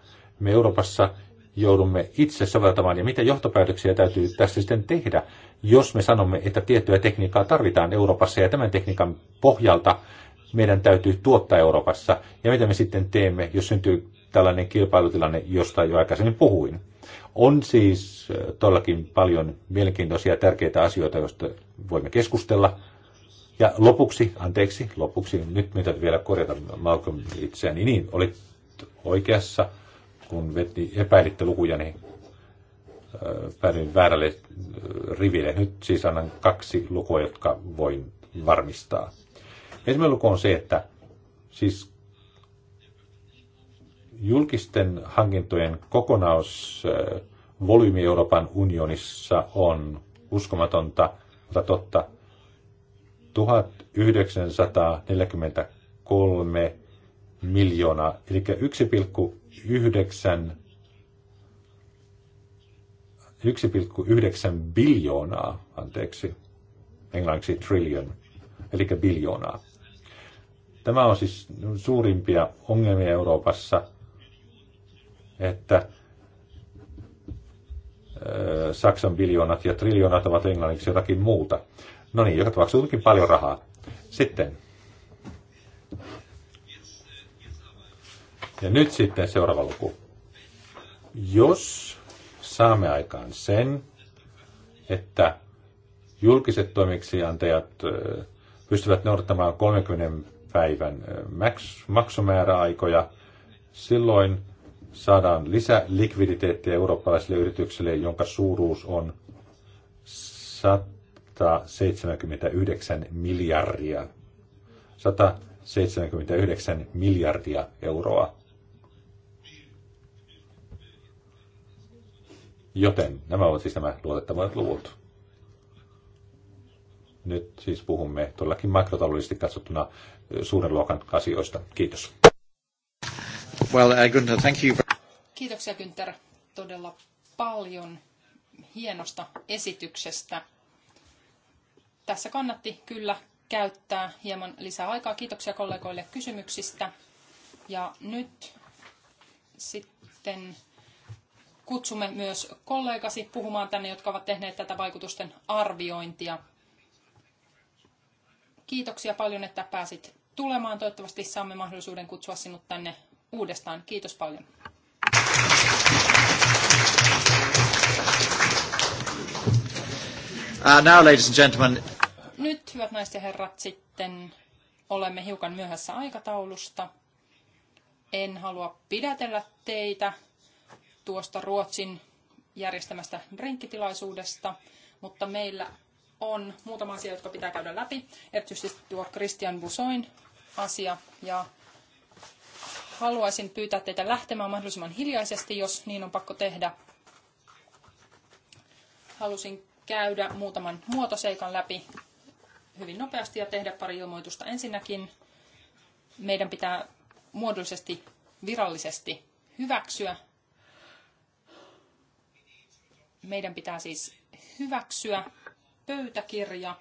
me Euroopassa joudumme itse soveltamaan ja mitä johtopäätöksiä täytyy tässä sitten tehdä, jos me sanomme, että tiettyä tekniikkaa tarvitaan Euroopassa ja tämän tekniikan pohjalta meidän täytyy tuottaa Euroopassa ja mitä me sitten teemme, jos syntyy tällainen kilpailutilanne, josta jo aikaisemmin puhuin. On siis äh, todellakin paljon mielenkiintoisia ja tärkeitä asioita, joista voimme keskustella, ja lopuksi, anteeksi, lopuksi, nyt mitä vielä korjata Malcolm itseäni, niin, niin olit oikeassa, kun veti, epäilitte lukuja, niin äh, päädyin väärälle äh, riville. Nyt siis annan kaksi lukua, jotka voin varmistaa. Ensimmäinen luku on se, että siis julkisten hankintojen kokonaisvolyymi Euroopan unionissa on uskomatonta, mutta totta, 1943 miljoonaa, eli 1,9 1,9 biljoonaa, anteeksi, englanniksi trillion, eli biljoonaa. Tämä on siis suurimpia ongelmia Euroopassa, että Saksan biljoonat ja triljoonat ovat englanniksi jotakin muuta. No niin, joka tapauksessa tulikin paljon rahaa. Sitten. Ja nyt sitten seuraava luku. Jos saamme aikaan sen, että julkiset toimeksiantajat pystyvät noudattamaan 30 päivän maksumääräaikoja, silloin saadaan lisä likviditeettiä eurooppalaisille yrityksille, jonka suuruus on 100 179 miljardia. 179 miljardia euroa. Joten nämä ovat siis nämä luotettavat luvut. Nyt siis puhumme todellakin makrotaloudellisesti katsottuna suuren luokan asioista. Kiitos. Well, uh, Gunther, thank you. Kiitoksia Günther todella paljon hienosta esityksestä tässä kannatti kyllä käyttää hieman lisää aikaa. Kiitoksia kollegoille kysymyksistä. Ja nyt sitten kutsumme myös kollegasi puhumaan tänne, jotka ovat tehneet tätä vaikutusten arviointia. Kiitoksia paljon, että pääsit tulemaan. Toivottavasti saamme mahdollisuuden kutsua sinut tänne uudestaan. Kiitos paljon. Uh, now, ladies and gentlemen. Nyt, hyvät naiset ja herrat, sitten olemme hiukan myöhässä aikataulusta. En halua pidätellä teitä tuosta Ruotsin järjestämästä drinkkitilaisuudesta, mutta meillä on muutama asia, jotka pitää käydä läpi. Erityisesti tuo Christian Busoin asia ja haluaisin pyytää teitä lähtemään mahdollisimman hiljaisesti, jos niin on pakko tehdä. Halusin käydä muutaman muotoseikan läpi hyvin nopeasti ja tehdä pari ilmoitusta. Ensinnäkin meidän pitää muodollisesti, virallisesti hyväksyä. Meidän pitää siis hyväksyä pöytäkirja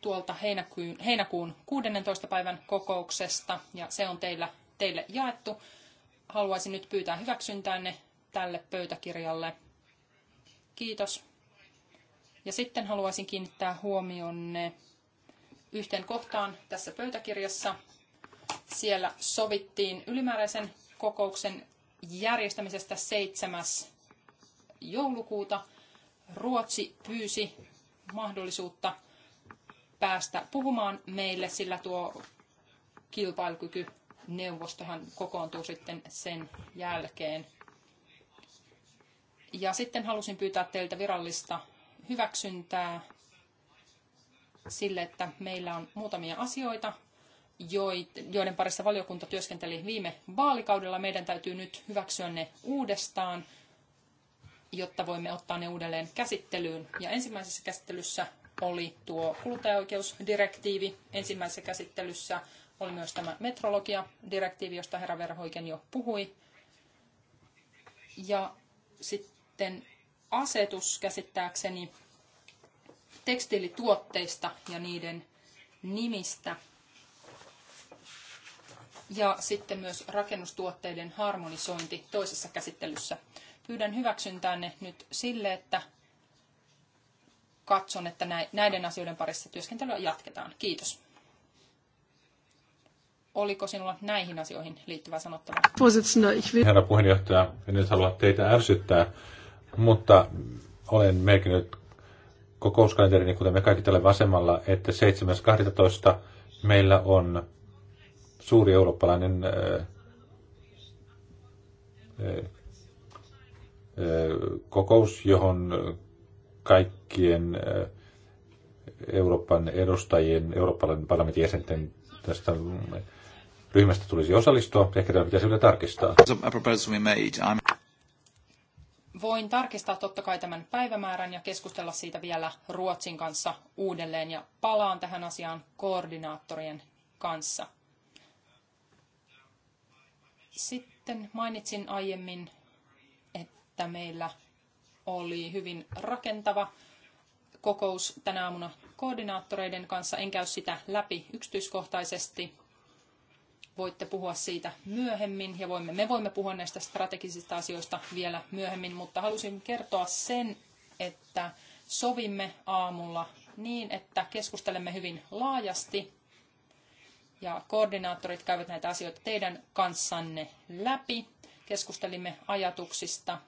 tuolta heinäkuun, heinäkuun 16. päivän kokouksesta ja se on teillä, teille jaettu. Haluaisin nyt pyytää hyväksyntäänne tälle pöytäkirjalle. Kiitos. Ja sitten haluaisin kiinnittää huomionne yhteen kohtaan tässä pöytäkirjassa. Siellä sovittiin ylimääräisen kokouksen järjestämisestä 7. joulukuuta. Ruotsi pyysi mahdollisuutta päästä puhumaan meille, sillä tuo kilpailukykyneuvostohan kokoontuu sitten sen jälkeen. Ja sitten halusin pyytää teiltä virallista hyväksyntää sille, että meillä on muutamia asioita, joiden parissa valiokunta työskenteli viime vaalikaudella. Meidän täytyy nyt hyväksyä ne uudestaan, jotta voimme ottaa ne uudelleen käsittelyyn. Ja ensimmäisessä käsittelyssä oli tuo kuluttajaoikeusdirektiivi. Ensimmäisessä käsittelyssä oli myös tämä metrologiadirektiivi, josta herra Verhoiken jo puhui. Ja sitten sitten asetus käsittääkseni tekstiilituotteista ja niiden nimistä. Ja sitten myös rakennustuotteiden harmonisointi toisessa käsittelyssä. Pyydän hyväksyntäänne nyt sille, että katson, että näiden asioiden parissa työskentelyä jatketaan. Kiitos. Oliko sinulla näihin asioihin liittyvää sanottavaa? Herra puheenjohtaja, en nyt halua teitä ärsyttää, mutta olen merkinnyt kokouskalenterini, kuten me kaikki tällä vasemmalla, että 7.12. meillä on suuri eurooppalainen kokous, johon kaikkien Euroopan edustajien, Euroopan parlamentin jäsenten tästä ryhmästä tulisi osallistua. Ehkä tämä pitäisi vielä tarkistaa. Voin tarkistaa totta kai tämän päivämäärän ja keskustella siitä vielä Ruotsin kanssa uudelleen ja palaan tähän asiaan koordinaattorien kanssa. Sitten mainitsin aiemmin, että meillä oli hyvin rakentava kokous tänä aamuna koordinaattoreiden kanssa. En käy sitä läpi yksityiskohtaisesti, voitte puhua siitä myöhemmin ja voimme, me voimme puhua näistä strategisista asioista vielä myöhemmin, mutta halusin kertoa sen, että sovimme aamulla niin, että keskustelemme hyvin laajasti ja koordinaattorit käyvät näitä asioita teidän kanssanne läpi. Keskustelimme ajatuksista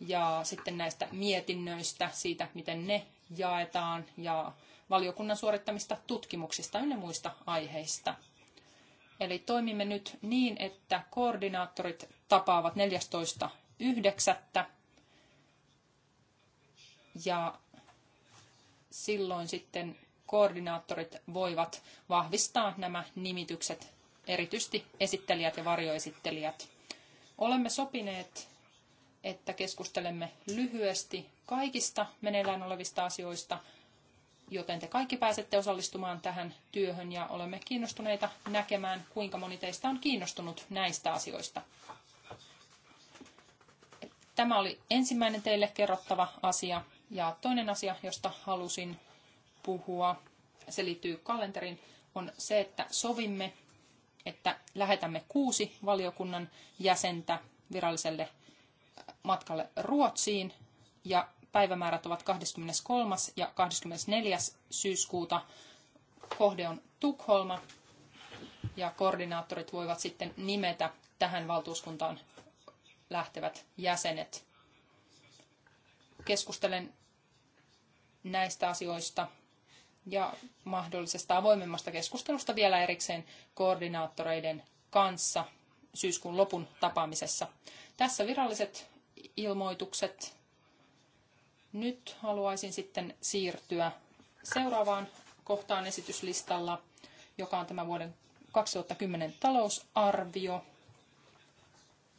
ja sitten näistä mietinnöistä, siitä miten ne jaetaan ja valiokunnan suorittamista tutkimuksista ynnä muista aiheista. Eli toimimme nyt niin, että koordinaattorit tapaavat 14.9. Ja silloin sitten koordinaattorit voivat vahvistaa nämä nimitykset, erityisesti esittelijät ja varjoesittelijät. Olemme sopineet, että keskustelemme lyhyesti kaikista meneillään olevista asioista – joten te kaikki pääsette osallistumaan tähän työhön ja olemme kiinnostuneita näkemään, kuinka moni teistä on kiinnostunut näistä asioista. Tämä oli ensimmäinen teille kerrottava asia ja toinen asia, josta halusin puhua, se liittyy kalenteriin, on se, että sovimme, että lähetämme kuusi valiokunnan jäsentä viralliselle matkalle Ruotsiin ja päivämäärät ovat 23. ja 24. syyskuuta. Kohde on Tukholma ja koordinaattorit voivat sitten nimetä tähän valtuuskuntaan lähtevät jäsenet. Keskustelen näistä asioista ja mahdollisesta avoimemmasta keskustelusta vielä erikseen koordinaattoreiden kanssa syyskuun lopun tapaamisessa. Tässä viralliset ilmoitukset nyt haluaisin sitten siirtyä seuraavaan kohtaan esityslistalla, joka on tämä vuoden 2010 talousarvio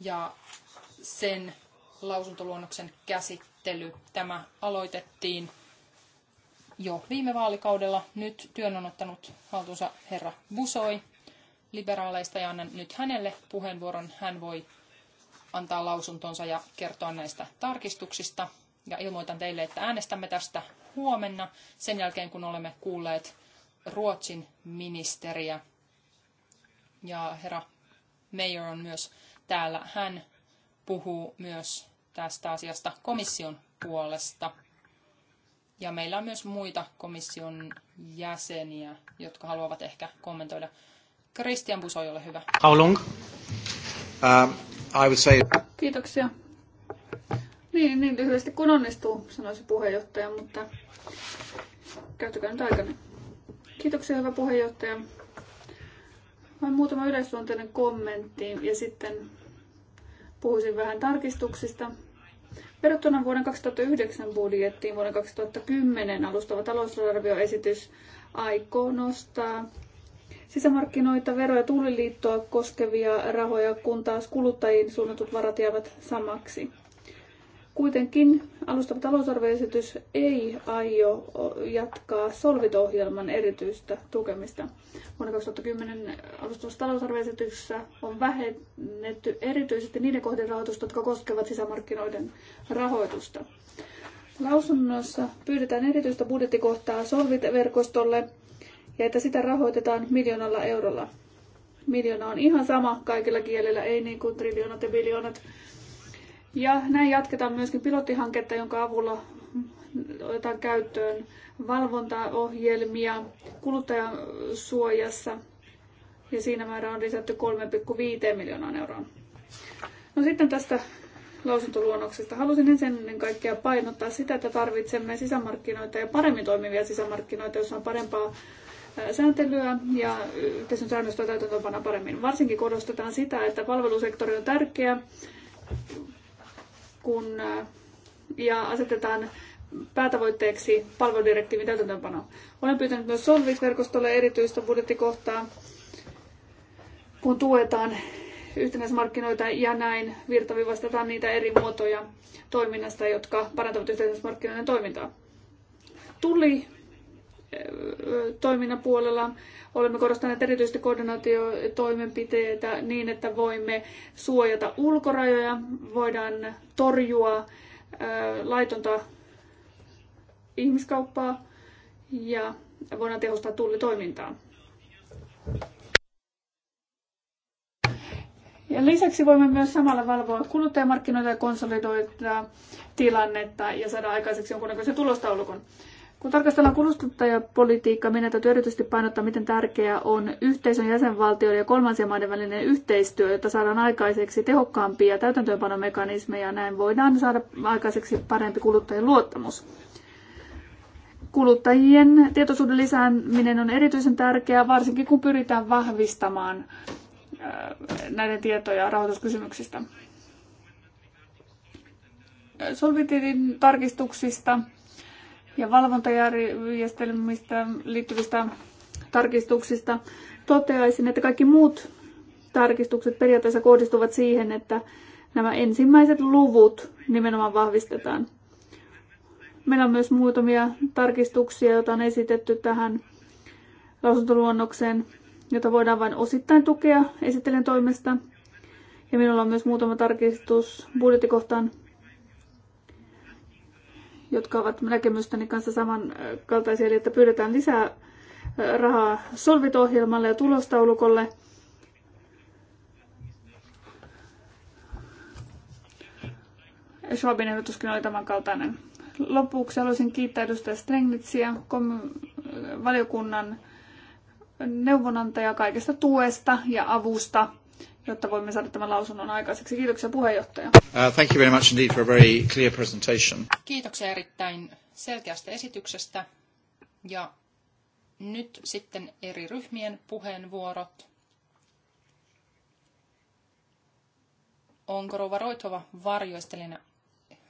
ja sen lausuntoluonnoksen käsittely. Tämä aloitettiin jo viime vaalikaudella. Nyt työn on ottanut haltuunsa herra Busoi liberaaleista ja annan nyt hänelle puheenvuoron. Hän voi antaa lausuntonsa ja kertoa näistä tarkistuksista. Ja ilmoitan teille, että äänestämme tästä huomenna sen jälkeen, kun olemme kuulleet Ruotsin ministeriä. Ja herra Mayor on myös täällä. Hän puhuu myös tästä asiasta komission puolesta. Ja meillä on myös muita komission jäseniä, jotka haluavat ehkä kommentoida. Christian Busoi, ole hyvä. How long? Uh, I would say... Kiitoksia. Niin, niin lyhyesti kun onnistuu, sanoi se puheenjohtaja, mutta käyttäkää nyt aikana. Kiitoksia, hyvä puheenjohtaja. Vain muutama yleisluonteinen kommentti ja sitten puhuisin vähän tarkistuksista. Verrattuna vuoden 2009 budjettiin vuoden 2010 alustava talousarvioesitys aikoo nostaa sisämarkkinoita, vero- ja tulliliittoa koskevia rahoja, kun taas kuluttajiin suunnatut varat jäävät samaksi. Kuitenkin alustava talousarvioesitys ei aio jatkaa solvitohjelman erityistä tukemista. Vuonna 2010 alustavassa talousarvioesityksessä on vähennetty erityisesti niiden kohdien rahoitusta, jotka koskevat sisämarkkinoiden rahoitusta. Lausunnossa pyydetään erityistä budjettikohtaa Solvit-verkostolle ja että sitä rahoitetaan miljoonalla eurolla. Miljoona on ihan sama kaikilla kielillä, ei niin kuin triljoonat ja biljoonat. Ja näin jatketaan myöskin pilottihanketta, jonka avulla otetaan käyttöön valvontaohjelmia kuluttajasuojassa. ja siinä määrä on lisätty 3,5 miljoonaa euroa. No sitten tästä lausuntoluonnoksesta. Halusin ensin kaikkea painottaa sitä, että tarvitsemme sisämarkkinoita ja paremmin toimivia sisämarkkinoita, joissa on parempaa sääntelyä ja yhteisön säännöstä täytäntöönpana paremmin. Varsinkin korostetaan sitä, että palvelusektori on tärkeä kun, äh, ja asetetaan päätavoitteeksi palveludirektiivin täytäntöönpano. Olen pyytänyt myös Solvik-verkostolle erityistä budjettikohtaa, kun tuetaan yhtenäismarkkinoita ja näin virtavivastetaan niitä eri muotoja toiminnasta, jotka parantavat yhtenäismarkkinoiden toimintaa. Tuli toiminnan puolella olemme korostaneet erityisesti koordinaatiotoimenpiteitä niin, että voimme suojata ulkorajoja, voidaan torjua laitonta ihmiskauppaa ja voidaan tehostaa tullitoimintaa. Ja lisäksi voimme myös samalla valvoa kuluttajamarkkinoita ja konsolidoida tilannetta ja saada aikaiseksi jonkunnäköisen tulostaulukon. Kun tarkastellaan kuluttajapolitiikkaa, minä täytyy erityisesti painottaa, miten tärkeää on yhteisön jäsenvaltioiden ja kolmansien maiden välinen yhteistyö, jotta saadaan aikaiseksi tehokkaampia täytäntöönpanomekanismeja. Näin voidaan saada aikaiseksi parempi kuluttajien luottamus. Kuluttajien tietoisuuden lisääminen on erityisen tärkeää, varsinkin kun pyritään vahvistamaan äh, näiden tietoja rahoituskysymyksistä. Solvitin tarkistuksista ja valvontajärjestelmistä liittyvistä tarkistuksista toteaisin, että kaikki muut tarkistukset periaatteessa kohdistuvat siihen, että nämä ensimmäiset luvut nimenomaan vahvistetaan. Meillä on myös muutamia tarkistuksia, joita on esitetty tähän lausuntoluonnokseen, jota voidaan vain osittain tukea esittelen toimesta. Ja minulla on myös muutama tarkistus budjettikohtaan jotka ovat näkemystäni kanssa samankaltaisia, eli että pyydetään lisää rahaa solvitohjelmalle ja tulostaulukolle. Schwabin ehdotuskin oli tämän kaltainen. Lopuksi haluaisin kiittää edustaja Strengnitsiä, valiokunnan neuvonantajaa kaikesta tuesta ja avusta jotta voimme saada tämän lausunnon aikaiseksi. Kiitoksia puheenjohtaja. Uh, thank you very much indeed for a very clear presentation. Kiitoksia erittäin selkeästä esityksestä. Ja nyt sitten eri ryhmien puheenvuorot. Onko Rouva Roitova varjoistelina?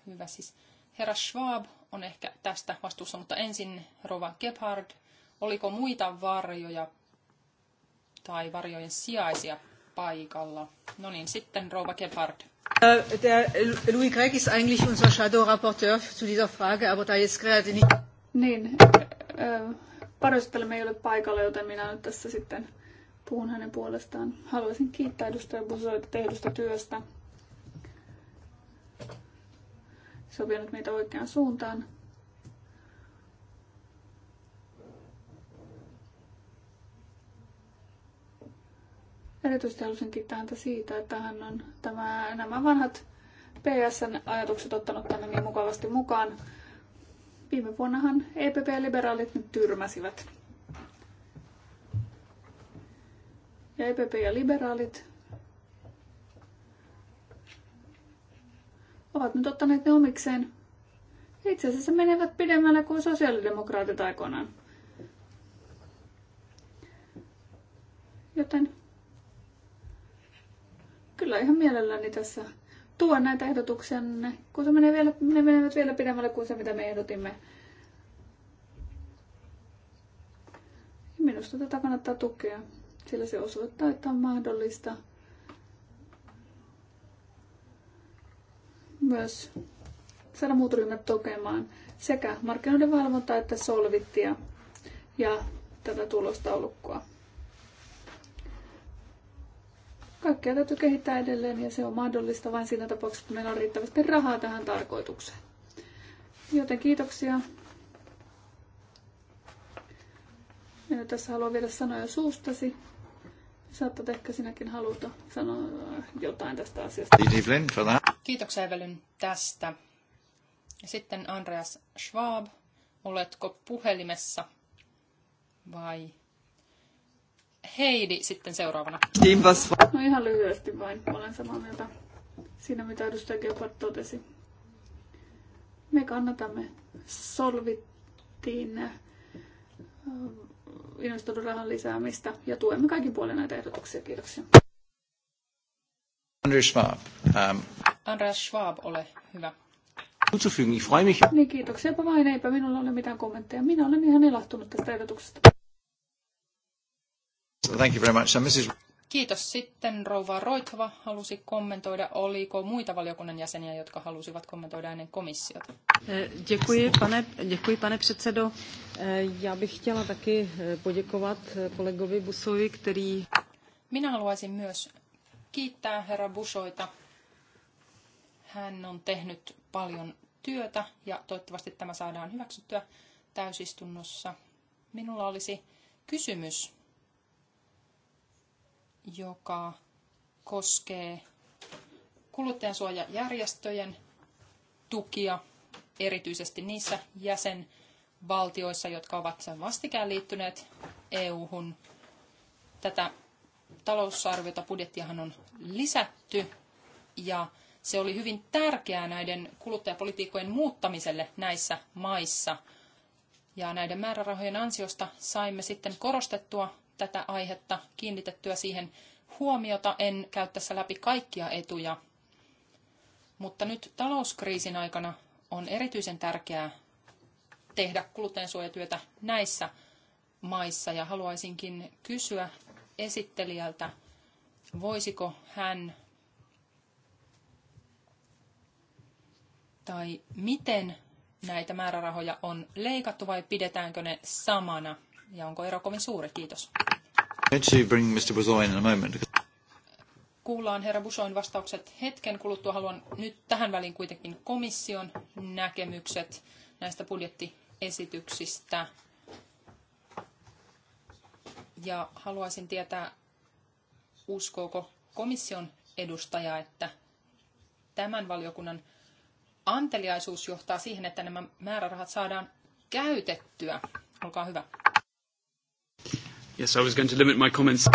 Hyvä siis. Herra Schwab on ehkä tästä vastuussa, mutta ensin Rova Gebhard. Oliko muita varjoja tai varjojen sijaisia paikalla. No niin, sitten rova Gebhardt. Äh, der Louis Gregg ist eigentlich unser Shadow-Rapporteur zu dieser Frage, aber da jetzt gerade nicht... Niin, äh, ei ole paikalla, joten minä nyt tässä sitten puhun hänen puolestaan. Haluaisin kiittää edustaja Busoita tehdystä työstä. Se on vienyt meitä oikeaan suuntaan. Erityisesti halusin kiittää häntä siitä, että hän on tämä, nämä vanhat PSN ajatukset ottanut tänne niin mukavasti mukaan. Viime vuonnahan EPP-liberaalit nyt tyrmäsivät. Ja EPP ja liberaalit ovat nyt ottaneet ne omikseen. Itse asiassa menevät pidemmälle kuin sosiaalidemokraatit aikoinaan. Joten Kyllä ihan mielelläni tässä tuon näitä ehdotuksia, kun se menee vielä, ne menevät vielä pidemmälle kuin se, mitä me ehdotimme. Minusta tätä kannattaa tukea, sillä se osoittaa, että on mahdollista myös saada muut ryhmät tukemaan sekä markkinoiden valvontaa että solvittia ja tätä tulostaulukkoa. Kaikkea täytyy kehittää edelleen ja se on mahdollista vain siinä tapauksessa, että meillä on riittävästi rahaa tähän tarkoitukseen. Joten kiitoksia. En tässä halua vielä sanoja suustasi. Saattat ehkä sinäkin haluta sanoa jotain tästä asiasta. Kiitoksia Evelyn tästä. Ja sitten Andreas Schwab, oletko puhelimessa vai Heidi sitten seuraavana. No ihan lyhyesti vain, olen samaa mieltä siinä, mitä edustaja Geopat totesi. Me kannatamme solvittiin äh, investoidun rahan lisäämistä ja tuemme kaikin puolin näitä ehdotuksia. Kiitoksia. Andreas Schwab. Um... Andreas Schwab, ole hyvä. Niin, kiitoksia vain. Eipä minulla ole mitään kommentteja. Minä olen ihan ilahtunut tästä ehdotuksesta. Thank you very much. So Mrs. Kiitos. Sitten rouva Roitva halusi kommentoida. Oliko muita valiokunnan jäseniä, jotka halusivat kommentoida ennen komissiota? Eh, děkuji, pane, děkuji, pane předsedo. Eh, já bych chtěla taky eh, poděkovat kolegovi Busovi, který... Minä haluaisin myös kiittää herra Busoita. Hän on tehnyt paljon työtä ja toivottavasti tämä saadaan hyväksyttyä täysistunnossa. Minulla olisi kysymys joka koskee kuluttajansuojajärjestöjen tukia, erityisesti niissä jäsenvaltioissa, jotka ovat sen vastikään liittyneet EU-hun. Tätä talousarviota budjettiahan on lisätty ja se oli hyvin tärkeää näiden kuluttajapolitiikkojen muuttamiselle näissä maissa. Ja näiden määrärahojen ansiosta saimme sitten korostettua tätä aihetta, kiinnitettyä siihen huomiota. En käy tässä läpi kaikkia etuja, mutta nyt talouskriisin aikana on erityisen tärkeää tehdä kuluttajansuojatyötä näissä maissa ja haluaisinkin kysyä esittelijältä, voisiko hän tai miten näitä määrärahoja on leikattu vai pidetäänkö ne samana – ja onko ero kovin suuri? Kiitos. Kuullaan herra Busoin vastaukset hetken kuluttua. Haluan nyt tähän väliin kuitenkin komission näkemykset näistä budjettiesityksistä. Ja haluaisin tietää, uskooko komission edustaja, että tämän valiokunnan anteliaisuus johtaa siihen, että nämä määrärahat saadaan käytettyä. Olkaa hyvä. Yes, I was going to limit my comments.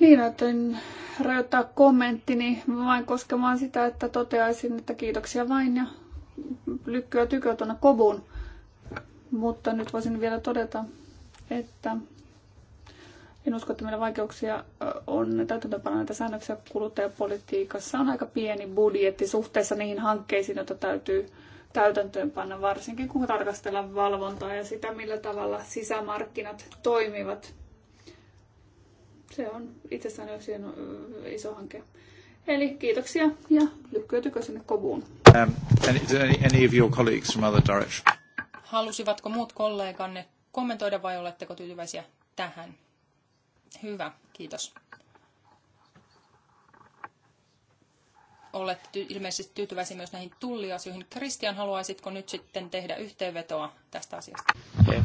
Niin, en rajoittaa kommenttini vain koskemaan sitä, että toteaisin, että kiitoksia vain ja lykkyä tykö tuonne kovuun. Mutta nyt voisin vielä todeta, että en usko, että meillä vaikeuksia on täytäntöönpanoa näitä säännöksiä kuluttajapolitiikassa. On aika pieni budjetti suhteessa niihin hankkeisiin, joita täytyy täytäntöönpanna, varsinkin kun tarkastellaan valvontaa ja sitä, millä tavalla sisämarkkinat toimivat se on asiassa jo iso hanke. Eli kiitoksia ja lykkyytykö sinne kovuun. Um, any, any of your colleagues from other direction? Halusivatko muut kolleganne kommentoida vai oletteko tyytyväisiä tähän? Hyvä, kiitos. Olette ty- ilmeisesti tyytyväisiä myös näihin tulliasioihin. Kristian, haluaisitko nyt sitten tehdä yhteenvetoa tästä asiasta? Okay.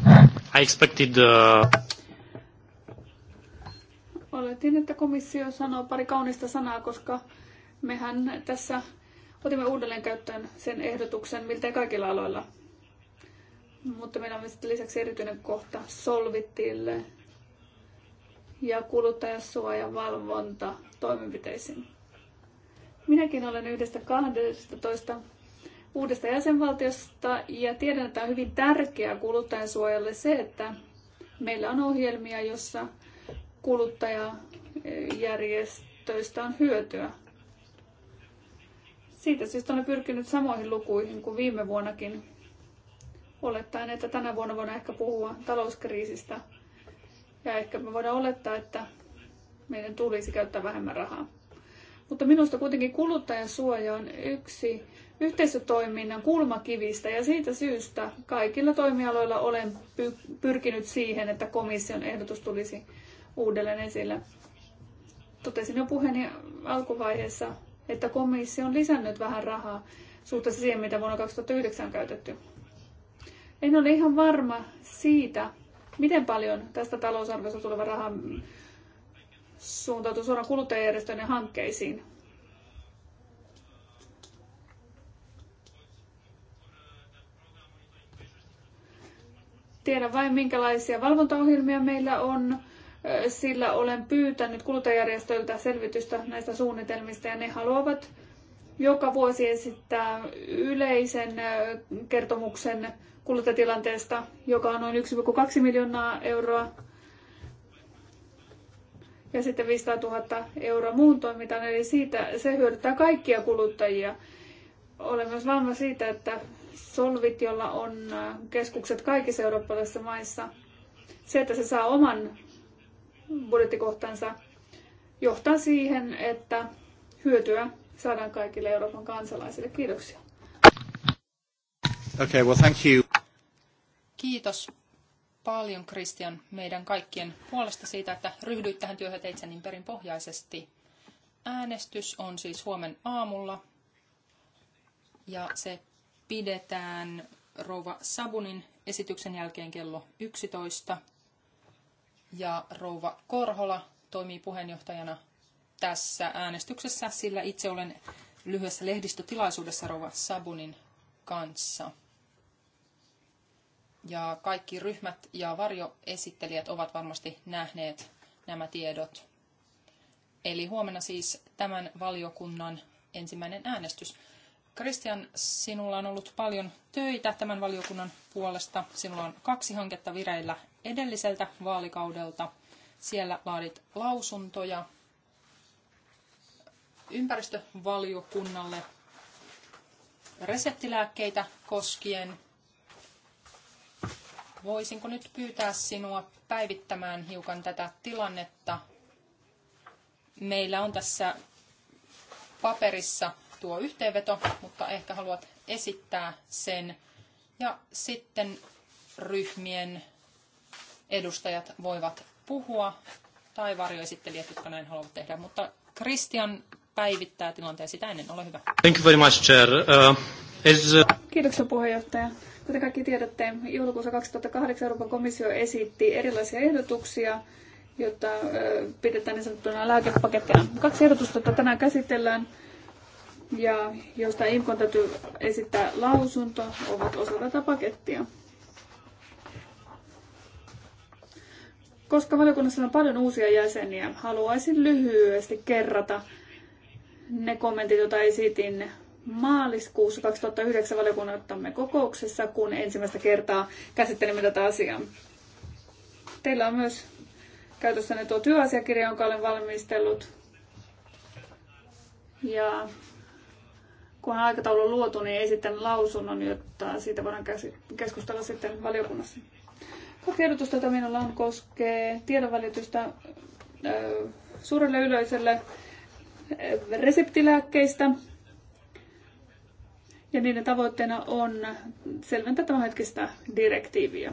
I expected, uh... Oletin, että komissio sanoo pari kaunista sanaa, koska mehän tässä otimme uudelleen käyttöön sen ehdotuksen miltei kaikilla aloilla. Mutta meillä on sitten lisäksi erityinen kohta solvitille ja kuluttajasuojan valvonta toimenpiteisiin. Minäkin olen yhdestä 12 uudesta jäsenvaltiosta ja tiedän, että on hyvin tärkeää kuluttajansuojalle se, että meillä on ohjelmia, jossa kuluttajajärjestöistä on hyötyä. Siitä siis olen pyrkinyt samoihin lukuihin kuin viime vuonnakin, olettaen, että tänä vuonna voidaan ehkä puhua talouskriisistä. Ja ehkä me voidaan olettaa, että meidän tulisi käyttää vähemmän rahaa. Mutta minusta kuitenkin kuluttajansuoja on yksi yhteisötoiminnan kulmakivistä ja siitä syystä kaikilla toimialoilla olen pyrkinyt siihen, että komission ehdotus tulisi uudelleen esille. Totesin jo puheeni alkuvaiheessa, että komissio on lisännyt vähän rahaa suhteessa siihen, mitä vuonna 2009 on käytetty. En ole ihan varma siitä, miten paljon tästä talousarviosta tuleva raha suuntautuu suoraan kuluttajajärjestöjen hankkeisiin. Tiedän vain, minkälaisia valvontaohjelmia meillä on sillä olen pyytänyt kuluttajajärjestöiltä selvitystä näistä suunnitelmista ja ne haluavat joka vuosi esittää yleisen kertomuksen kuluttajatilanteesta, joka on noin 1,2 miljoonaa euroa ja sitten 500 000 euroa muun toimintaan, eli siitä se hyödyttää kaikkia kuluttajia. Olen myös varma siitä, että Solvit, jolla on keskukset kaikissa eurooppalaisissa maissa, se, että se saa oman budjettikohtansa johtaa siihen, että hyötyä saadaan kaikille Euroopan kansalaisille. Kiitoksia. Okay, well, thank you. Kiitos paljon Christian meidän kaikkien puolesta siitä, että ryhdyit tähän työhön teitse niin perinpohjaisesti. Äänestys on siis huomen aamulla ja se pidetään rouva Sabunin esityksen jälkeen kello 11 ja rouva Korhola toimii puheenjohtajana tässä äänestyksessä, sillä itse olen lyhyessä lehdistötilaisuudessa rouva Sabunin kanssa. Ja kaikki ryhmät ja varjoesittelijät ovat varmasti nähneet nämä tiedot. Eli huomenna siis tämän valiokunnan ensimmäinen äänestys. Kristian, sinulla on ollut paljon töitä tämän valiokunnan puolesta. Sinulla on kaksi hanketta vireillä edelliseltä vaalikaudelta. Siellä laadit lausuntoja ympäristövaliokunnalle reseptilääkkeitä koskien. Voisinko nyt pyytää sinua päivittämään hiukan tätä tilannetta? Meillä on tässä paperissa tuo yhteenveto, mutta ehkä haluat esittää sen. Ja sitten ryhmien edustajat voivat puhua tai varjoesittelijät, jotka näin haluavat tehdä. Mutta Christian päivittää tilanteen sitä ennen. Ole hyvä. Thank you very much, Chair. Uh, is, uh... Kiitoksia puheenjohtaja. Kuten kaikki tiedätte, joulukuussa 2008 Euroopan komissio esitti erilaisia ehdotuksia, jotta pidetään niin sanottuna lääkepaketteja. Kaksi ehdotusta, joita tänään käsitellään ja josta IMKon täytyy esittää lausunto, ovat osa tätä pakettia. Koska valiokunnassa on paljon uusia jäseniä, haluaisin lyhyesti kerrata ne kommentit, joita esitin maaliskuussa 2009 valiokunnattamme kokouksessa, kun ensimmäistä kertaa käsittelimme tätä asiaa. Teillä on myös käytössänne tuo työasiakirja, jonka olen valmistellut. Ja kun aikataulu on luotu, niin esitän lausunnon, jotta siitä voidaan keskustella sitten valiokunnassa tiedotusta, jota minulla on, koskee tiedonvälitystä suurelle yleisölle reseptilääkkeistä. Ja niiden tavoitteena on selventää hetkistä direktiiviä.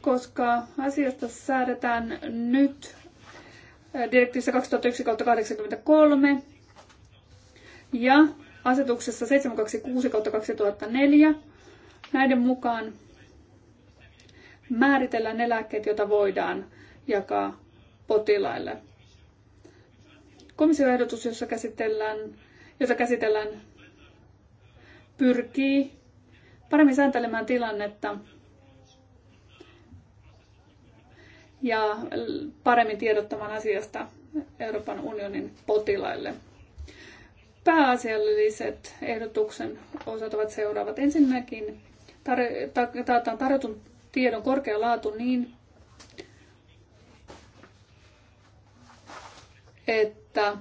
Koska asiasta säädetään nyt direktiivissä 2001-83 ja asetuksessa 726-2004. Näiden mukaan määritellään ne lääkkeet, joita voidaan jakaa potilaille. Komission ehdotus, jossa käsitellään, jota käsitellään, pyrkii paremmin sääntelemään tilannetta ja paremmin tiedottamaan asiasta Euroopan unionin potilaille. Pääasialliset ehdotuksen osat ovat seuraavat. Ensinnäkin tar- taataan tarjotun tiedon korkea laatu niin, että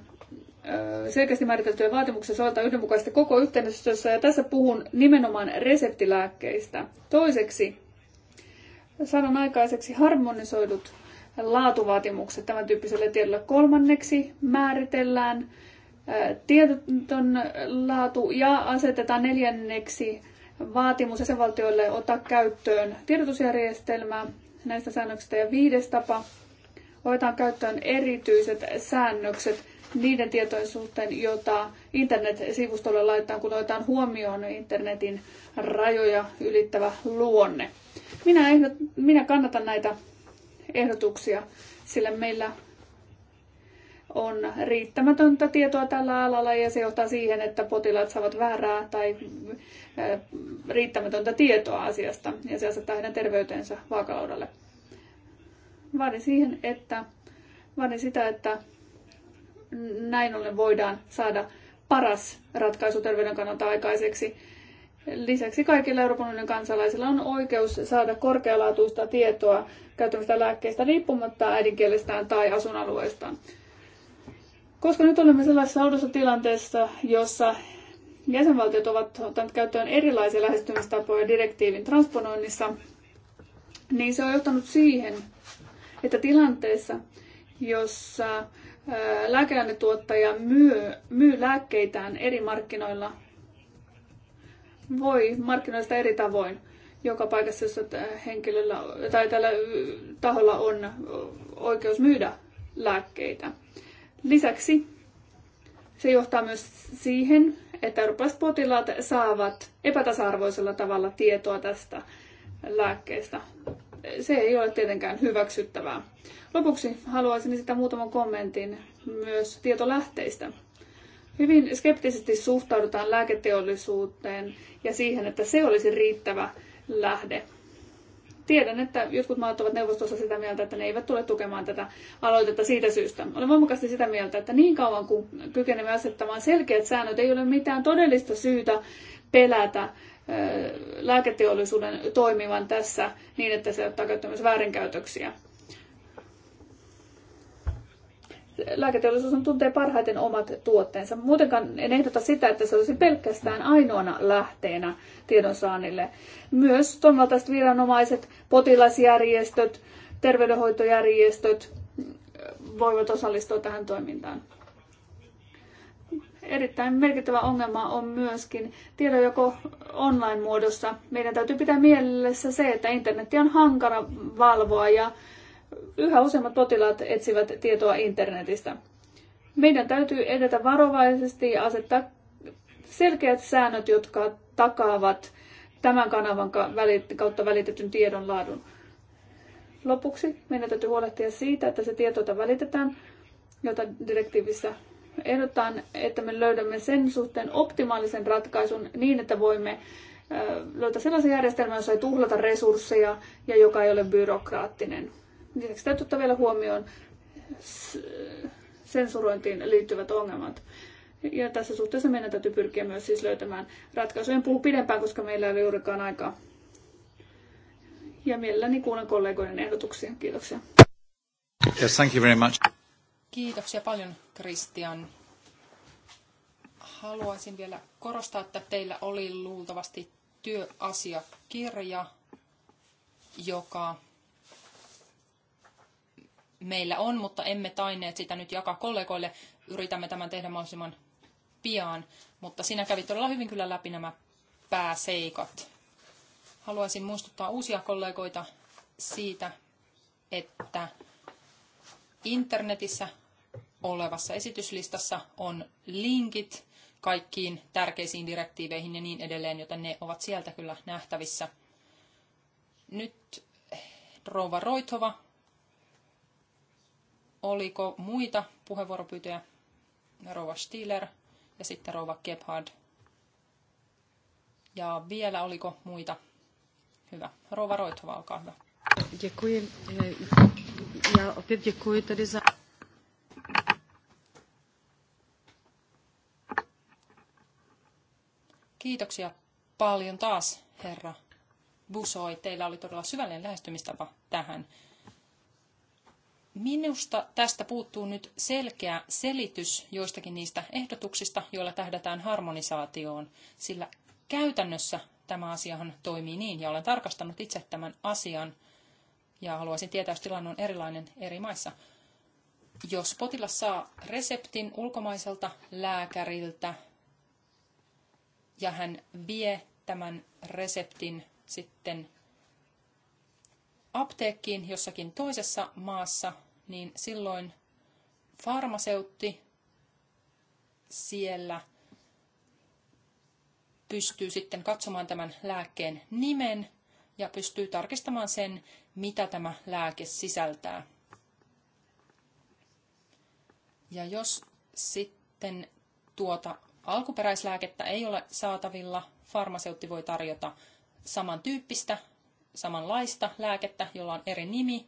selkeästi määriteltyjä vaatimuksia soveltaa yhdenmukaisesti koko yhteisössä, ja tässä puhun nimenomaan reseptilääkkeistä. Toiseksi sanon aikaiseksi harmonisoidut laatuvaatimukset tämän tyyppiselle tiedolle. Kolmanneksi määritellään Tietoton laatu ja asetetaan neljänneksi vaatimus jäsenvaltioille ottaa käyttöön tiedotusjärjestelmä näistä säännöksistä ja viides tapa otetaan käyttöön erityiset säännökset niiden tietojen suhteen, joita internet-sivustolle laitetaan, kun otetaan huomioon internetin rajoja ylittävä luonne. Minä, ehdot, minä kannatan näitä ehdotuksia, sillä meillä on riittämätöntä tietoa tällä alalla ja se johtaa siihen, että potilaat saavat väärää tai riittämätöntä tietoa asiasta ja se asettaa heidän terveytensä vaakalaudalle. Vaadin siihen, että vaadin sitä, että näin ollen voidaan saada paras ratkaisu terveyden kannalta aikaiseksi. Lisäksi kaikilla Euroopan unionin kansalaisilla on oikeus saada korkealaatuista tietoa käyttämistä lääkkeistä riippumatta äidinkielestään tai asuinalueestaan. Koska nyt olemme sellaisessa oudossa tilanteessa, jossa jäsenvaltiot ovat ottaneet käyttöön erilaisia lähestymistapoja direktiivin transponoinnissa, niin se on johtanut siihen, että tilanteessa, jossa lääkeainetuottaja myy, myy lääkkeitään eri markkinoilla, voi markkinoista eri tavoin joka paikassa, jossa henkilöllä tai tällä taholla on oikeus myydä lääkkeitä. Lisäksi se johtaa myös siihen, että rupaspotilaat potilaat saavat epätasa-arvoisella tavalla tietoa tästä lääkkeestä. Se ei ole tietenkään hyväksyttävää. Lopuksi haluaisin esittää muutaman kommentin myös tietolähteistä. Hyvin skeptisesti suhtaudutaan lääketeollisuuteen ja siihen, että se olisi riittävä lähde Tiedän, että jotkut maat ovat neuvostossa sitä mieltä, että ne eivät tule tukemaan tätä aloitetta siitä syystä. Olen voimakkaasti sitä mieltä, että niin kauan kuin kykenemme asettamaan selkeät säännöt, ei ole mitään todellista syytä pelätä lääketeollisuuden toimivan tässä niin, että se ottaa käyttöön myös väärinkäytöksiä. lääketeollisuus on tuntee parhaiten omat tuotteensa. Muutenkaan en ehdota sitä, että se olisi pelkästään ainoana lähteenä tiedonsaannille. Myös tuonvaltaiset viranomaiset, potilasjärjestöt, terveydenhoitojärjestöt voivat osallistua tähän toimintaan. Erittäin merkittävä ongelma on myöskin tiedonjako online-muodossa. Meidän täytyy pitää mielessä se, että internet on hankala valvoa ja yhä useammat potilaat etsivät tietoa internetistä. Meidän täytyy edetä varovaisesti ja asettaa selkeät säännöt, jotka takaavat tämän kanavan kautta välitetyn tiedon laadun. Lopuksi meidän täytyy huolehtia siitä, että se tieto, jota välitetään, jota direktiivissä ehdotetaan, että me löydämme sen suhteen optimaalisen ratkaisun niin, että voimme löytää sellaisen järjestelmän, jossa ei tuhlata resursseja ja joka ei ole byrokraattinen. Lisäksi täytyy ottaa vielä huomioon sensurointiin liittyvät ongelmat. Ja tässä suhteessa meidän täytyy pyrkiä myös siis löytämään ratkaisuja. En puhu pidempään, koska meillä ei ole juurikaan aikaa. Ja mielelläni kuulen kollegoiden ehdotuksia. Kiitoksia. Yes, thank you very much. Kiitoksia paljon, Christian. Haluaisin vielä korostaa, että teillä oli luultavasti työasiakirja, joka meillä on, mutta emme tainneet sitä nyt jakaa kollegoille. Yritämme tämän tehdä mahdollisimman pian, mutta sinä kävit todella hyvin kyllä läpi nämä pääseikat. Haluaisin muistuttaa uusia kollegoita siitä, että internetissä olevassa esityslistassa on linkit kaikkiin tärkeisiin direktiiveihin ja niin edelleen, joten ne ovat sieltä kyllä nähtävissä. Nyt Rova Roithova Oliko muita puheenvuoropyyntöjä? Rova Stiller ja sitten Rova Gebhard. Ja vielä oliko muita? Hyvä. Rova Roithova, olkaa hyvä. Děkuji. Já opět děkuji tedy za... Kiitoksia paljon taas, herra Busoi. Teillä oli todella syvällinen lähestymistapa tähän Minusta tästä puuttuu nyt selkeä selitys joistakin niistä ehdotuksista, joilla tähdätään harmonisaatioon, sillä käytännössä tämä asiahan toimii niin, ja olen tarkastanut itse tämän asian, ja haluaisin tietää, jos tilanne on erilainen eri maissa. Jos potilas saa reseptin ulkomaiselta lääkäriltä, ja hän vie tämän reseptin sitten apteekkiin jossakin toisessa maassa, niin silloin farmaseutti siellä pystyy sitten katsomaan tämän lääkkeen nimen ja pystyy tarkistamaan sen, mitä tämä lääke sisältää. Ja jos sitten tuota alkuperäislääkettä ei ole saatavilla, farmaseutti voi tarjota samantyyppistä, samanlaista lääkettä, jolla on eri nimi,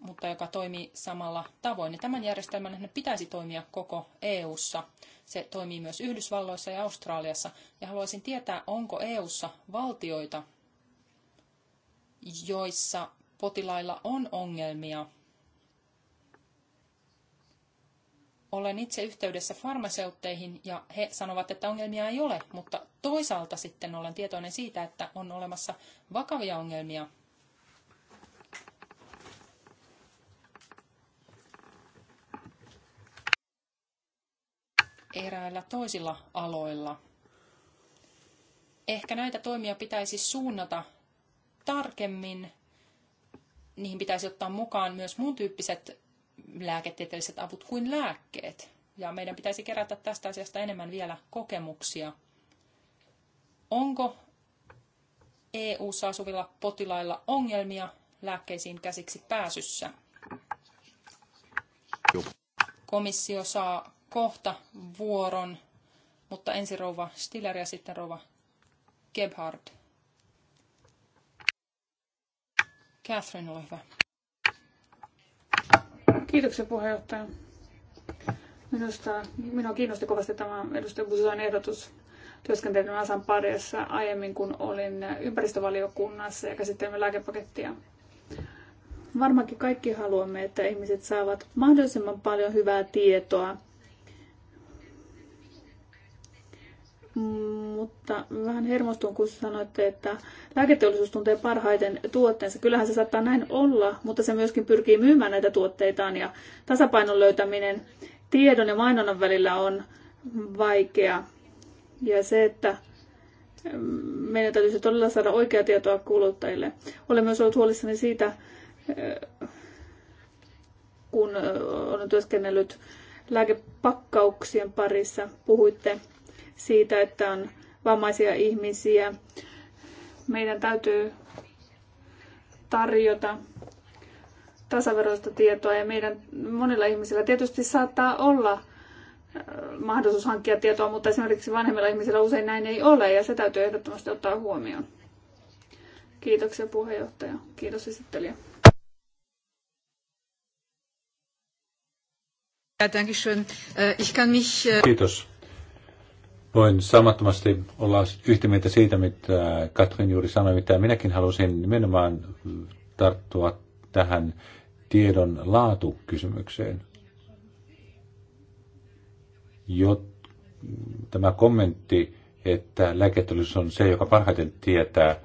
mutta joka toimii samalla tavoin. Ja tämän järjestelmän pitäisi toimia koko EU:ssa. Se toimii myös Yhdysvalloissa ja Australiassa. Ja haluaisin tietää, onko EU:ssa valtioita, joissa potilailla on ongelmia. Olen itse yhteydessä farmaseutteihin ja he sanovat, että ongelmia ei ole, mutta toisaalta sitten olen tietoinen siitä, että on olemassa vakavia ongelmia eräillä toisilla aloilla. Ehkä näitä toimia pitäisi suunnata tarkemmin. Niihin pitäisi ottaa mukaan myös muun tyyppiset lääketieteelliset avut kuin lääkkeet. Ja meidän pitäisi kerätä tästä asiasta enemmän vielä kokemuksia. Onko EU-ssa asuvilla potilailla ongelmia lääkkeisiin käsiksi pääsyssä? Komissio saa kohta vuoron, mutta ensin rouva Stiller ja sitten rouva Gebhard. Catherine, ole hyvä. Kiitoksia puheenjohtaja. Minusta, minua kiinnosti kovasti tämä edustaja Busan ehdotus työskentelin Asan parissa aiemmin, kun olin ympäristövaliokunnassa ja käsittelimme lääkepakettia. Varmaankin kaikki haluamme, että ihmiset saavat mahdollisimman paljon hyvää tietoa mutta vähän hermostun, kun sanoitte, että lääketeollisuus tuntee parhaiten tuotteensa. Kyllähän se saattaa näin olla, mutta se myöskin pyrkii myymään näitä tuotteitaan ja tasapainon löytäminen tiedon ja mainonnan välillä on vaikea. Ja se, että mm, meidän täytyisi todella saada oikeaa tietoa kuluttajille. Olen myös ollut huolissani siitä, kun olen työskennellyt lääkepakkauksien parissa. Puhuitte siitä, että on vammaisia ihmisiä. Meidän täytyy tarjota tasaveroista tietoa ja meidän monilla ihmisillä tietysti saattaa olla äh, mahdollisuus hankkia tietoa, mutta esimerkiksi vanhemmilla ihmisillä usein näin ei ole ja se täytyy ehdottomasti ottaa huomioon. Kiitoksia puheenjohtaja. Kiitos esittelijä. Äh, äh, Kiitos. Voin samattomasti olla yhtä mieltä siitä, mitä Katrin juuri sanoi, mitä minäkin halusin nimenomaan tarttua tähän tiedon laatukysymykseen. Jo, tämä kommentti, että lääketeollisuus on se, joka parhaiten tietää,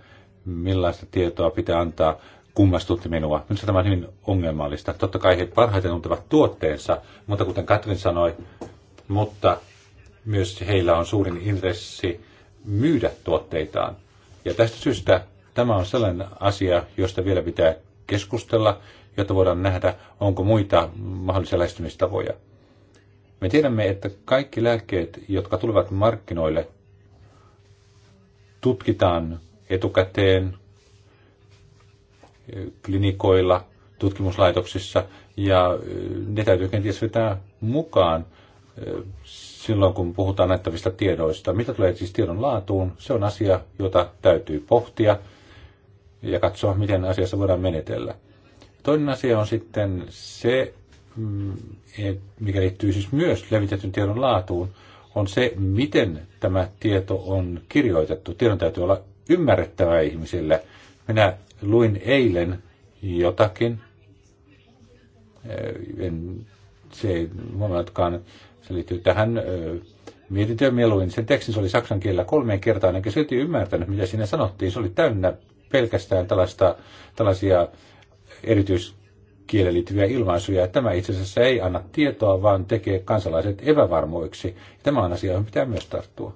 millaista tietoa pitää antaa, kummastutti minua. Minusta tämä on hyvin ongelmallista. Totta kai he parhaiten tuntevat tuotteensa, mutta kuten Katrin sanoi, mutta myös heillä on suurin intressi myydä tuotteitaan. Ja tästä syystä tämä on sellainen asia, josta vielä pitää keskustella, jotta voidaan nähdä, onko muita mahdollisia lähestymistavoja. Me tiedämme, että kaikki lääkkeet, jotka tulevat markkinoille, tutkitaan etukäteen klinikoilla, tutkimuslaitoksissa, ja ne täytyy kenties vetää mukaan silloin, kun puhutaan näyttävistä tiedoista. Mitä tulee siis tiedon laatuun, se on asia, jota täytyy pohtia ja katsoa, miten asiassa voidaan menetellä. Toinen asia on sitten se, mm, mikä liittyy siis myös levitetyn tiedon laatuun, on se, miten tämä tieto on kirjoitettu. Tiedon täytyy olla ymmärrettävää ihmisille. Minä luin eilen jotakin, en, se ei se liittyy tähän mietintöön mieluin. Sen tekstin se oli saksan kielellä kolmeen kertaan, enkä silti ymmärtänyt, mitä siinä sanottiin. Se oli täynnä pelkästään tällaista, tällaisia erityiskieleen liittyviä ilmaisuja. Tämä itse asiassa ei anna tietoa, vaan tekee kansalaiset epävarmoiksi. Tämä on asia, johon pitää myös tarttua.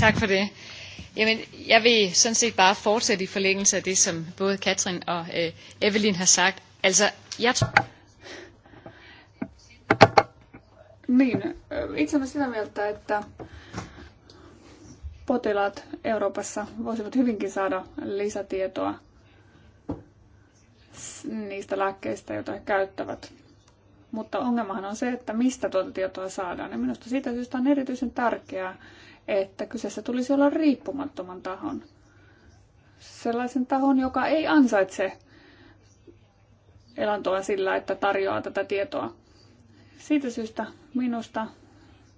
Tak for det. Jamen, jeg vil sådan set bare fortsætte i forlængelse af det, som både Katrin og øh, Evelyn har sagt. Altså, jeg tror... Niin, øh, itse olen sitä mieltä, että potilaat Euroopassa voisivat hyvinkin saada lisätietoa niistä lääkkeistä, joita he käyttävät. Mutta ongelmahan on se, että mistä tuota tietoa saadaan. Ja minusta siitä syystä on erityisen tärkeää, että kyseessä tulisi olla riippumattoman tahon. Sellaisen tahon, joka ei ansaitse elantoa sillä, että tarjoaa tätä tietoa. Siitä syystä minusta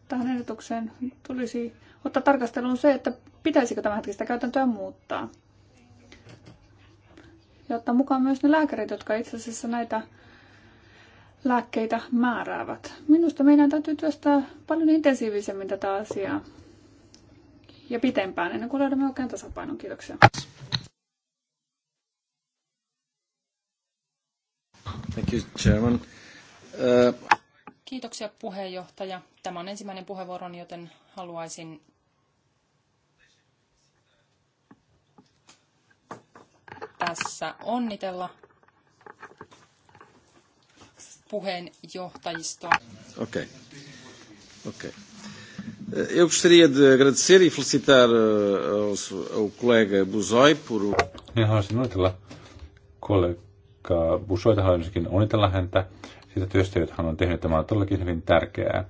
tähän ehdotukseen tulisi ottaa tarkasteluun se, että pitäisikö tämä hetkistä käytäntöä muuttaa. Ja ottaa mukaan myös ne lääkärit, jotka itse asiassa näitä lääkkeitä määräävät. Minusta meidän täytyy työstää paljon intensiivisemmin tätä asiaa ja pitempään ennen kuin löydämme oikean tasapainon. Kiitoksia. Thank you, Chairman. Uh... Kiitoksia puheenjohtaja. Tämä on ensimmäinen puheenvuoro, joten haluaisin tässä onnitella puheenjohtajistoa. Okei. Okay. Okei. Okay. Eu gostaria de agradecer e felicitar eh, ao, ao colega Buzoi por... Minä niin, haluaisin onnitella kollega Buzoita, haluaisinkin onnitella häntä siitä työstä, jota hän on tehnyt. Tämä on todellakin hyvin tärkeää.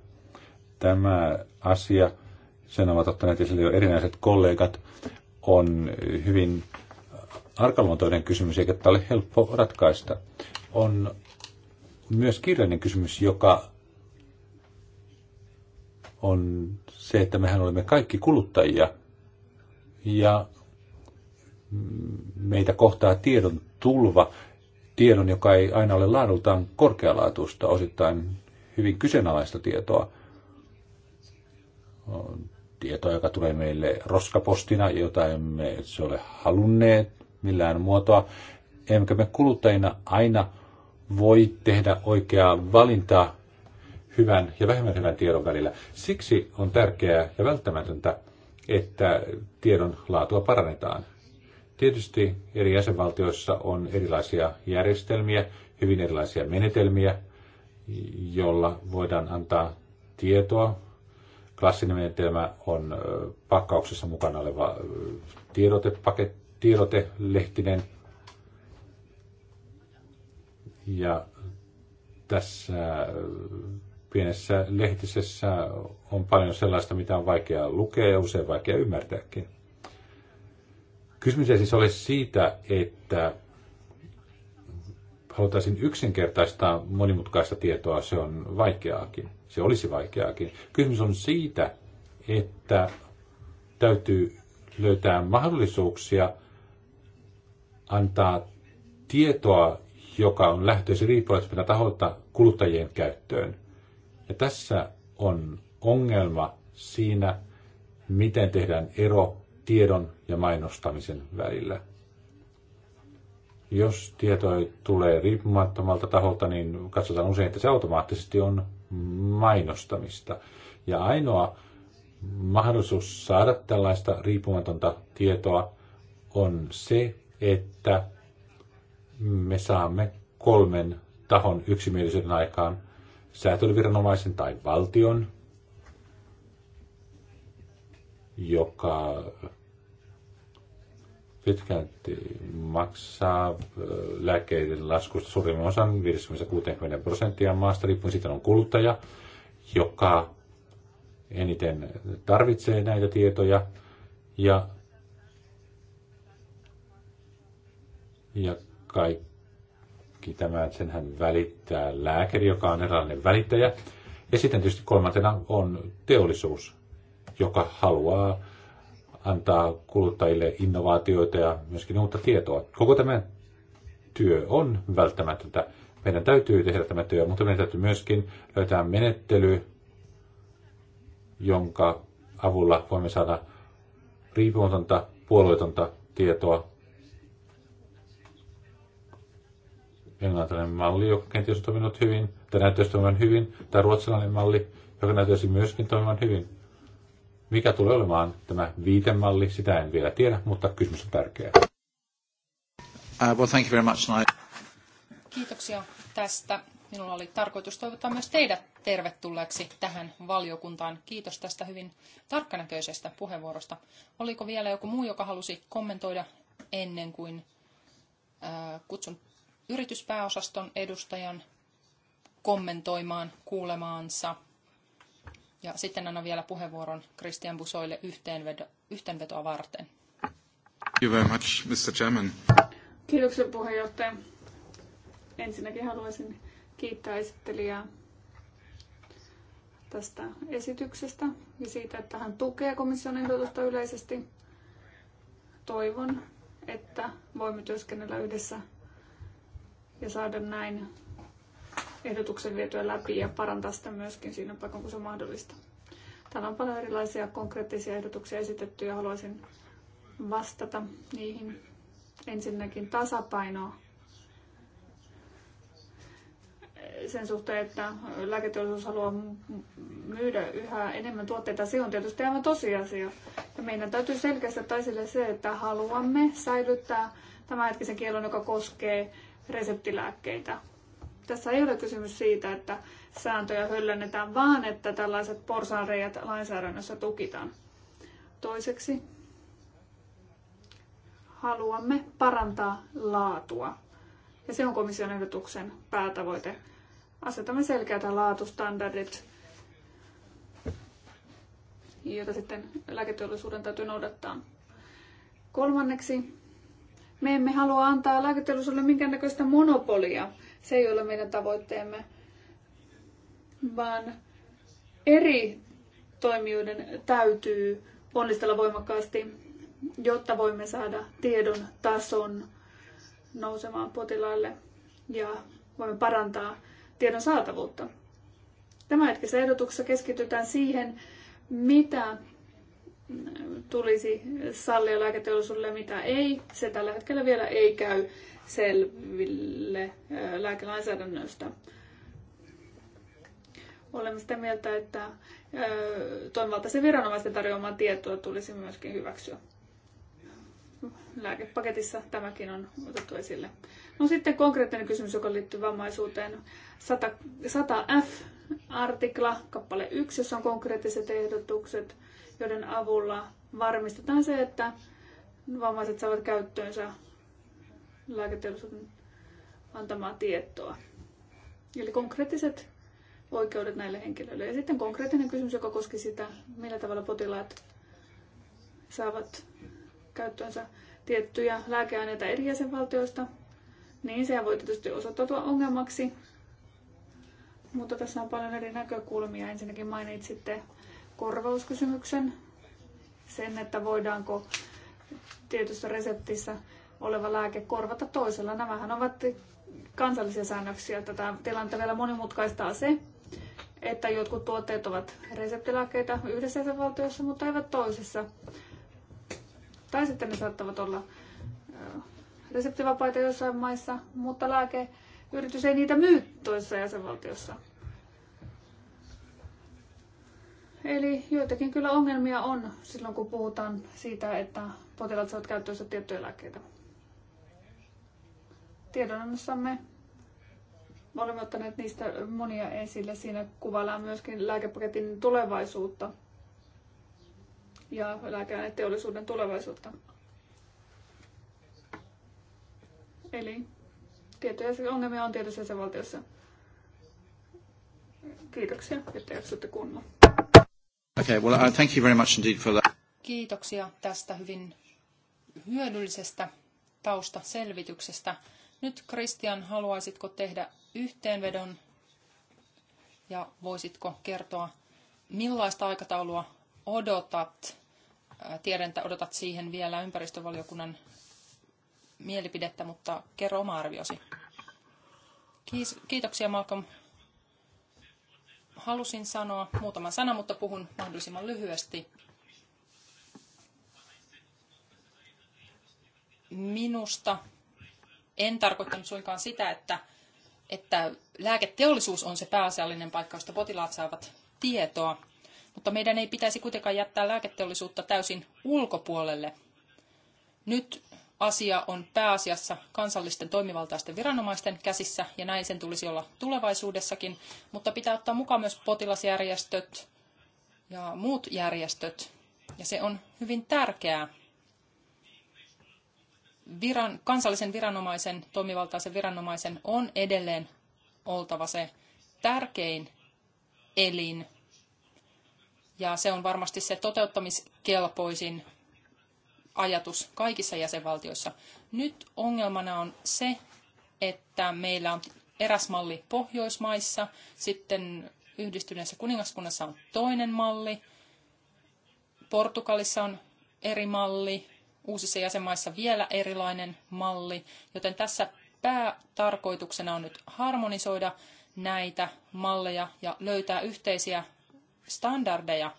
Tämä asia, sen ovat ottaneet esille jo erinäiset kollegat, on hyvin arkaluontoinen kysymys, eikä tämä ole helppo ratkaista. On myös kirjallinen kysymys, joka on se, että mehän olemme kaikki kuluttajia ja meitä kohtaa tiedon tulva, tiedon, joka ei aina ole laadultaan korkealaatuista, osittain hyvin kyseenalaista tietoa. On tietoa, joka tulee meille roskapostina, jota emme se ole halunneet millään muotoa. Emmekä me kuluttajina aina voi tehdä oikeaa valintaa hyvän ja vähemmän hyvän tiedon välillä. Siksi on tärkeää ja välttämätöntä, että tiedon laatua parannetaan. Tietysti eri jäsenvaltioissa on erilaisia järjestelmiä, hyvin erilaisia menetelmiä, jolla voidaan antaa tietoa. Klassinen menetelmä on pakkauksessa mukana oleva tiedotepaket, tiedotelehtinen. Ja tässä pienessä lehtisessä on paljon sellaista, mitä on vaikea lukea ja usein vaikea ymmärtääkin. Kysymys ei siis ole siitä, että haluttaisiin yksinkertaistaa monimutkaista tietoa, se on vaikeaakin. Se olisi vaikeaakin. Kysymys on siitä, että täytyy löytää mahdollisuuksia antaa tietoa, joka on lähtöisin riippumatta taholta kuluttajien käyttöön. Ja tässä on ongelma siinä, miten tehdään ero tiedon ja mainostamisen välillä. Jos tieto tulee riippumattomalta taholta, niin katsotaan usein, että se automaattisesti on mainostamista. Ja ainoa mahdollisuus saada tällaista riippumatonta tietoa on se, että me saamme kolmen tahon yksimielisyyden aikaan – säätelyviranomaisen tai valtion, joka pitkälti maksaa lääkkeiden laskusta suurimman osan, 50-60 prosenttia maasta riippuen. siitä on kuluttaja, joka eniten tarvitsee näitä tietoja. Ja, ja kaikki tämä, että senhän välittää lääkäri, joka on eräänlainen välittäjä. Ja sitten tietysti kolmantena on teollisuus, joka haluaa antaa kuluttajille innovaatioita ja myöskin uutta tietoa. Koko tämä työ on välttämätöntä. Meidän täytyy tehdä tämä työ, mutta meidän täytyy myöskin löytää menettely, jonka avulla voimme saada riippumatonta, puolueetonta tietoa englantilainen malli, joka kenties on toiminut hyvin, tai näyttäisi toimivan hyvin, tai ruotsalainen malli, joka näyttäisi myöskin toimivan hyvin. Mikä tulee olemaan tämä viitemalli, sitä en vielä tiedä, mutta kysymys on tärkeä. Uh, well, thank you very much. Tonight. Kiitoksia tästä. Minulla oli tarkoitus toivottaa myös teidät tervetulleeksi tähän valiokuntaan. Kiitos tästä hyvin tarkkanäköisestä puheenvuorosta. Oliko vielä joku muu, joka halusi kommentoida ennen kuin äh, kutsun yrityspääosaston edustajan kommentoimaan kuulemaansa. Ja sitten annan vielä puheenvuoron Christian Busoille yhteenvedo, yhteenvetoa varten. Thank you very much, Mr. Chairman. Kiitoksia puheenjohtaja. Ensinnäkin haluaisin kiittää esittelijää tästä esityksestä ja siitä, että hän tukee komission ehdotusta yleisesti. Toivon, että voimme työskennellä yhdessä ja saada näin ehdotuksen vietyä läpi ja parantaa sitä myöskin siinä paikassa, kun se on mahdollista. Täällä on paljon erilaisia konkreettisia ehdotuksia esitetty ja haluaisin vastata niihin. Ensinnäkin tasapaino sen suhteen, että lääketeollisuus haluaa myydä yhä enemmän tuotteita, se on tietysti aivan tosiasia. Ja meidän täytyy selkeästi taisille se, että haluamme säilyttää tämänhetkisen kielon, joka koskee reseptilääkkeitä. Tässä ei ole kysymys siitä, että sääntöjä höllennetään, vaan että tällaiset porsanreijat lainsäädännössä tukitaan. Toiseksi haluamme parantaa laatua. Ja se on komission ehdotuksen päätavoite. Asetamme selkeät laatustandardit, joita sitten lääketeollisuuden täytyy noudattaa. Kolmanneksi me emme halua antaa lääketeollisuudelle minkäännäköistä monopolia. Se ei ole meidän tavoitteemme, vaan eri toimijoiden täytyy ponnistella voimakkaasti, jotta voimme saada tiedon tason nousemaan potilaille ja voimme parantaa tiedon saatavuutta. hetkessä ehdotuksessa keskitytään siihen, mitä tulisi sallia lääketeollisuudelle ja mitä ei. Se tällä hetkellä vielä ei käy selville lääkelainsäädännöstä. Olemme sitä mieltä, että toimivaltaisen viranomaisten tarjoamaa tietoa tulisi myöskin hyväksyä. Lääkepaketissa tämäkin on otettu esille. No sitten konkreettinen kysymys, joka liittyy vammaisuuteen. 100, 100F artikla, kappale 1, jossa on konkreettiset ehdotukset – joiden avulla varmistetaan se, että vammaiset saavat käyttöönsä lääketeollisuuden antamaa tietoa. Eli konkreettiset oikeudet näille henkilöille. Ja sitten konkreettinen kysymys, joka koski sitä, millä tavalla potilaat saavat käyttöönsä tiettyjä lääkeaineita eri jäsenvaltioista, niin se voi tietysti osoittautua ongelmaksi. Mutta tässä on paljon eri näkökulmia. Ensinnäkin mainitsitte korvauskysymyksen, sen, että voidaanko tietyssä reseptissä oleva lääke korvata toisella. Nämähän ovat kansallisia säännöksiä. Tätä tilannetta vielä monimutkaistaa se, että jotkut tuotteet ovat reseptilääkkeitä yhdessä jäsenvaltiossa, mutta eivät toisessa. Tai sitten ne saattavat olla reseptivapaita joissain maissa, mutta lääkeyritys ei niitä myy toisessa jäsenvaltiossa. Eli joitakin kyllä ongelmia on silloin, kun puhutaan siitä, että potilaat saavat käyttöönsä tiettyjä lääkkeitä. Tiedonannossamme olemme ottaneet niistä monia esille. Siinä kuvaillaan myöskin lääkepaketin tulevaisuutta ja lääkeaineteollisuuden tulevaisuutta. Eli tietoja ongelmia on tietyissä valtiossa. Kiitoksia, että jaksoitte kunnolla. Okay, well, uh, thank you very much indeed for that. Kiitoksia tästä hyvin hyödyllisestä taustaselvityksestä. Nyt Christian, haluaisitko tehdä yhteenvedon ja voisitko kertoa, millaista aikataulua odotat? Äh, tiedän, että odotat siihen vielä ympäristövaliokunnan mielipidettä, mutta kerro oma arviosi. Kiitoksia Malcolm halusin sanoa muutama sana, mutta puhun mahdollisimman lyhyesti. Minusta en tarkoittanut suinkaan sitä, että, että lääketeollisuus on se pääasiallinen paikka, josta potilaat saavat tietoa, mutta meidän ei pitäisi kuitenkaan jättää lääketeollisuutta täysin ulkopuolelle. Nyt asia on pääasiassa kansallisten toimivaltaisten viranomaisten käsissä, ja näin sen tulisi olla tulevaisuudessakin, mutta pitää ottaa mukaan myös potilasjärjestöt ja muut järjestöt, ja se on hyvin tärkeää. Viran, kansallisen viranomaisen, toimivaltaisen viranomaisen on edelleen oltava se tärkein elin, ja se on varmasti se toteuttamiskelpoisin ajatus kaikissa jäsenvaltioissa. Nyt ongelmana on se, että meillä on eräs malli Pohjoismaissa, sitten yhdistyneessä kuningaskunnassa on toinen malli, Portugalissa on eri malli, uusissa jäsenmaissa vielä erilainen malli, joten tässä päätarkoituksena on nyt harmonisoida näitä malleja ja löytää yhteisiä standardeja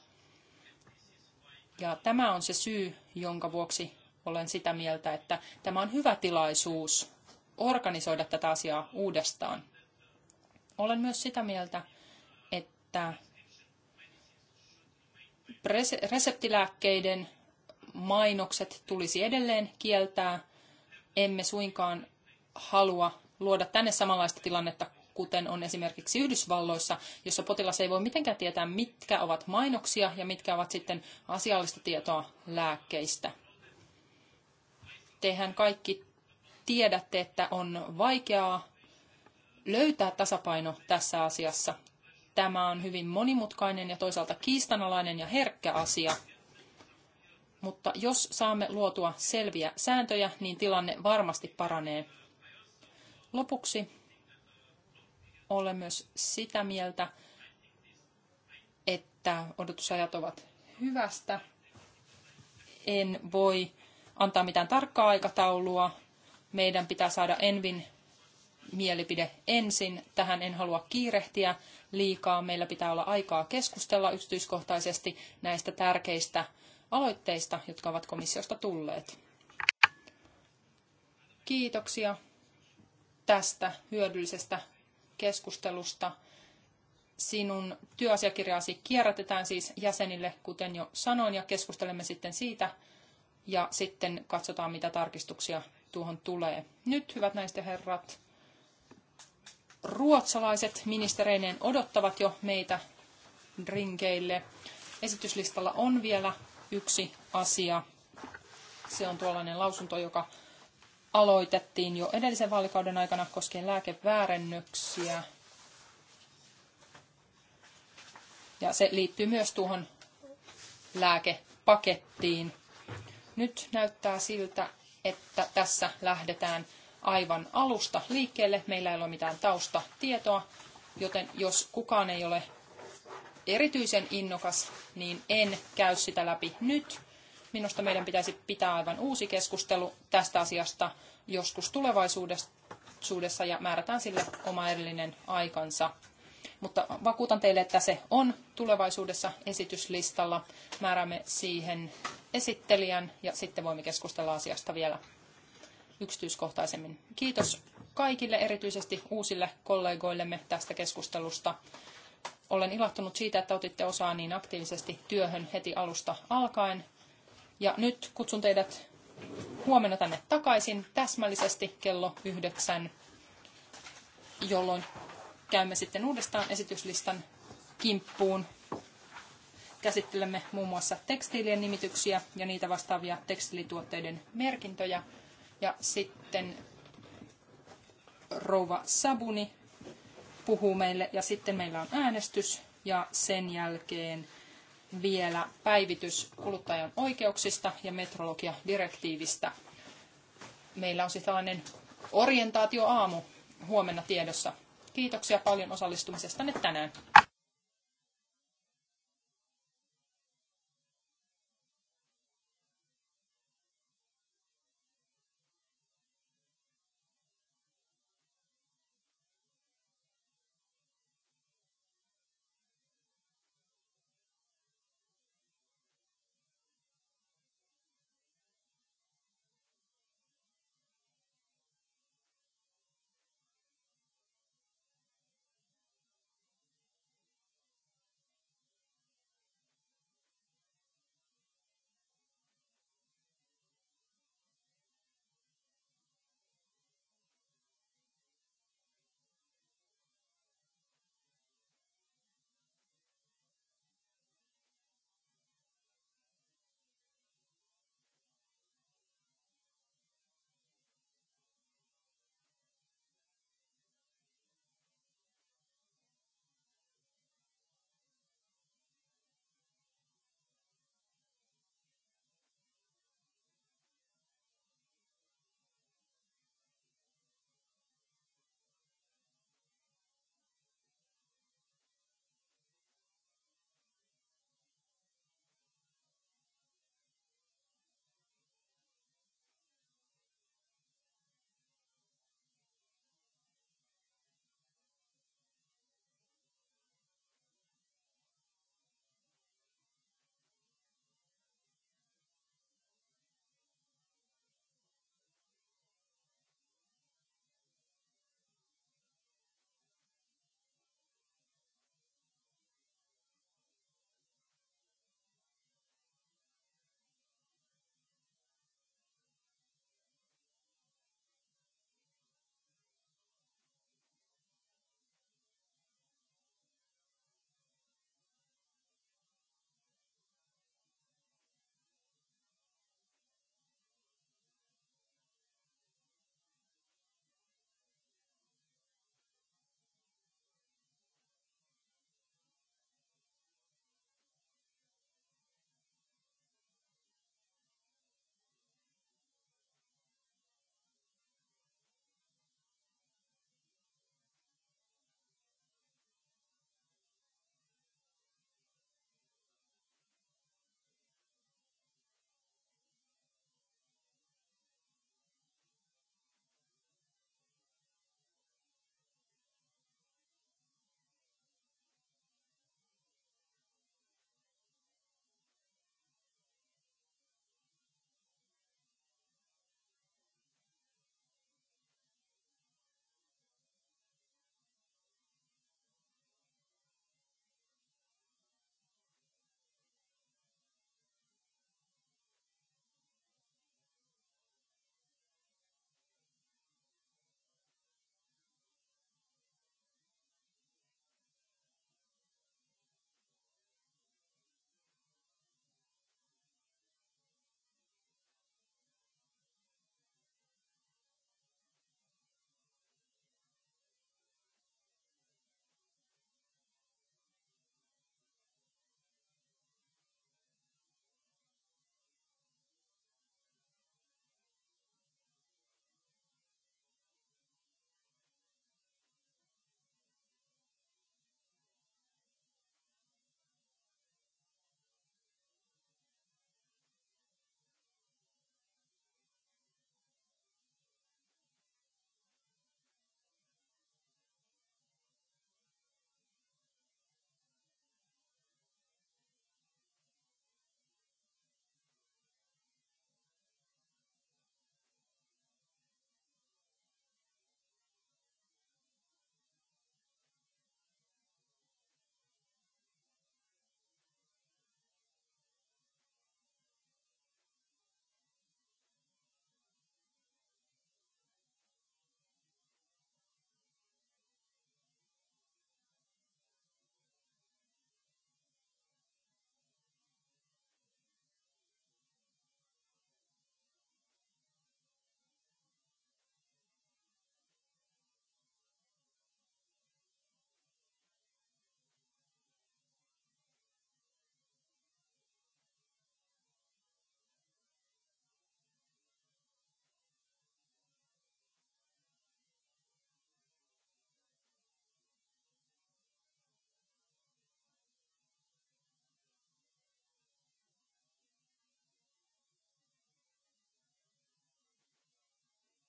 ja tämä on se syy, jonka vuoksi olen sitä mieltä, että tämä on hyvä tilaisuus organisoida tätä asiaa uudestaan. Olen myös sitä mieltä, että reseptilääkkeiden mainokset tulisi edelleen kieltää. Emme suinkaan halua luoda tänne samanlaista tilannetta kuten on esimerkiksi Yhdysvalloissa, jossa potilas ei voi mitenkään tietää, mitkä ovat mainoksia ja mitkä ovat sitten asiallista tietoa lääkkeistä. Tehän kaikki tiedätte, että on vaikeaa löytää tasapaino tässä asiassa. Tämä on hyvin monimutkainen ja toisaalta kiistanalainen ja herkkä asia. Mutta jos saamme luotua selviä sääntöjä, niin tilanne varmasti paranee. Lopuksi olen myös sitä mieltä, että odotusajat ovat hyvästä. En voi antaa mitään tarkkaa aikataulua. Meidän pitää saada Envin mielipide ensin. Tähän en halua kiirehtiä liikaa. Meillä pitää olla aikaa keskustella yksityiskohtaisesti näistä tärkeistä aloitteista, jotka ovat komissiosta tulleet. Kiitoksia tästä hyödyllisestä keskustelusta. Sinun työasiakirjaasi kierrätetään siis jäsenille, kuten jo sanoin, ja keskustelemme sitten siitä. Ja sitten katsotaan, mitä tarkistuksia tuohon tulee. Nyt, hyvät näistä herrat, ruotsalaiset ministereineen odottavat jo meitä drinkeille. Esityslistalla on vielä yksi asia. Se on tuollainen lausunto, joka aloitettiin jo edellisen vaalikauden aikana koskien lääkeväärennöksiä. Ja se liittyy myös tuohon lääkepakettiin. Nyt näyttää siltä, että tässä lähdetään aivan alusta liikkeelle. Meillä ei ole mitään taustatietoa, joten jos kukaan ei ole erityisen innokas, niin en käy sitä läpi nyt Minusta meidän pitäisi pitää aivan uusi keskustelu tästä asiasta joskus tulevaisuudessa ja määrätään sille oma erillinen aikansa. Mutta vakuutan teille, että se on tulevaisuudessa esityslistalla. Määräämme siihen esittelijän ja sitten voimme keskustella asiasta vielä yksityiskohtaisemmin. Kiitos kaikille, erityisesti uusille kollegoillemme tästä keskustelusta. Olen ilahtunut siitä, että otitte osaa niin aktiivisesti työhön heti alusta alkaen. Ja nyt kutsun teidät huomenna tänne takaisin täsmällisesti kello yhdeksän, jolloin käymme sitten uudestaan esityslistan kimppuun. Käsittelemme muun muassa tekstiilien nimityksiä ja niitä vastaavia tekstiilituotteiden merkintöjä. Ja sitten rouva Sabuni puhuu meille ja sitten meillä on äänestys ja sen jälkeen vielä päivitys kuluttajan oikeuksista ja metrologiadirektiivistä. Meillä on siis tällainen orientaatioaamu huomenna tiedossa. Kiitoksia paljon osallistumisestanne tänään.